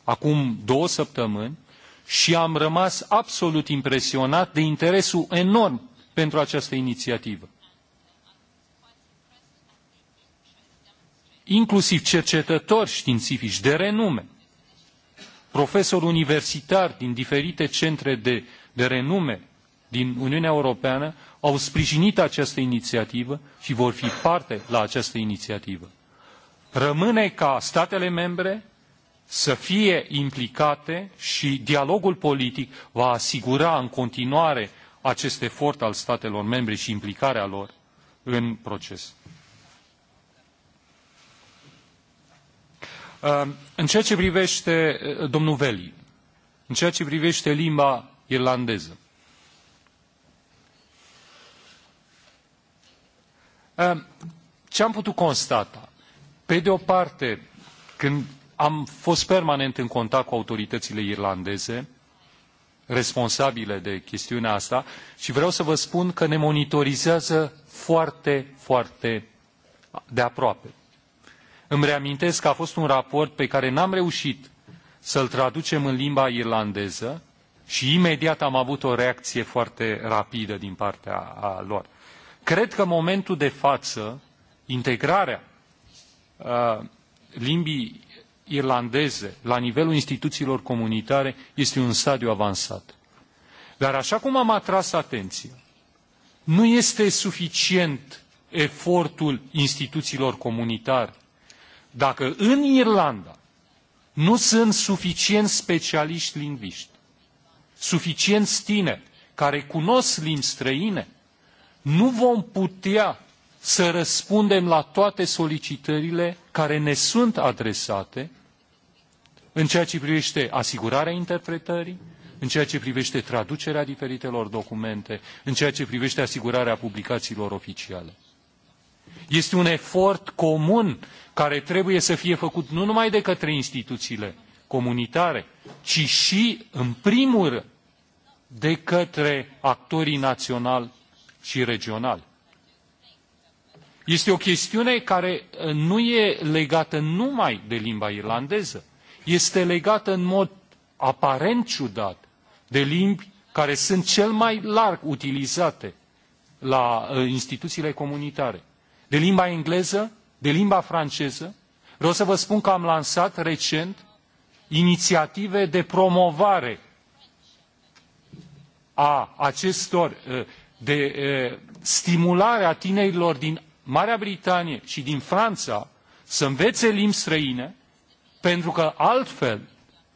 acum două săptămâni, și am rămas absolut impresionat de interesul enorm pentru această inițiativă. Inclusiv cercetători științifici de renume, profesori universitari din diferite centre de, de renume din Uniunea Europeană au sprijinit această inițiativă și vor fi parte la această inițiativă. Rămâne ca statele membre să fie implicate și dialogul politic va asigura în continuare acest efort al statelor membre și implicarea lor în proces. Uh, în ceea ce privește uh, domnul Veli, în ceea ce privește limba irlandeză, Ce am putut constata? Pe de o parte, când am fost permanent în contact cu autoritățile irlandeze, responsabile de chestiunea asta, și vreau să vă spun că ne monitorizează foarte, foarte de aproape. Îmi reamintesc că a fost un raport pe care n-am reușit să-l traducem în limba irlandeză și imediat am avut o reacție foarte rapidă din partea lor. Cred că în momentul de față, integrarea uh, limbii irlandeze la nivelul instituțiilor comunitare este un stadiu avansat. Dar așa cum am atras atenția, nu este suficient efortul instituțiilor comunitare. Dacă în Irlanda nu sunt suficienți specialiști lingviști, suficienți tineri care cunosc limbi străine, nu vom putea să răspundem la toate solicitările care ne sunt adresate în ceea ce privește asigurarea interpretării, în ceea ce privește traducerea diferitelor documente, în ceea ce privește asigurarea publicațiilor oficiale. Este un efort comun care trebuie să fie făcut nu numai de către instituțiile comunitare, ci și, în primul rând, de către actorii naționali și regional. Este o chestiune care uh, nu e legată numai de limba irlandeză, este legată în mod aparent ciudat de limbi care sunt cel mai larg utilizate la uh, instituțiile comunitare. De limba engleză, de limba franceză. Vreau să vă spun că am lansat recent inițiative de promovare a acestor uh, de stimulare a tinerilor din Marea Britanie și din Franța să învețe limbi străine, pentru că altfel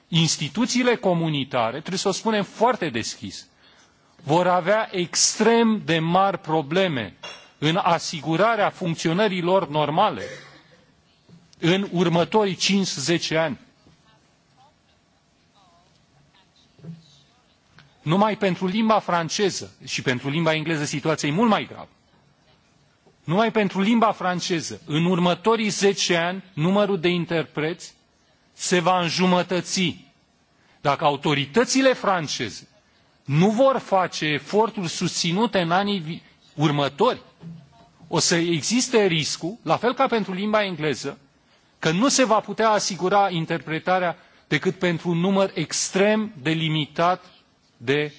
instituțiile comunitare, trebuie să o spunem foarte deschis, vor avea extrem de mari probleme în asigurarea funcționării lor normale în următorii 5-10 ani. Numai pentru limba franceză și pentru limba engleză situația e mult mai gravă. Numai pentru limba franceză, în următorii zece ani, numărul de interpreți se va înjumătăți. Dacă autoritățile franceze nu vor face eforturi susținute în anii următori, o să existe riscul, la fel ca pentru limba engleză, că nu se va putea asigura interpretarea decât pentru un număr extrem de limitat de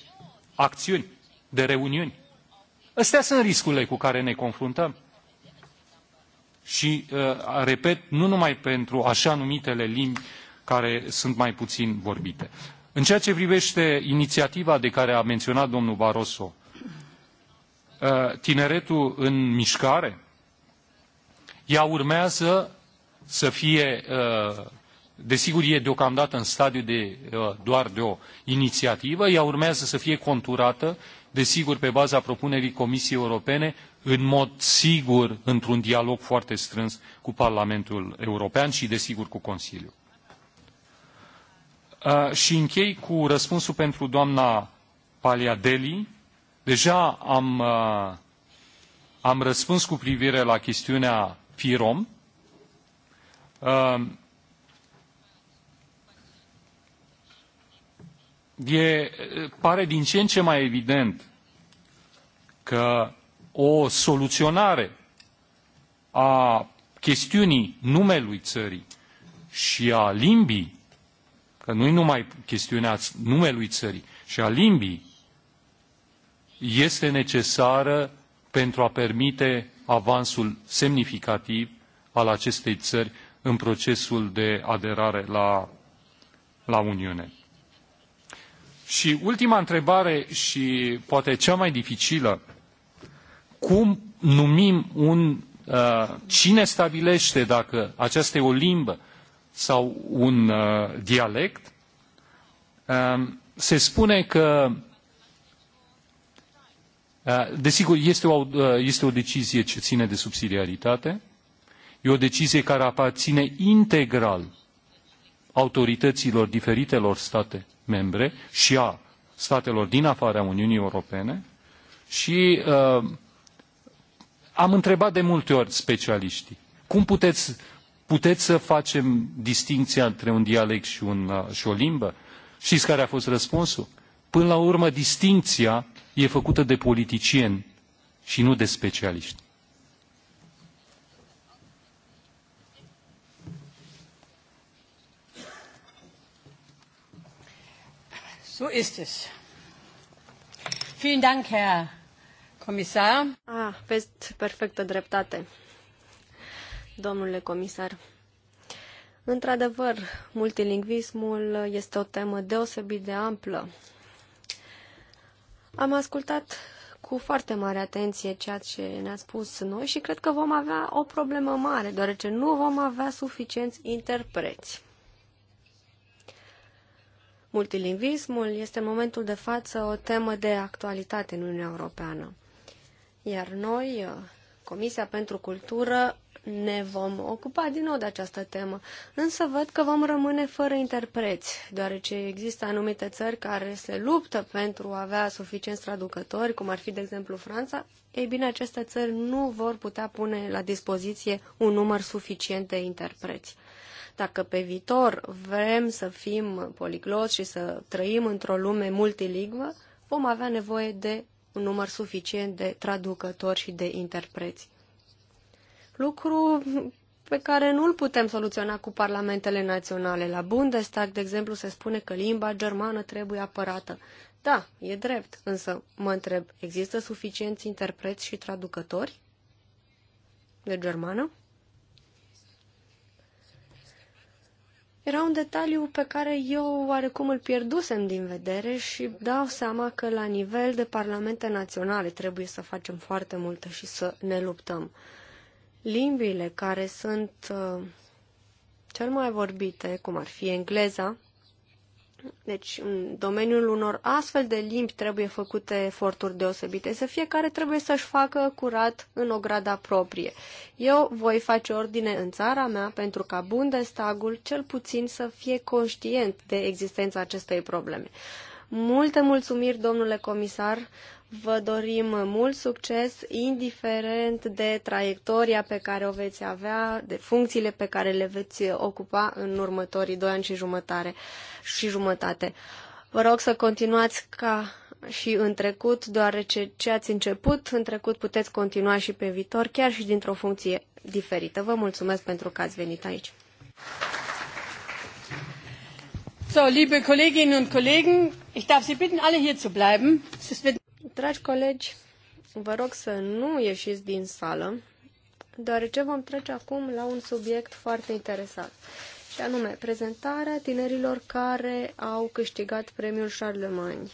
acțiuni, de reuniuni. Astea sunt riscurile cu care ne confruntăm. Și, uh, repet, nu numai pentru așa numitele limbi care sunt mai puțin vorbite. În ceea ce privește inițiativa de care a menționat domnul Barroso, uh, tineretul în mișcare, ea urmează să fie uh, Desigur, e deocamdată în stadiu de, uh, doar de o inițiativă, ea urmează să fie conturată, desigur, pe baza propunerii Comisiei Europene, în mod sigur, într-un dialog foarte strâns cu Parlamentul European și, desigur, cu Consiliul. Uh, și închei cu răspunsul pentru doamna Paliadeli. Deja am, uh, am răspuns cu privire la chestiunea FIROM. e, pare din ce în ce mai evident că o soluționare a chestiunii numelui țării și a limbii, că nu-i numai chestiunea numelui țării, și a limbii, este necesară pentru a permite avansul semnificativ al acestei țări în procesul de aderare la, la Uniune. Și ultima întrebare și poate cea mai dificilă, cum numim un, uh, cine stabilește dacă aceasta e o limbă sau un uh, dialect? Uh, se spune că, uh, desigur, este o, uh, este o decizie ce ține de subsidiaritate, e o decizie care aparține integral autorităților diferitelor state membre și a statelor din afara Uniunii Europene și uh, am întrebat de multe ori specialiștii cum puteți, puteți să facem distinția între un dialect și, un, uh, și o limbă? Știți care a fost răspunsul? Până la urmă, distinția e făcută de politicieni și nu de specialiști. So ist es. Vielen Dank, Herr Comisar. Ah, aveți perfectă dreptate, domnule comisar. Într-adevăr, multilingvismul este o temă deosebit de amplă. Am ascultat cu foarte mare atenție ceea ce ne-a spus noi și cred că vom avea o problemă mare, deoarece nu vom avea suficienți interpreți. Multilingvismul este în momentul de față o temă de actualitate în Uniunea Europeană. Iar noi, Comisia pentru Cultură, ne vom ocupa din nou de această temă, însă văd că vom rămâne fără interpreți, deoarece există anumite țări care se luptă pentru a avea suficienți traducători, cum ar fi, de exemplu, Franța. Ei bine, aceste țări nu vor putea pune la dispoziție un număr suficient de interpreți. Dacă pe viitor vrem să fim poligloți și să trăim într-o lume multilingvă, vom avea nevoie de un număr suficient de traducători și de interpreți. Lucru pe care nu îl putem soluționa cu parlamentele naționale. La Bundestag, de exemplu, se spune că limba germană trebuie apărată. Da, e drept, însă mă întreb, există suficienți interpreți și traducători de germană? Era un detaliu pe care eu oarecum îl pierdusem din vedere și dau seama că la nivel de parlamente naționale trebuie să facem foarte multe și să ne luptăm. Limbile care sunt uh, cel mai vorbite, cum ar fi engleza, deci, în domeniul unor astfel de limbi trebuie făcute eforturi deosebite, să fiecare trebuie să-și facă curat în o grada proprie. Eu voi face ordine în țara mea pentru ca Bundestagul cel puțin să fie conștient de existența acestei probleme. Multe mulțumiri, domnule comisar, Vă dorim mult succes, indiferent de traiectoria pe care o veți avea, de funcțiile pe care le veți ocupa în următorii doi ani și jumătate. Și jumătate. Vă rog să continuați ca și în trecut, deoarece ce ați început în trecut puteți continua și pe viitor, chiar și dintr-o funcție diferită. Vă mulțumesc pentru că ați venit aici. So, liebe Kolleginnen und Kollegen, ich darf Sie bitten, alle hier zu bleiben. Es wird Dragi colegi, vă rog să nu ieșiți din sală, deoarece vom trece acum la un subiect foarte interesant, și anume prezentarea tinerilor care au câștigat premiul Charlemagne.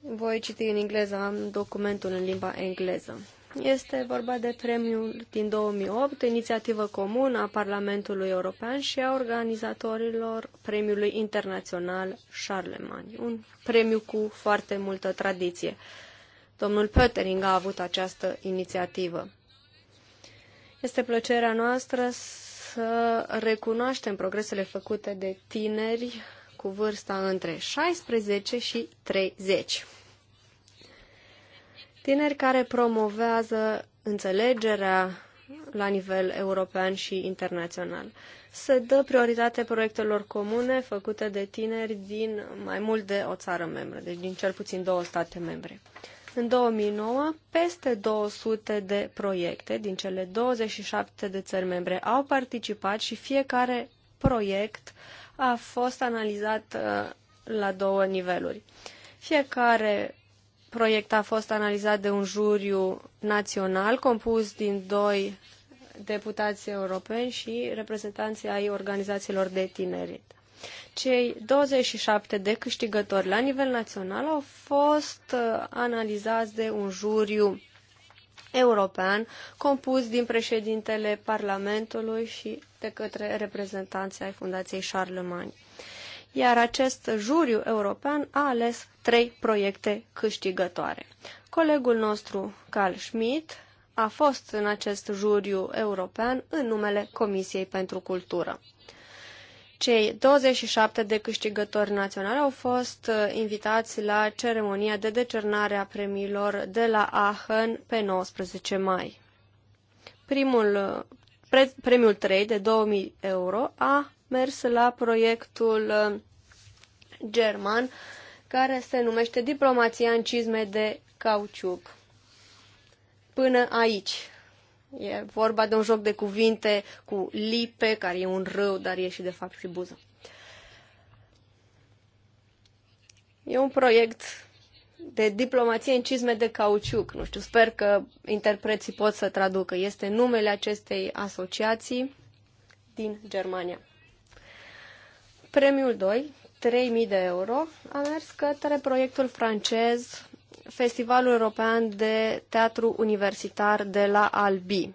Voi citi în engleză, am documentul în limba engleză. Este vorba de premiul din 2008, inițiativă comună a Parlamentului European și a organizatorilor premiului internațional Charlemagne, un premiu cu foarte multă tradiție. Domnul Pöttering a avut această inițiativă. Este plăcerea noastră să recunoaștem progresele făcute de tineri cu vârsta între 16 și 30 tineri care promovează înțelegerea la nivel european și internațional. Se dă prioritate proiectelor comune făcute de tineri din mai mult de o țară membră, deci din cel puțin două state membre. În 2009, peste 200 de proiecte din cele 27 de țări membre au participat și fiecare proiect a fost analizat uh, la două niveluri. Fiecare proiect a fost analizat de un juriu național compus din doi deputați europeni și reprezentanții ai organizațiilor de tineret. Cei 27 de câștigători la nivel național au fost uh, analizați de un juriu european compus din președintele Parlamentului și de către reprezentanții ai Fundației Charlemagne iar acest juriu european a ales trei proiecte câștigătoare. Colegul nostru, Carl Schmidt, a fost în acest juriu european în numele Comisiei pentru Cultură. Cei 27 de câștigători naționali au fost uh, invitați la ceremonia de decernare a premiilor de la Aachen pe 19 mai. Primul, uh, pre, premiul 3 de 2000 euro a mers la proiectul uh, german care se numește Diplomația în cizme de cauciuc. Până aici. E vorba de un joc de cuvinte cu lipe, care e un râu, dar e și de fapt și buză. E un proiect de diplomație în cizme de cauciuc. Nu știu, sper că interpreții pot să traducă. Este numele acestei asociații din Germania. Premiul 2, 3.000 de euro, a mers către proiectul francez Festivalul European de Teatru Universitar de la Albi.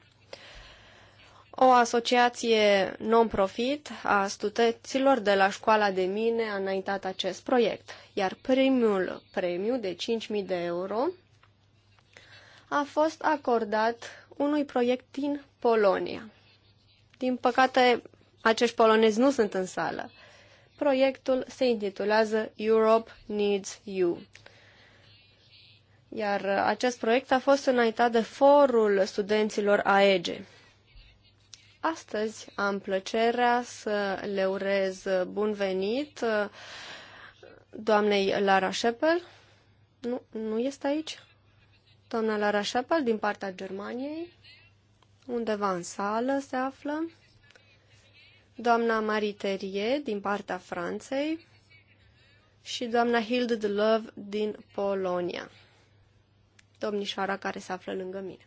O asociație non-profit a studenților de la școala de mine a înaintat acest proiect, iar primul premiu de 5.000 de euro a fost acordat unui proiect din Polonia. Din păcate, acești polonezi nu sunt în sală. Proiectul se intitulează Europe Needs You. Iar uh, acest proiect a fost înaintat de Forul Studenților AEGE. Astăzi am plăcerea să le urez bun venit uh, doamnei Lara Șepel. Nu, nu este aici? Doamna Lara Șepel din partea Germaniei, undeva în sală se află doamna Marie Terie din partea Franței și doamna Hilde de Love din Polonia, domnișoara care se află lângă mine.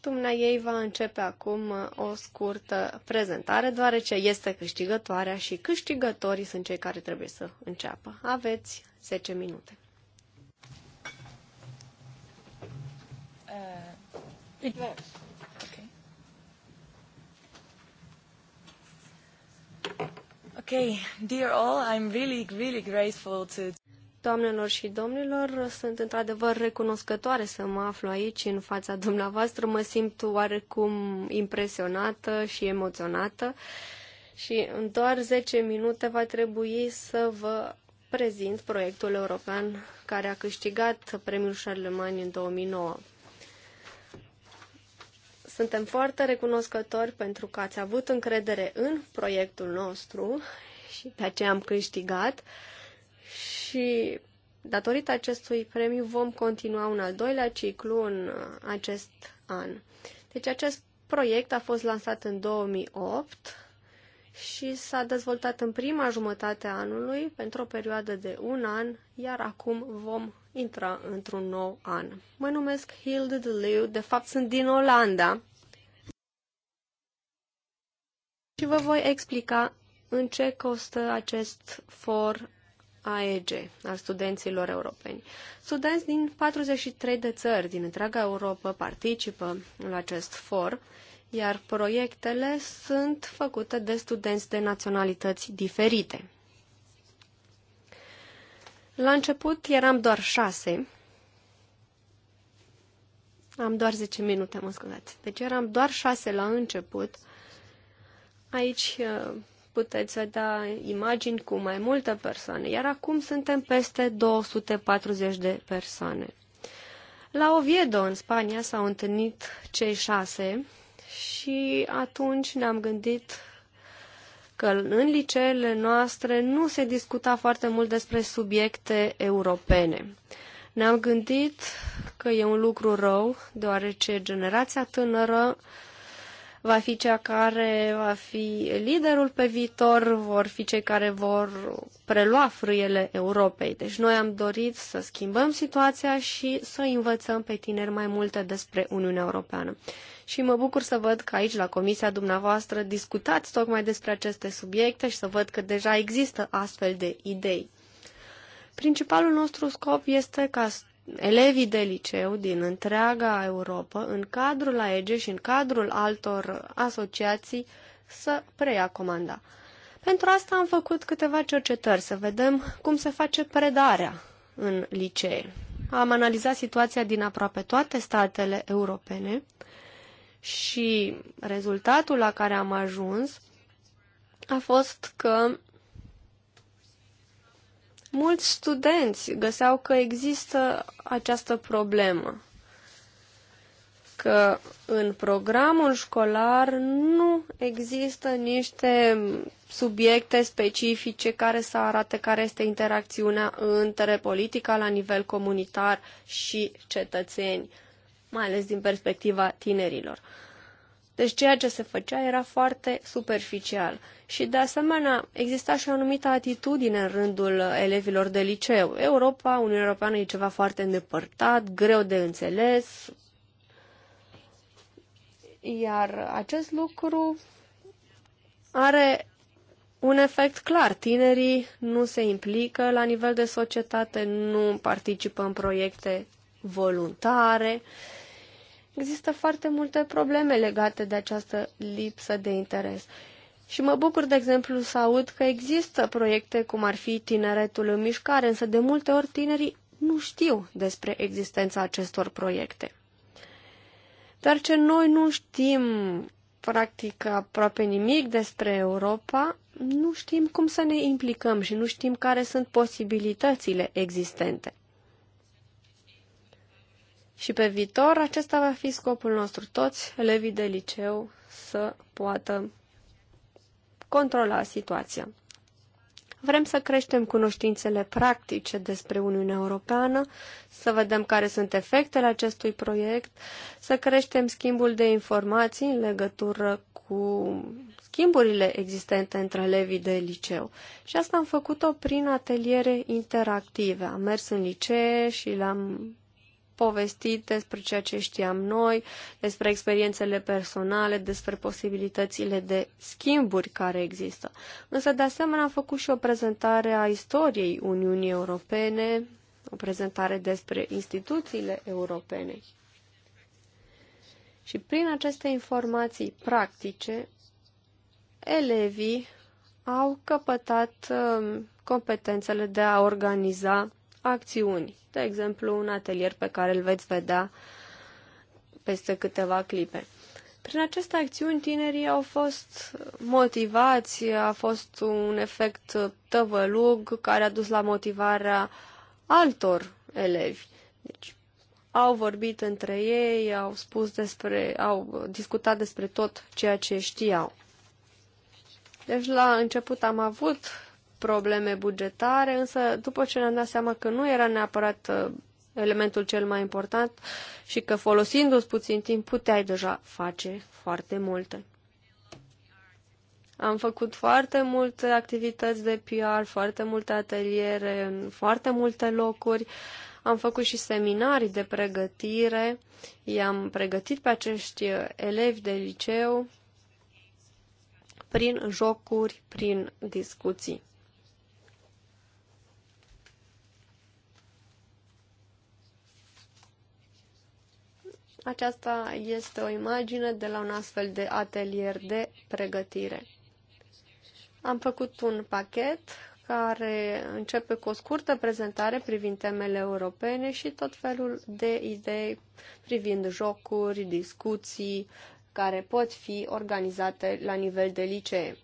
Dumna ei va începe acum uh, o scurtă prezentare, deoarece este câștigătoarea și câștigătorii sunt cei care trebuie să înceapă. Aveți 10 minute. Uh, Okay, dear all, I'm really, really grateful to... Doamnelor și domnilor, sunt într-adevăr recunoscătoare să mă aflu aici în fața dumneavoastră. Mă simt oarecum impresionată și emoționată și în doar 10 minute va trebui să vă prezint proiectul european care a câștigat premiul Charlemagne în 2009. Suntem foarte recunoscători pentru că ați avut încredere în proiectul nostru și de aceea am câștigat și datorită acestui premiu vom continua un al doilea ciclu în acest an. Deci acest proiect a fost lansat în 2008 și s-a dezvoltat în prima jumătate a anului pentru o perioadă de un an, iar acum vom intra într-un nou an. Mă numesc Hilde de Leeuw, de fapt sunt din Olanda și vă voi explica în ce costă acest for AEG al studenților europeni. Studenți din 43 de țări din întreaga Europa participă la acest for, iar proiectele sunt făcute de studenți de naționalități diferite. La început eram doar șase. Am doar 10 minute, mă scuzați. Deci eram doar șase la început. Aici uh, puteți vedea imagini cu mai multe persoane, iar acum suntem peste 240 de persoane. La Oviedo, în Spania, s-au întâlnit cei șase și atunci ne-am gândit că în liceele noastre nu se discuta foarte mult despre subiecte europene. Ne-am gândit că e un lucru rău, deoarece generația tânără uh, va fi cea care va fi liderul pe viitor, vor fi cei care vor prelua frâiele Europei. Deci noi am dorit să schimbăm situația și să învățăm pe tineri mai multe despre Uniunea Europeană. Și mă bucur să văd că aici, la comisia dumneavoastră, discutați tocmai despre aceste subiecte și să văd că deja există astfel de idei. Principalul nostru scop este ca elevii de liceu din întreaga Europa, în cadrul AEG și în cadrul altor asociații, să preia comanda. Pentru asta am făcut câteva cercetări, să vedem cum se face predarea în licee. Am analizat situația din aproape toate statele europene și rezultatul la care am ajuns a fost că Mulți studenți găseau că există această problemă, că în programul școlar nu există niște subiecte specifice care să arate care este interacțiunea între politica la nivel comunitar și cetățeni, mai ales din perspectiva tinerilor. Deci ceea ce se făcea era foarte superficial. Și de asemenea exista și o anumită atitudine în rândul uh, elevilor de liceu. Europa, Uniunea Europeană e ceva foarte îndepărtat, greu de înțeles. Iar acest lucru are un efect clar. Tinerii nu se implică la nivel de societate, nu participă în proiecte voluntare. Uh, există foarte multe probleme legate de această lipsă de interes. Și mă bucur, de exemplu, să aud că există proiecte cum ar fi Tineretul în Mișcare, însă de multe ori tinerii nu știu despre existența acestor proiecte. Dar ce noi nu știm practic aproape nimic despre Europa, nu știm cum să ne implicăm și nu știm care sunt posibilitățile existente. Și pe viitor, acesta va fi scopul nostru. Toți elevii de liceu să poată controla situația. Vrem să creștem cunoștințele practice despre Uniunea Europeană, să vedem care sunt efectele acestui proiect, să creștem schimbul de informații în legătură cu schimburile existente între elevii de liceu. Și asta am făcut-o prin ateliere interactive. Am mers în licee și le-am povestit despre ceea ce știam noi, despre experiențele personale, despre posibilitățile de schimburi care există. Însă, de asemenea, am făcut și o prezentare a istoriei Uniunii Europene, o prezentare despre instituțiile europene. Și prin aceste informații practice, elevii au căpătat um, competențele de a organiza acțiuni. De exemplu, un atelier pe care îl veți vedea peste câteva clipe. Prin aceste acțiuni, tinerii au fost motivați, a fost un efect tăvălug care a dus la motivarea altor elevi. Deci, au vorbit între ei, au spus despre, au discutat despre tot ceea ce știau. Deci la început am avut probleme bugetare, însă după ce ne-am dat seama că nu era neapărat uh, elementul cel mai important și că folosindu-ți puțin timp puteai deja face foarte multe. Am făcut foarte multe activități de PR, foarte multe ateliere, în foarte multe locuri. Am făcut și seminarii de pregătire. I-am pregătit pe acești uh, elevi de liceu prin jocuri, prin discuții. Aceasta este o imagine de la un astfel de atelier de pregătire. Am făcut un pachet care începe cu o scurtă prezentare privind temele europene și tot felul de idei privind jocuri, discuții care pot fi organizate la nivel de licee.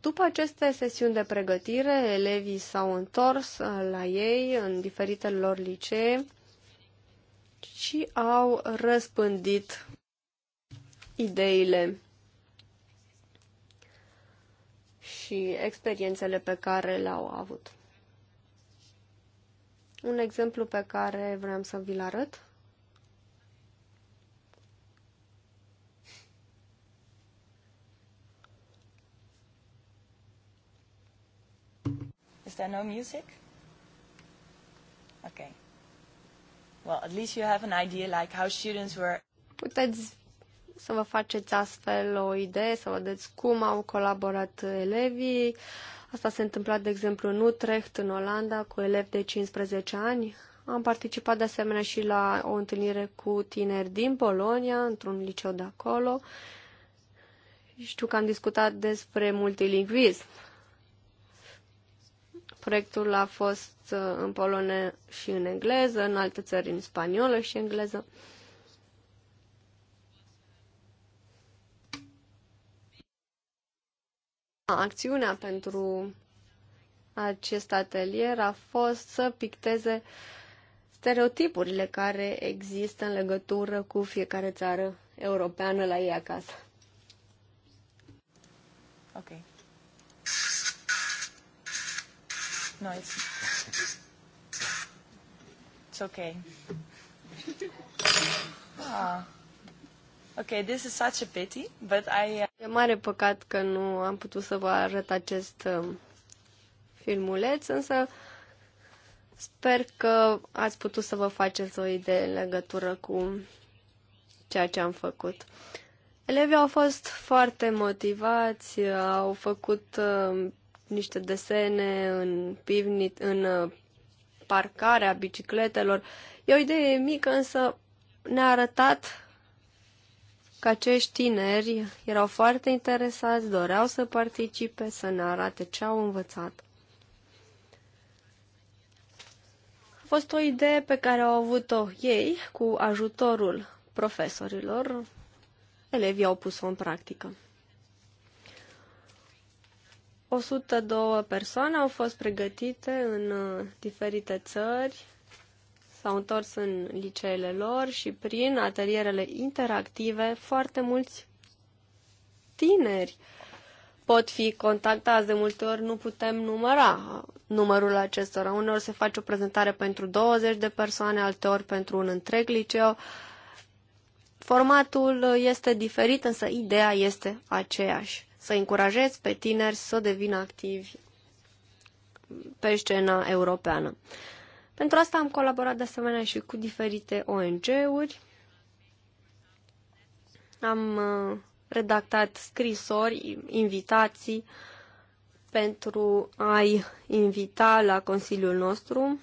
După aceste sesiuni de pregătire, elevii s-au întors uh, la ei în diferitele lor licee și au răspândit ideile și experiențele pe care le-au avut. Un exemplu pe care vreau să vi-l arăt Is there no music? Okay. Well, at least you have an idea like how students were... Puteți să vă faceți astfel o idee, să vedeți cum au colaborat elevii. Asta s-a întâmplat, de exemplu, în Utrecht, în Olanda, cu elevi de 15 ani. Am participat de asemenea și la o întâlnire cu tineri din Polonia, într-un liceu de acolo. Știu că am discutat despre multilingvism. Proiectul a fost Uh, în polone și în engleză, în alte țări în spaniolă și engleză. Acțiunea pentru acest atelier a fost să picteze stereotipurile care există în legătură cu fiecare țară europeană la ei acasă. Ok. Nice. It's okay. Ah. Okay, this is such a pity, but I... Uh, e mare păcat că nu am putut să vă arăt acest um, filmuleț, însă sper că ați putut să vă faceți o idee în legătură cu ceea ce am făcut. Elevii au fost foarte motivați, au făcut um, niște desene în, pivnit, în uh, parcarea bicicletelor. E o idee mică, însă ne-a arătat că acești tineri erau foarte interesați, doreau să participe, să ne arate ce au învățat. A fost o idee pe care au avut-o ei cu ajutorul profesorilor. Elevii au pus-o în practică. 102 persoane au fost pregătite în uh, diferite țări, s-au întors în liceele lor și prin atelierele interactive foarte mulți tineri pot fi contactați. De multe ori nu putem număra numărul acestora. Uneori se face o prezentare pentru 20 de persoane, alteori pentru un întreg liceu. Formatul este diferit, însă ideea este aceeași să încurajezi pe tineri să devină activi pe scena europeană. Pentru asta am colaborat de asemenea și cu diferite ONG-uri. Am uh, redactat scrisori, invitații pentru a-i invita la Consiliul nostru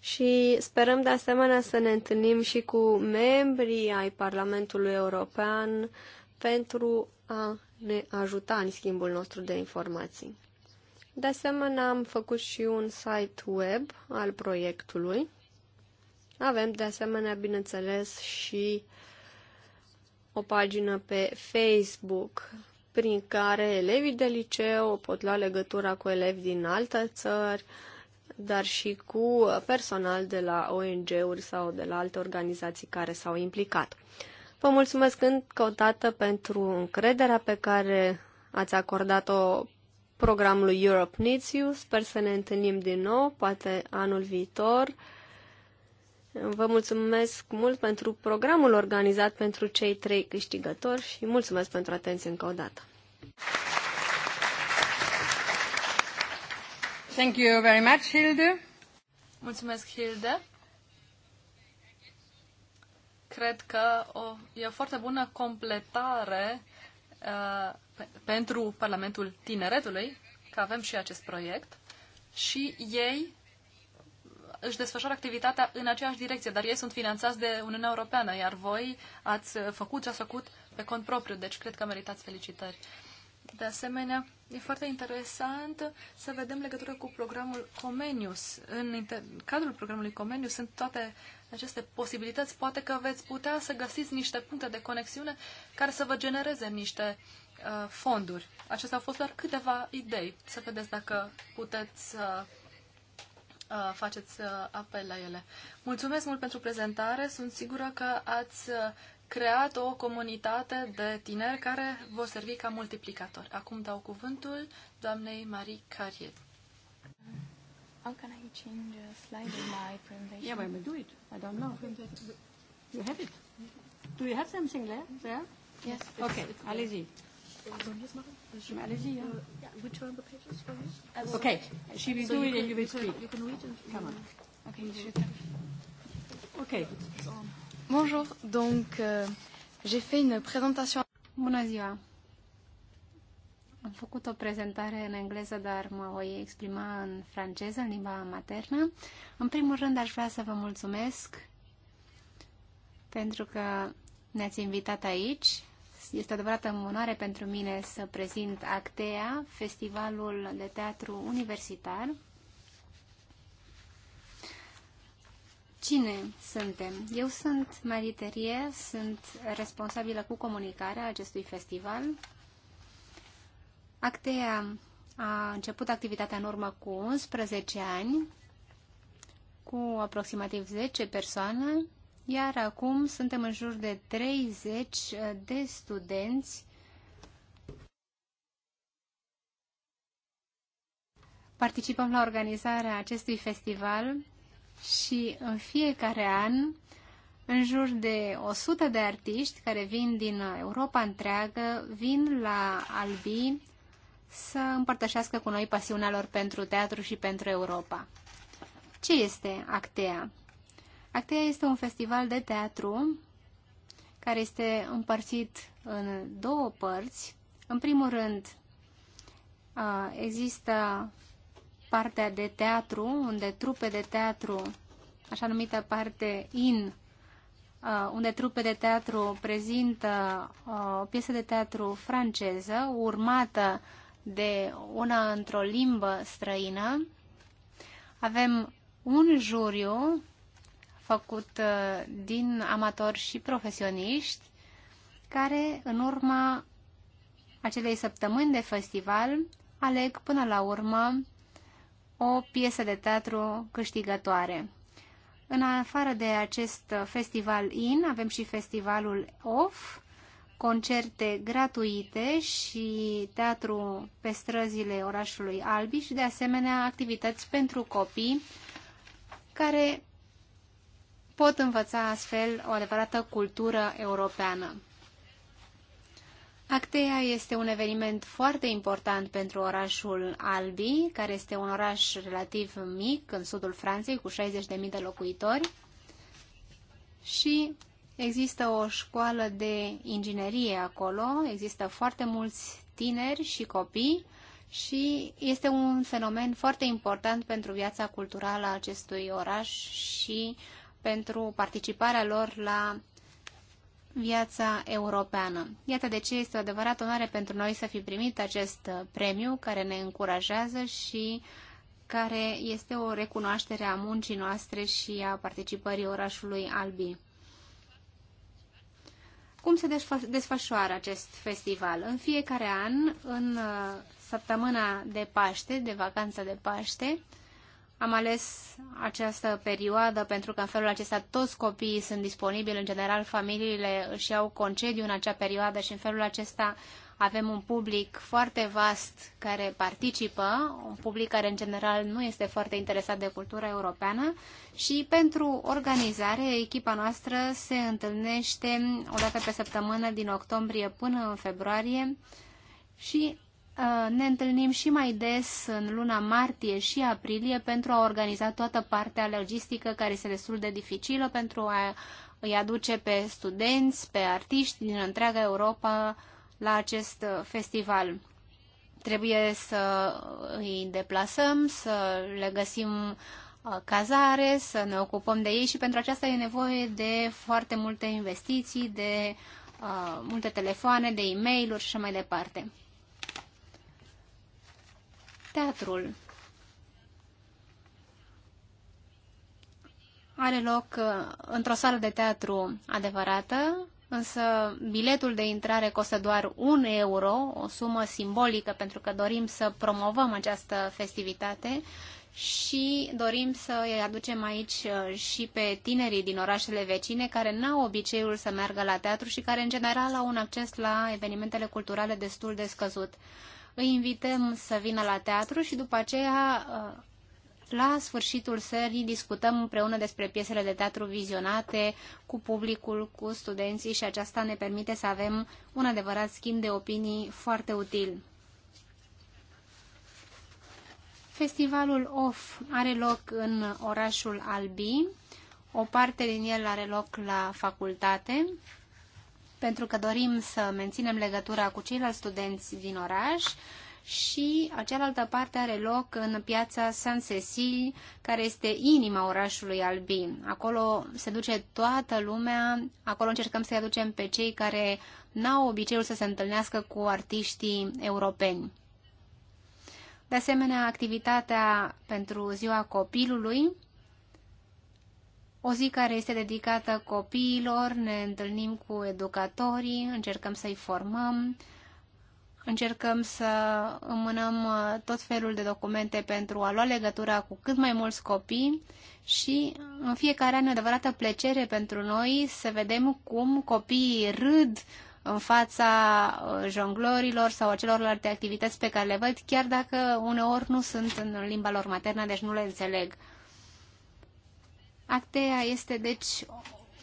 și sperăm de asemenea să ne întâlnim și cu membrii ai Parlamentului European pentru a ne ajuta în schimbul nostru de informații. De asemenea, am făcut și un site web al proiectului. Avem, de asemenea, bineînțeles, și o pagină pe Facebook prin care elevii de liceu pot lua legătura cu elevi din alte țări, dar și cu personal de la ONG-uri sau de la alte organizații care s-au implicat. Vă mulțumesc încă o dată pentru încrederea pe care ați acordat-o programului Europe Needs You. Sper să ne întâlnim din nou, poate anul viitor. Vă mulțumesc mult pentru programul organizat pentru cei trei câștigători și mulțumesc pentru atenție încă o dată. Thank you very much, Hilde. Mulțumesc, Hilde cred că o, e o foarte bună completare uh, pe, pentru Parlamentul Tineretului, că avem și acest proiect, și ei își desfășoară activitatea în aceeași direcție, dar ei sunt finanțați de Uniunea Europeană, iar voi ați făcut ce ați făcut pe cont propriu, deci cred că meritați felicitări. Uh, de asemenea, e foarte interesant să vedem legătură cu programul Comenius. În cadrul programului Comenius sunt toate aceste posibilități. Poate că veți putea să găsiți niște puncte de conexiune care să vă genereze niște uh, fonduri. Acestea au fost doar câteva idei. Să vedeți dacă puteți să uh, uh, faceți uh, apel la ele. Mulțumesc mult pentru prezentare. Sunt sigură că ați uh, creat o comunitate de tineri care vor servi ca multiplicator. Acum dau cuvântul doamnei Marie Cariet. How can I change a slide in my presentation? Yeah, but do it. I don't know. You have it. Do you have something there? there? Yes. It's, Okay, allez-y. Allez-y. Yeah. Which one the pages for you? Uh, okay, she will so do it and you will speak. You can read and Come on. Okay, Okay. It's on. Bonjour, donc euh, j'ai fait une présentation. Bună ziua! Am făcut o prezentare în engleză, dar mă voi exprima în franceză, în limba maternă. În primul rând aș vrea să vă mulțumesc pentru că ne-ați invitat aici. Este adevărată onoare pentru mine să prezint Actea, festivalul de teatru universitar Cine suntem? Eu sunt Marie sunt responsabilă cu comunicarea acestui festival. Actea a început activitatea în urmă cu 11 ani, cu aproximativ 10 persoane, iar acum suntem în jur de 30 de studenți Participăm la organizarea acestui festival și în fiecare an în jur de 100 de artiști care vin din Europa întreagă, vin la Albi să împărtășească cu noi pasiunea lor pentru teatru și pentru Europa. Ce este Actea? Actea este un festival de teatru care este împărțit în două părți. În primul rând, există partea de teatru, unde trupe de teatru, așa numită parte in, uh, unde trupe de teatru prezintă uh, o piesă de teatru franceză, urmată de una într-o limbă străină. Avem un juriu făcut uh, din amatori și profesioniști, care, în urma acelei săptămâni de festival, aleg până la urmă o piesă de teatru câștigătoare. În afară de acest festival IN, avem și festivalul OFF, concerte gratuite și teatru pe străzile orașului Albi și de asemenea activități pentru copii care pot învăța astfel o adevărată cultură europeană. Actea este un eveniment foarte important pentru orașul Albi, care este un oraș relativ mic în sudul Franței, cu 60.000 de locuitori. Și există o școală de inginerie acolo, există foarte mulți tineri și copii și este un fenomen foarte important pentru viața culturală a acestui oraș și pentru participarea lor la viața europeană. Iată de ce este o adevărat onoare pentru noi să fi primit acest uh, premiu care ne încurajează și care este o recunoaștere a muncii noastre și a participării orașului Albi. Cum se desfășoară acest festival? În fiecare an, în uh, săptămâna de Paște, de vacanță de Paște, am ales această perioadă pentru că în felul acesta toți copiii sunt disponibili, în general familiile își iau concediu în acea perioadă și în felul acesta avem un public foarte vast care participă, un public care în general nu este foarte interesat de cultura europeană și pentru organizare echipa noastră se întâlnește o dată pe săptămână din octombrie până în februarie și Uh, ne întâlnim și mai des în luna martie și aprilie pentru a organiza toată partea logistică care este destul de dificilă pentru a îi aduce pe studenți, pe artiști din întreaga Europa la acest uh, festival. Trebuie să îi deplasăm, să le găsim uh, cazare, să ne ocupăm de ei și pentru aceasta e nevoie de foarte multe investiții, de uh, multe telefoane, de e-mail-uri și așa mai departe. Teatrul are loc uh, într-o sală de teatru adevărată, însă biletul de intrare costă doar un euro, o sumă simbolică pentru că dorim să promovăm această festivitate și dorim să îi aducem aici uh, și pe tinerii din orașele vecine care n-au obiceiul să meargă la teatru și care în general au un acces la evenimentele culturale destul de scăzut îi invităm să vină la teatru și după aceea uh, la sfârșitul serii discutăm împreună despre piesele de teatru vizionate cu publicul, cu studenții și aceasta ne permite să avem un adevărat schimb de opinii foarte util. Festivalul OFF are loc în orașul Albi, o parte din el are loc la facultate pentru că dorim să menținem legătura cu ceilalți studenți din oraș și cealaltă parte are loc în piața San Cecil, care este inima orașului albin. Acolo se duce toată lumea, acolo încercăm să-i aducem pe cei care n-au obiceiul să se întâlnească cu artiștii europeni. De asemenea, activitatea pentru ziua copilului, o zi care este dedicată copiilor, ne întâlnim cu educatorii, încercăm să-i formăm, încercăm să îmânăm uh, tot felul de documente pentru a lua legătura cu cât mai mulți copii și în fiecare an e adevărată plăcere pentru noi să vedem cum copiii râd în fața uh, jonglorilor sau a celorlalte activități pe care le văd, chiar dacă uneori nu sunt în limba lor maternă, deci nu le înțeleg. Actea este deci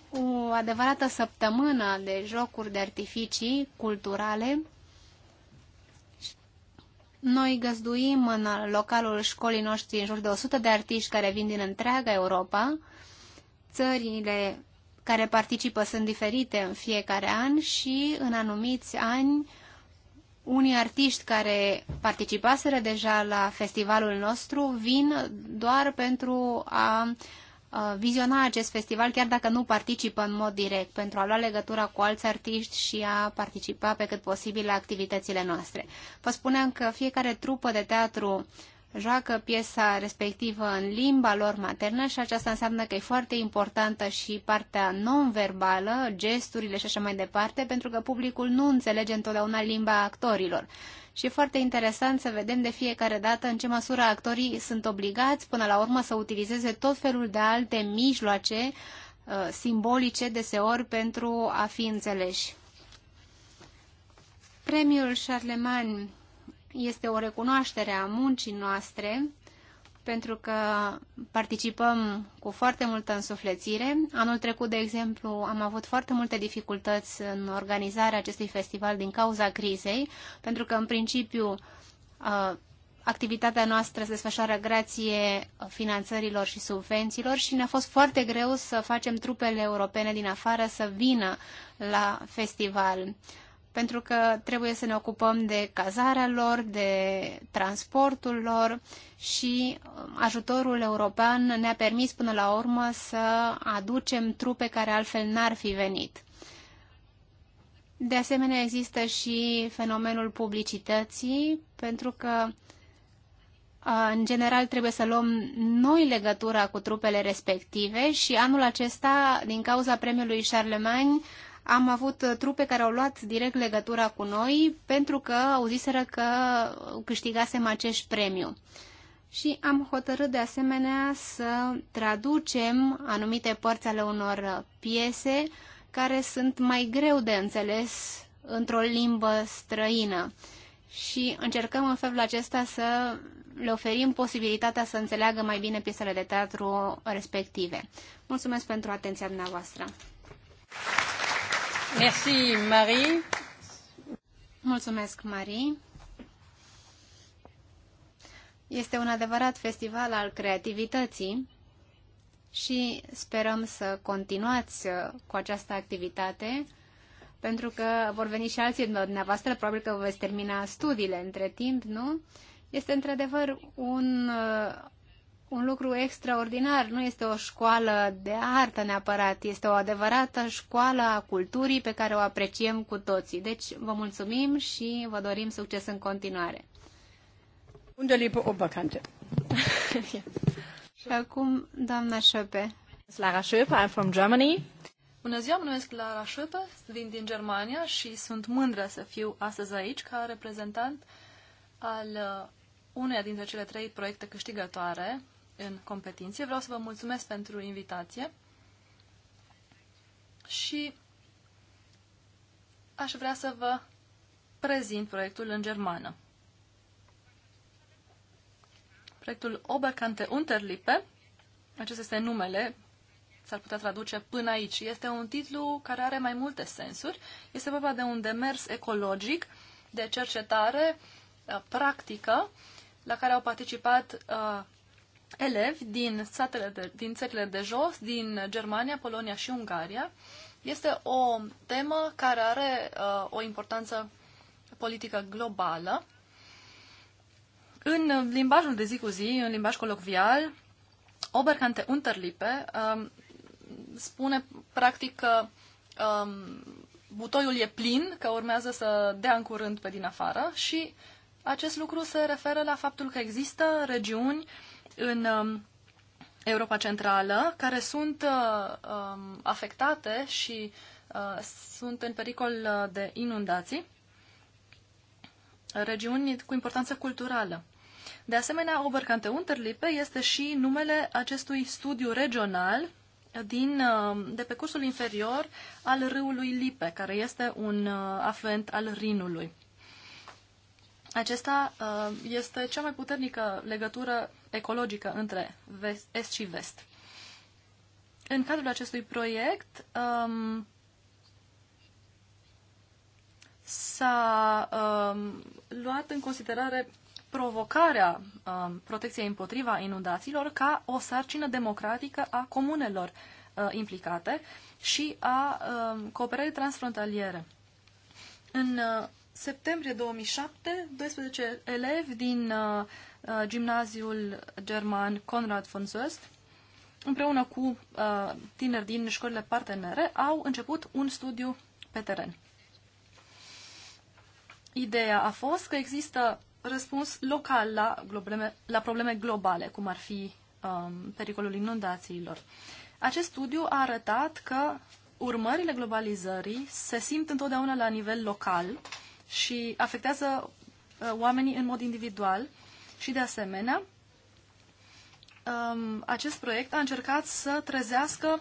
o adevărată săptămână de jocuri de artificii culturale. Noi găzduim în localul școlii noștri în jur de 100 de artiști care vin din întreaga Europa. Țările care participă sunt diferite în fiecare an și în anumiți ani unii artiști care participaseră deja la festivalul nostru vin doar pentru a uh, Uh, viziona acest festival, chiar dacă nu participă în mod direct, pentru a lua legătura cu alți artiști și a participa pe cât posibil la activitățile noastre. Vă spuneam că fiecare trupă de teatru joacă piesa respectivă în limba lor maternă și aceasta înseamnă că e foarte importantă și partea non-verbală, gesturile și așa mai departe, pentru că publicul nu înțelege întotdeauna limba actorilor și e foarte interesant să vedem de fiecare dată în ce măsură actorii sunt obligați până la urmă să utilizeze tot felul de alte mijloace uh, simbolice deseori pentru a fi înțeleși. Premiul Charlemagne este o recunoaștere a muncii noastre pentru că participăm cu foarte multă însuflețire. Anul trecut, de exemplu, am avut foarte multe dificultăți în organizarea acestui festival din cauza crizei, pentru că, în principiu, activitatea noastră se desfășoară grație finanțărilor și subvențiilor și ne-a fost foarte greu să facem trupele europene din afară să vină la festival pentru că trebuie să ne ocupăm de cazarea lor, de transportul lor și um, ajutorul european ne-a permis până la urmă să aducem trupe care altfel n-ar fi venit. De asemenea, există și fenomenul publicității, pentru că în general trebuie să luăm noi legătura cu trupele respective și anul acesta, din cauza premiului Charlemagne, am avut uh, trupe care au luat direct legătura cu noi pentru că auziseră că câștigasem acest premiu. Și am hotărât de asemenea să traducem anumite părți ale unor uh, piese care sunt mai greu de înțeles într-o limbă străină. Și încercăm în felul acesta să le oferim posibilitatea să înțeleagă mai bine piesele de teatru respective. Mulțumesc pentru atenția dumneavoastră! Thank you. Mulțumesc, Marie. Este un adevărat festival al creativității și sperăm să continuați uh, cu această activitate pentru că vor veni și alții dumneavoastră, probabil că veți termina studiile între timp, nu? Este într-adevăr un uh, un lucru extraordinar. Nu este o școală de artă neapărat, este o adevărată școală a culturii pe care o apreciem cu toții. Deci vă mulțumim și vă dorim succes în continuare. Unde o Oberkante. și acum, doamna Șope. Lara Schöpe, I'm from Germany. Bună ziua, mă numesc Lara Schöpe, vin din Germania și sunt mândră să fiu astăzi aici ca reprezentant al uh, uneia dintre cele trei proiecte câștigătoare în competiție. Vreau să vă mulțumesc pentru invitație și aș vrea să vă prezint proiectul în germană. Proiectul Oberkante Unterlippe, acesta este numele, s-ar putea traduce până aici. Este un titlu care are mai multe sensuri. Este vorba de un demers ecologic de cercetare uh, practică la care au participat uh, elevi din, satele de, din țările de jos, din Germania, Polonia și Ungaria. Este o temă care are uh, o importanță politică globală. În limbajul de zi cu zi, în limbaj colocvial, Oberkante Unterlipe uh, um, spune practic că um, butoiul e plin, că urmează să dea în curând pe din afară și acest lucru se referă la faptul că există regiuni uh, în um, Europa Centrală, care sunt uh, um, afectate și uh, sunt în pericol uh, de inundații, regiuni cu importanță culturală. De asemenea, Oberkante Unterlippe este și numele acestui studiu regional din, um, de pe cursul inferior al râului Lipe, care este un afluent al Rinului. Acesta este cea mai puternică legătură ecologică între vest, est și vest. În cadrul acestui proiect um, s-a um, luat în considerare provocarea um, protecției împotriva inundațiilor ca o sarcină democratică a comunelor uh, implicate și a um, cooperării transfrontaliere. În uh, septembrie 2007, 12 elevi din uh, Uh, gimnaziul german Conrad von Söst, împreună cu uh, tineri din școlile partenere, au început un studiu pe teren. Ideea a fost că există răspuns local la probleme, la probleme globale, cum ar fi um, pericolul inundațiilor. Acest studiu a arătat că urmările globalizării se simt întotdeauna la nivel local și afectează uh, oamenii în mod individual și de asemenea, um, acest proiect a încercat să trezească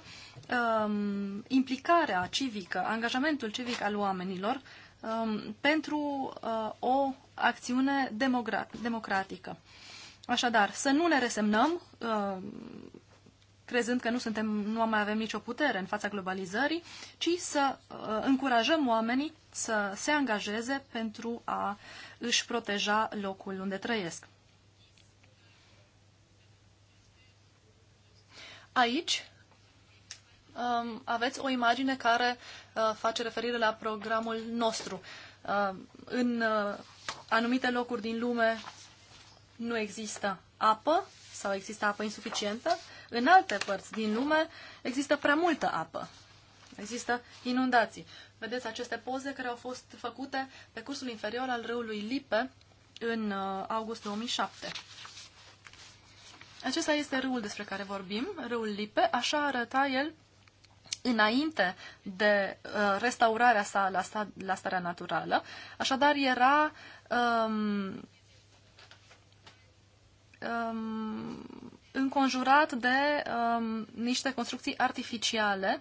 um, implicarea civică, angajamentul civic al oamenilor um, pentru uh, o acțiune democratică. Așadar, să nu ne resemnăm, crezând că nu, suntem, nu mai avem nicio putere în fața globalizării, ci să uh, încurajăm oamenii să se angajeze pentru a își proteja locul unde trăiesc. Aici um, aveți o imagine care uh, face referire la programul nostru. Uh, în uh, anumite locuri din lume nu există apă sau există apă insuficientă. În alte părți din lume există prea multă apă. Există inundații. Vedeți aceste poze care au fost făcute pe cursul inferior al râului Lipe în uh, august 2007. Acesta este râul despre care vorbim, râul Lipe. Așa arăta el înainte de uh, restaurarea sa la, sta, la starea naturală. Așadar, era um, um, înconjurat de um, niște construcții artificiale,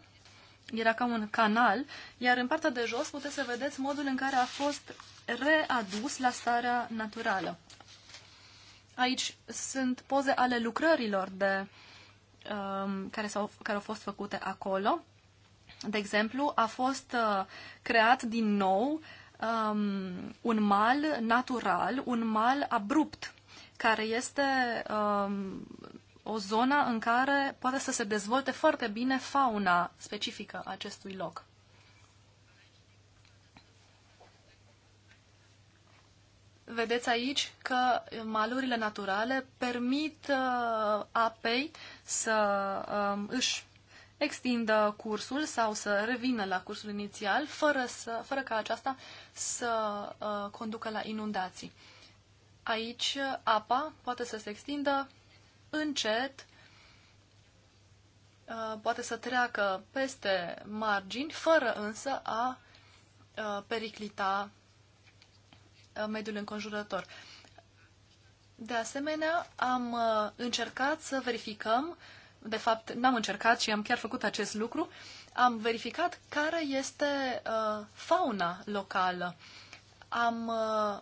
era ca un canal, iar în partea de jos puteți să vedeți modul în care a fost readus la starea naturală. Aici sunt poze ale lucrărilor de, um, care, s-au, care au fost făcute acolo. De exemplu, a fost uh, creat din nou um, un mal natural, un mal abrupt, care este um, o zonă în care poate să se dezvolte foarte bine fauna specifică acestui loc. vedeți aici că malurile naturale permit uh, apei să uh, își extindă cursul sau să revină la cursul inițial, fără, să, fără ca aceasta să uh, conducă la inundații. Aici uh, apa poate să se extindă încet, uh, poate să treacă peste margini, fără însă a uh, periclita mediul înconjurător. De asemenea, am uh, încercat să verificăm, de fapt n-am încercat și am chiar făcut acest lucru, am verificat care este uh, fauna locală. Am uh,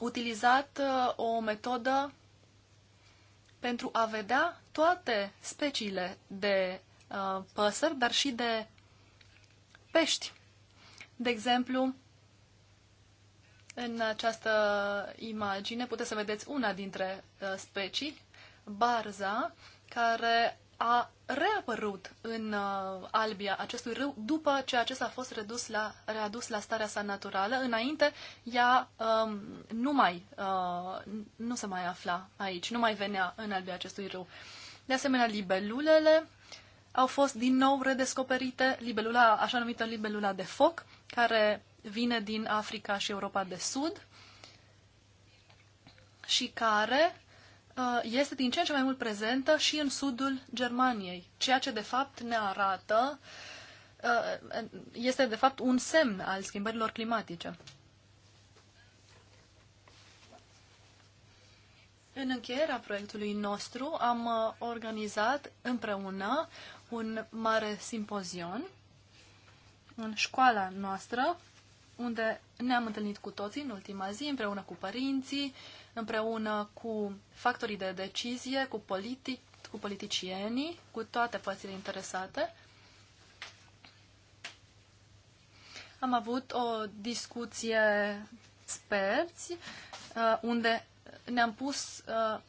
utilizat o metodă pentru a vedea toate speciile de uh, păsări, dar și de pești. De exemplu, în această imagine puteți să vedeți una dintre uh, specii, Barza, care a reapărut în uh, albia acestui râu după ce acesta a fost redus la, readus la starea sa naturală. Înainte, ea um, nu mai uh, nu se mai afla aici, nu mai venea în albia acestui râu. De asemenea, libelulele au fost din nou redescoperite, libelula, așa numită libelula de foc, care vine din Africa și Europa de Sud și care uh, este din ce în ce mai mult prezentă și în sudul Germaniei, ceea ce de fapt ne arată, uh, este de fapt un semn al schimbărilor climatice. În încheierea proiectului nostru am uh, organizat împreună un mare simpozion în școala noastră unde ne-am întâlnit cu toții în ultima zi, împreună cu părinții, împreună cu factorii de decizie, cu, politic, cu politicienii, cu toate părțile interesate. Am avut o discuție sperți, uh, unde ne-am pus uh,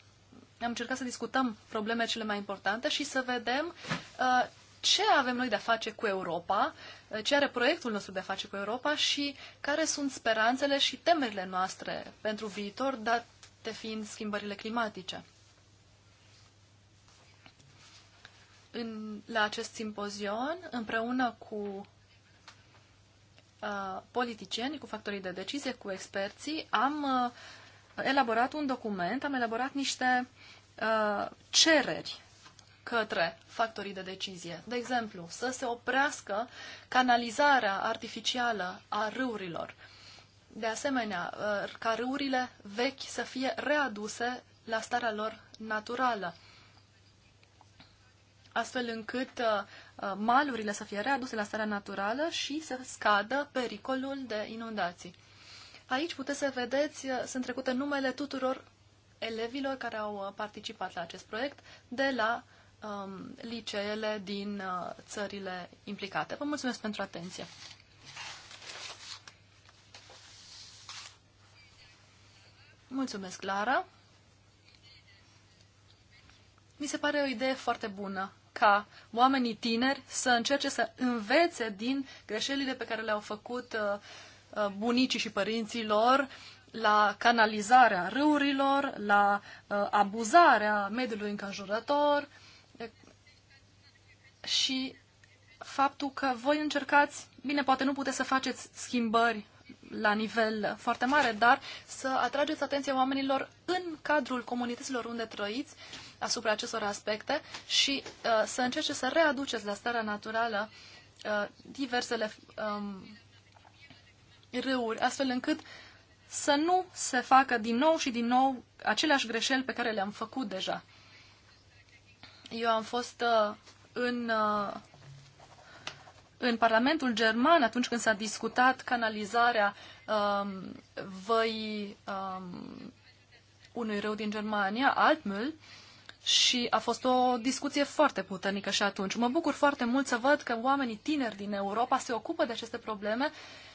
am încercat să discutăm problemele cele mai importante și să vedem uh, ce avem noi de-a face cu Europa, ce are proiectul nostru de-a face cu Europa și care sunt speranțele și temerile noastre pentru viitor, date fiind schimbările climatice. În, la acest simpozion, împreună cu uh, politicieni, cu factorii de decizie, cu experții, am uh, elaborat un document, am elaborat niște uh, cereri către factorii de decizie. De exemplu, să se oprească canalizarea artificială a râurilor. De asemenea, ă, ca râurile vechi să fie readuse la starea lor naturală, astfel încât ă, ă, malurile să fie readuse la starea naturală și să scadă pericolul de inundații. Aici puteți să vedeți, sunt trecute numele tuturor elevilor care au participat la acest proiect, de la uh, um, liceele din uh, țările implicate. Vă mulțumesc pentru atenție. Mulțumesc, Lara. Mi se pare o idee foarte bună ca oamenii tineri să încerce să învețe din greșelile pe care le-au făcut uh, uh, bunicii și părinții lor la canalizarea râurilor, la uh, abuzarea mediului înconjurător, și faptul că voi încercați, bine, poate nu puteți să faceți schimbări la nivel foarte mare, dar să atrageți atenția oamenilor în cadrul comunităților unde trăiți asupra acestor aspecte și uh, să încerce să readuceți la starea naturală uh, diversele um, râuri, astfel încât să nu se facă din nou și din nou aceleași greșeli pe care le-am făcut deja. Eu am fost uh, în, uh, în Parlamentul German, atunci când s-a discutat canalizarea um, văii um, unui râu din Germania, Altmühl, și a fost o discuție foarte puternică și atunci. Mă bucur foarte mult să văd că oamenii tineri din Europa se ocupă de aceste probleme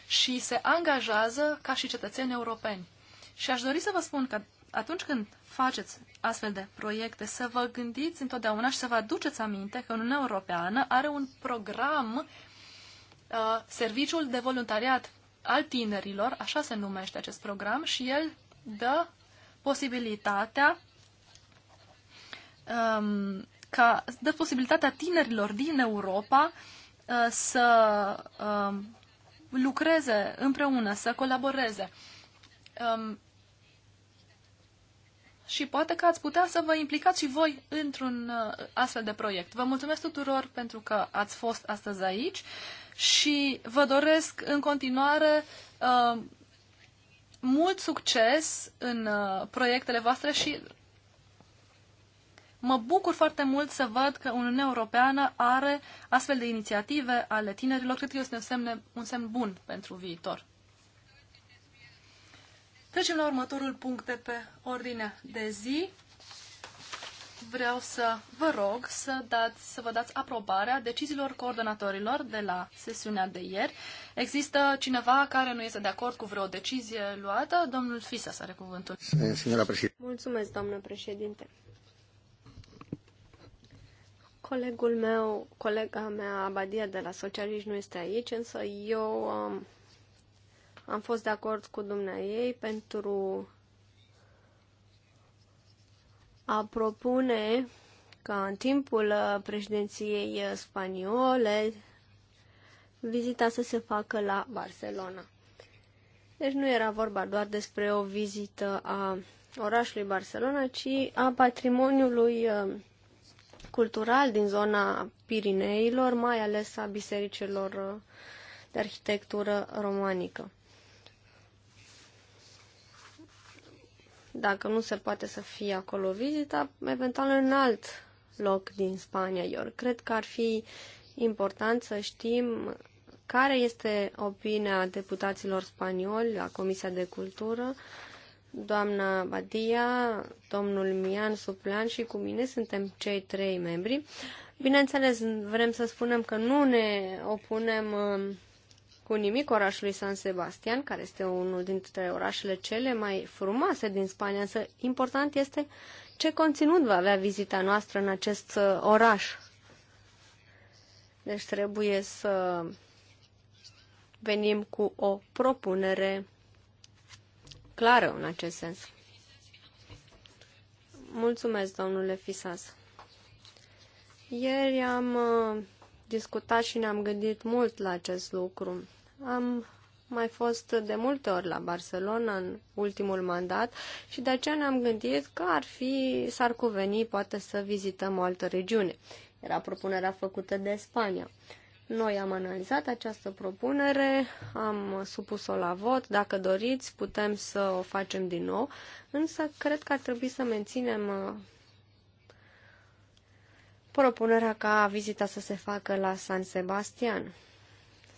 și se angajează ca și cetățeni europeni. Și aș dori să vă spun că atunci când faceți astfel de proiecte, să vă gândiți întotdeauna și să vă aduceți aminte că Uniunea Europeană are un program, uh, Serviciul de Voluntariat al Tinerilor, așa se numește acest program, și el dă posibilitatea um, ca, dă posibilitatea tinerilor din Europa uh, să uh, lucreze împreună, să colaboreze. Um, și poate că ați putea să vă implicați și voi într-un uh, astfel de proiect. Vă mulțumesc tuturor pentru că ați fost astăzi aici și vă doresc în continuare uh, mult succes în uh, proiectele voastre și mă bucur foarte mult să văd că Uniunea Europeană are astfel de inițiative ale tinerilor. Cred că este un semn, un semn bun pentru viitor. Trecem la următorul punct de pe ordinea de zi. Vreau să vă rog să, dați, să vă dați aprobarea deciziilor coordonatorilor de la sesiunea de ieri. Există cineva care nu este de acord cu vreo decizie luată? Domnul Fisa să are cuvântul. Mulțumesc, doamnă președinte. Colegul meu, colega mea, Abadia de la Socialiști nu este aici, însă eu am am fost de acord cu ei pentru a propune ca în timpul uh, președinției uh, spaniole vizita să se facă la Barcelona. Deci nu era vorba doar despre o vizită a orașului Barcelona, ci a patrimoniului uh, cultural din zona Pirineilor, mai ales a bisericilor de arhitectură romanică. dacă nu se poate să fie acolo vizita, eventual în alt loc din Spania. Eu cred că ar fi important să știm care este opinia deputaților spanioli la Comisia de Cultură. Doamna Badia, domnul Mian Suplan și cu mine suntem cei trei membri. Bineînțeles, vrem să spunem că nu ne opunem um, cu nimic orașului San Sebastian, care este unul dintre orașele cele mai frumoase din Spania, însă important este ce conținut va avea vizita noastră în acest uh, oraș. Deci trebuie să venim cu o propunere clară în acest sens. Mulțumesc, domnule Fisas. Ieri am uh, discutat și ne-am gândit mult la acest lucru. Am mai fost de multe ori la Barcelona în ultimul mandat și de aceea ne-am gândit că ar fi, s-ar cuveni poate să vizităm o altă regiune. Era propunerea făcută de Spania. Noi am analizat această propunere, am supus-o la vot. Dacă doriți, putem să o facem din nou, însă cred că ar trebui să menținem uh, propunerea ca vizita să se facă la San Sebastian.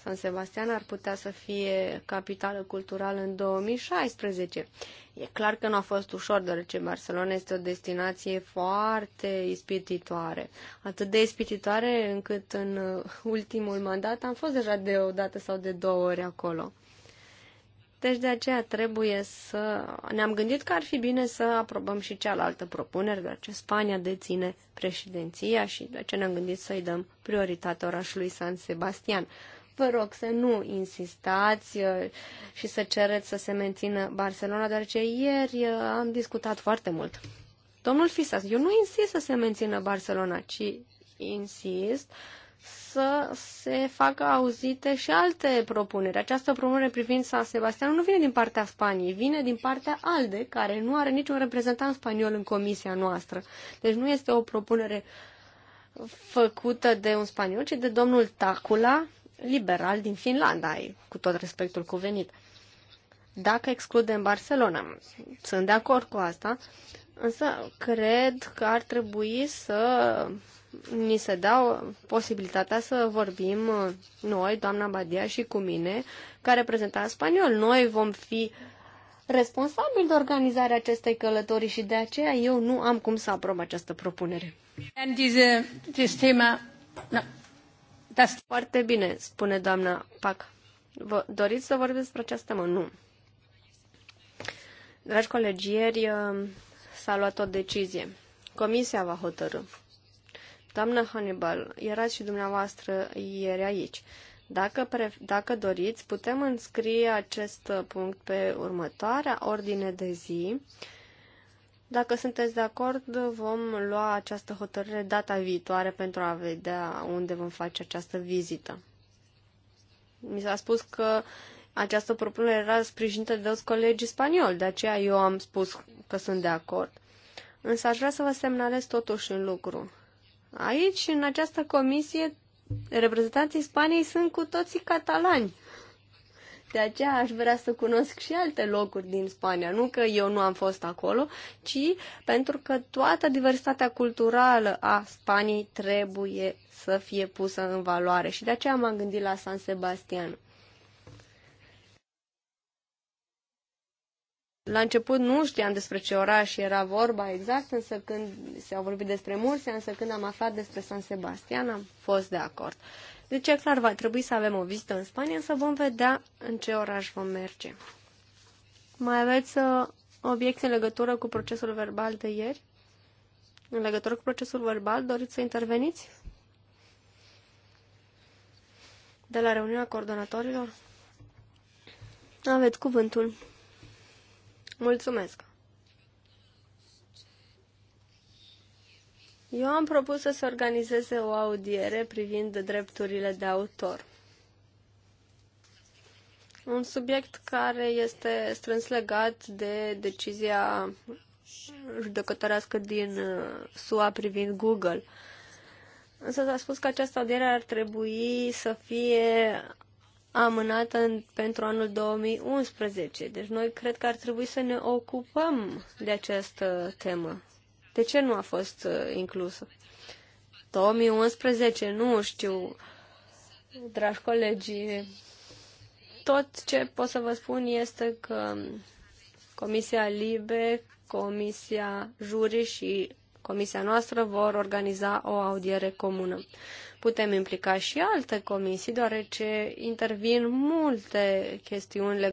San Sebastian ar putea să fie capitală culturală în 2016. E clar că nu a fost ușor, deoarece Barcelona este o destinație foarte ispititoare. Atât de ispititoare încât în uh, ultimul mandat am fost deja de o dată sau de două ori acolo. Deci de aceea trebuie să... Ne-am gândit că ar fi bine să aprobăm și cealaltă propunere, ce Spania deține președinția și de aceea ne-am gândit să-i dăm prioritate orașului San Sebastian vă rog să nu insistați uh, și să cereți să se mențină Barcelona, deoarece ieri uh, am discutat foarte mult. Domnul Fisas, eu nu insist să se mențină Barcelona, ci insist să se facă auzite și alte propuneri. Această propunere privind San Sebastian nu vine din partea Spaniei, vine din partea ALDE, care nu are niciun reprezentant spaniol în comisia noastră. Deci nu este o propunere făcută de un spaniol, ci de domnul Tacula, liberal din Finlanda, cu tot respectul cuvenit. Dacă excludem Barcelona, sunt de acord cu asta, însă cred că ar trebui să ni se dea posibilitatea să vorbim noi, doamna Badia și cu mine, ca reprezentant spaniol. Noi vom fi responsabil de organizarea acestei călătorii și de aceea eu nu am cum să aprob această propunere. And this, uh, this tema... no. Das... Foarte bine, spune doamna Pac. Vă doriți să vorbiți despre această temă? Nu. Dragi colegi, ieri uh, s-a luat o decizie. Comisia va hotărâ. Doamnă Hannibal, erați și dumneavoastră ieri aici. Dacă, dacă doriți, putem înscrie acest punct pe următoarea ordine de zi dacă sunteți de acord, vom lua această hotărâre data viitoare pentru a vedea unde vom face această vizită. Mi s-a spus că această propunere era sprijinită de toți colegi spanioli, de aceea eu am spus că sunt de acord. Însă aș vrea să vă semnalez totuși un lucru. Aici, în această comisie, reprezentanții Spaniei sunt cu toții catalani. De aceea aș vrea să cunosc și alte locuri din Spania. Nu că eu nu am fost acolo, ci pentru că toată diversitatea culturală a Spaniei trebuie să fie pusă în valoare. Și de aceea m-am gândit la San Sebastian. La început nu știam despre ce oraș era vorba exact, însă când s-au vorbit despre Mursia, însă când am aflat despre San Sebastian, am fost de acord. Deci, e clar, va trebui să avem o vizită în Spania, să vom vedea în ce oraș vom merge. Mai aveți uh, obiecții în legătură cu procesul verbal de ieri? În legătură cu procesul verbal, doriți să interveniți? De la reuniunea coordonatorilor? Aveți cuvântul. Mulțumesc! Eu am propus să se organizeze o audiere privind drepturile de autor. Un subiect care este strâns legat de decizia judecătorească din uh, SUA privind Google. Însă s-a spus că această audiere ar trebui să fie amânată în, pentru anul 2011. Deci noi cred că ar trebui să ne ocupăm de această temă. De ce nu a fost uh, inclusă? 2011, nu știu, dragi colegi, tot ce pot să vă spun este că Comisia Libe, Comisia Juri și Comisia noastră vor organiza o audiere comună. Putem implica și alte comisii, deoarece intervin multe chestiuni legate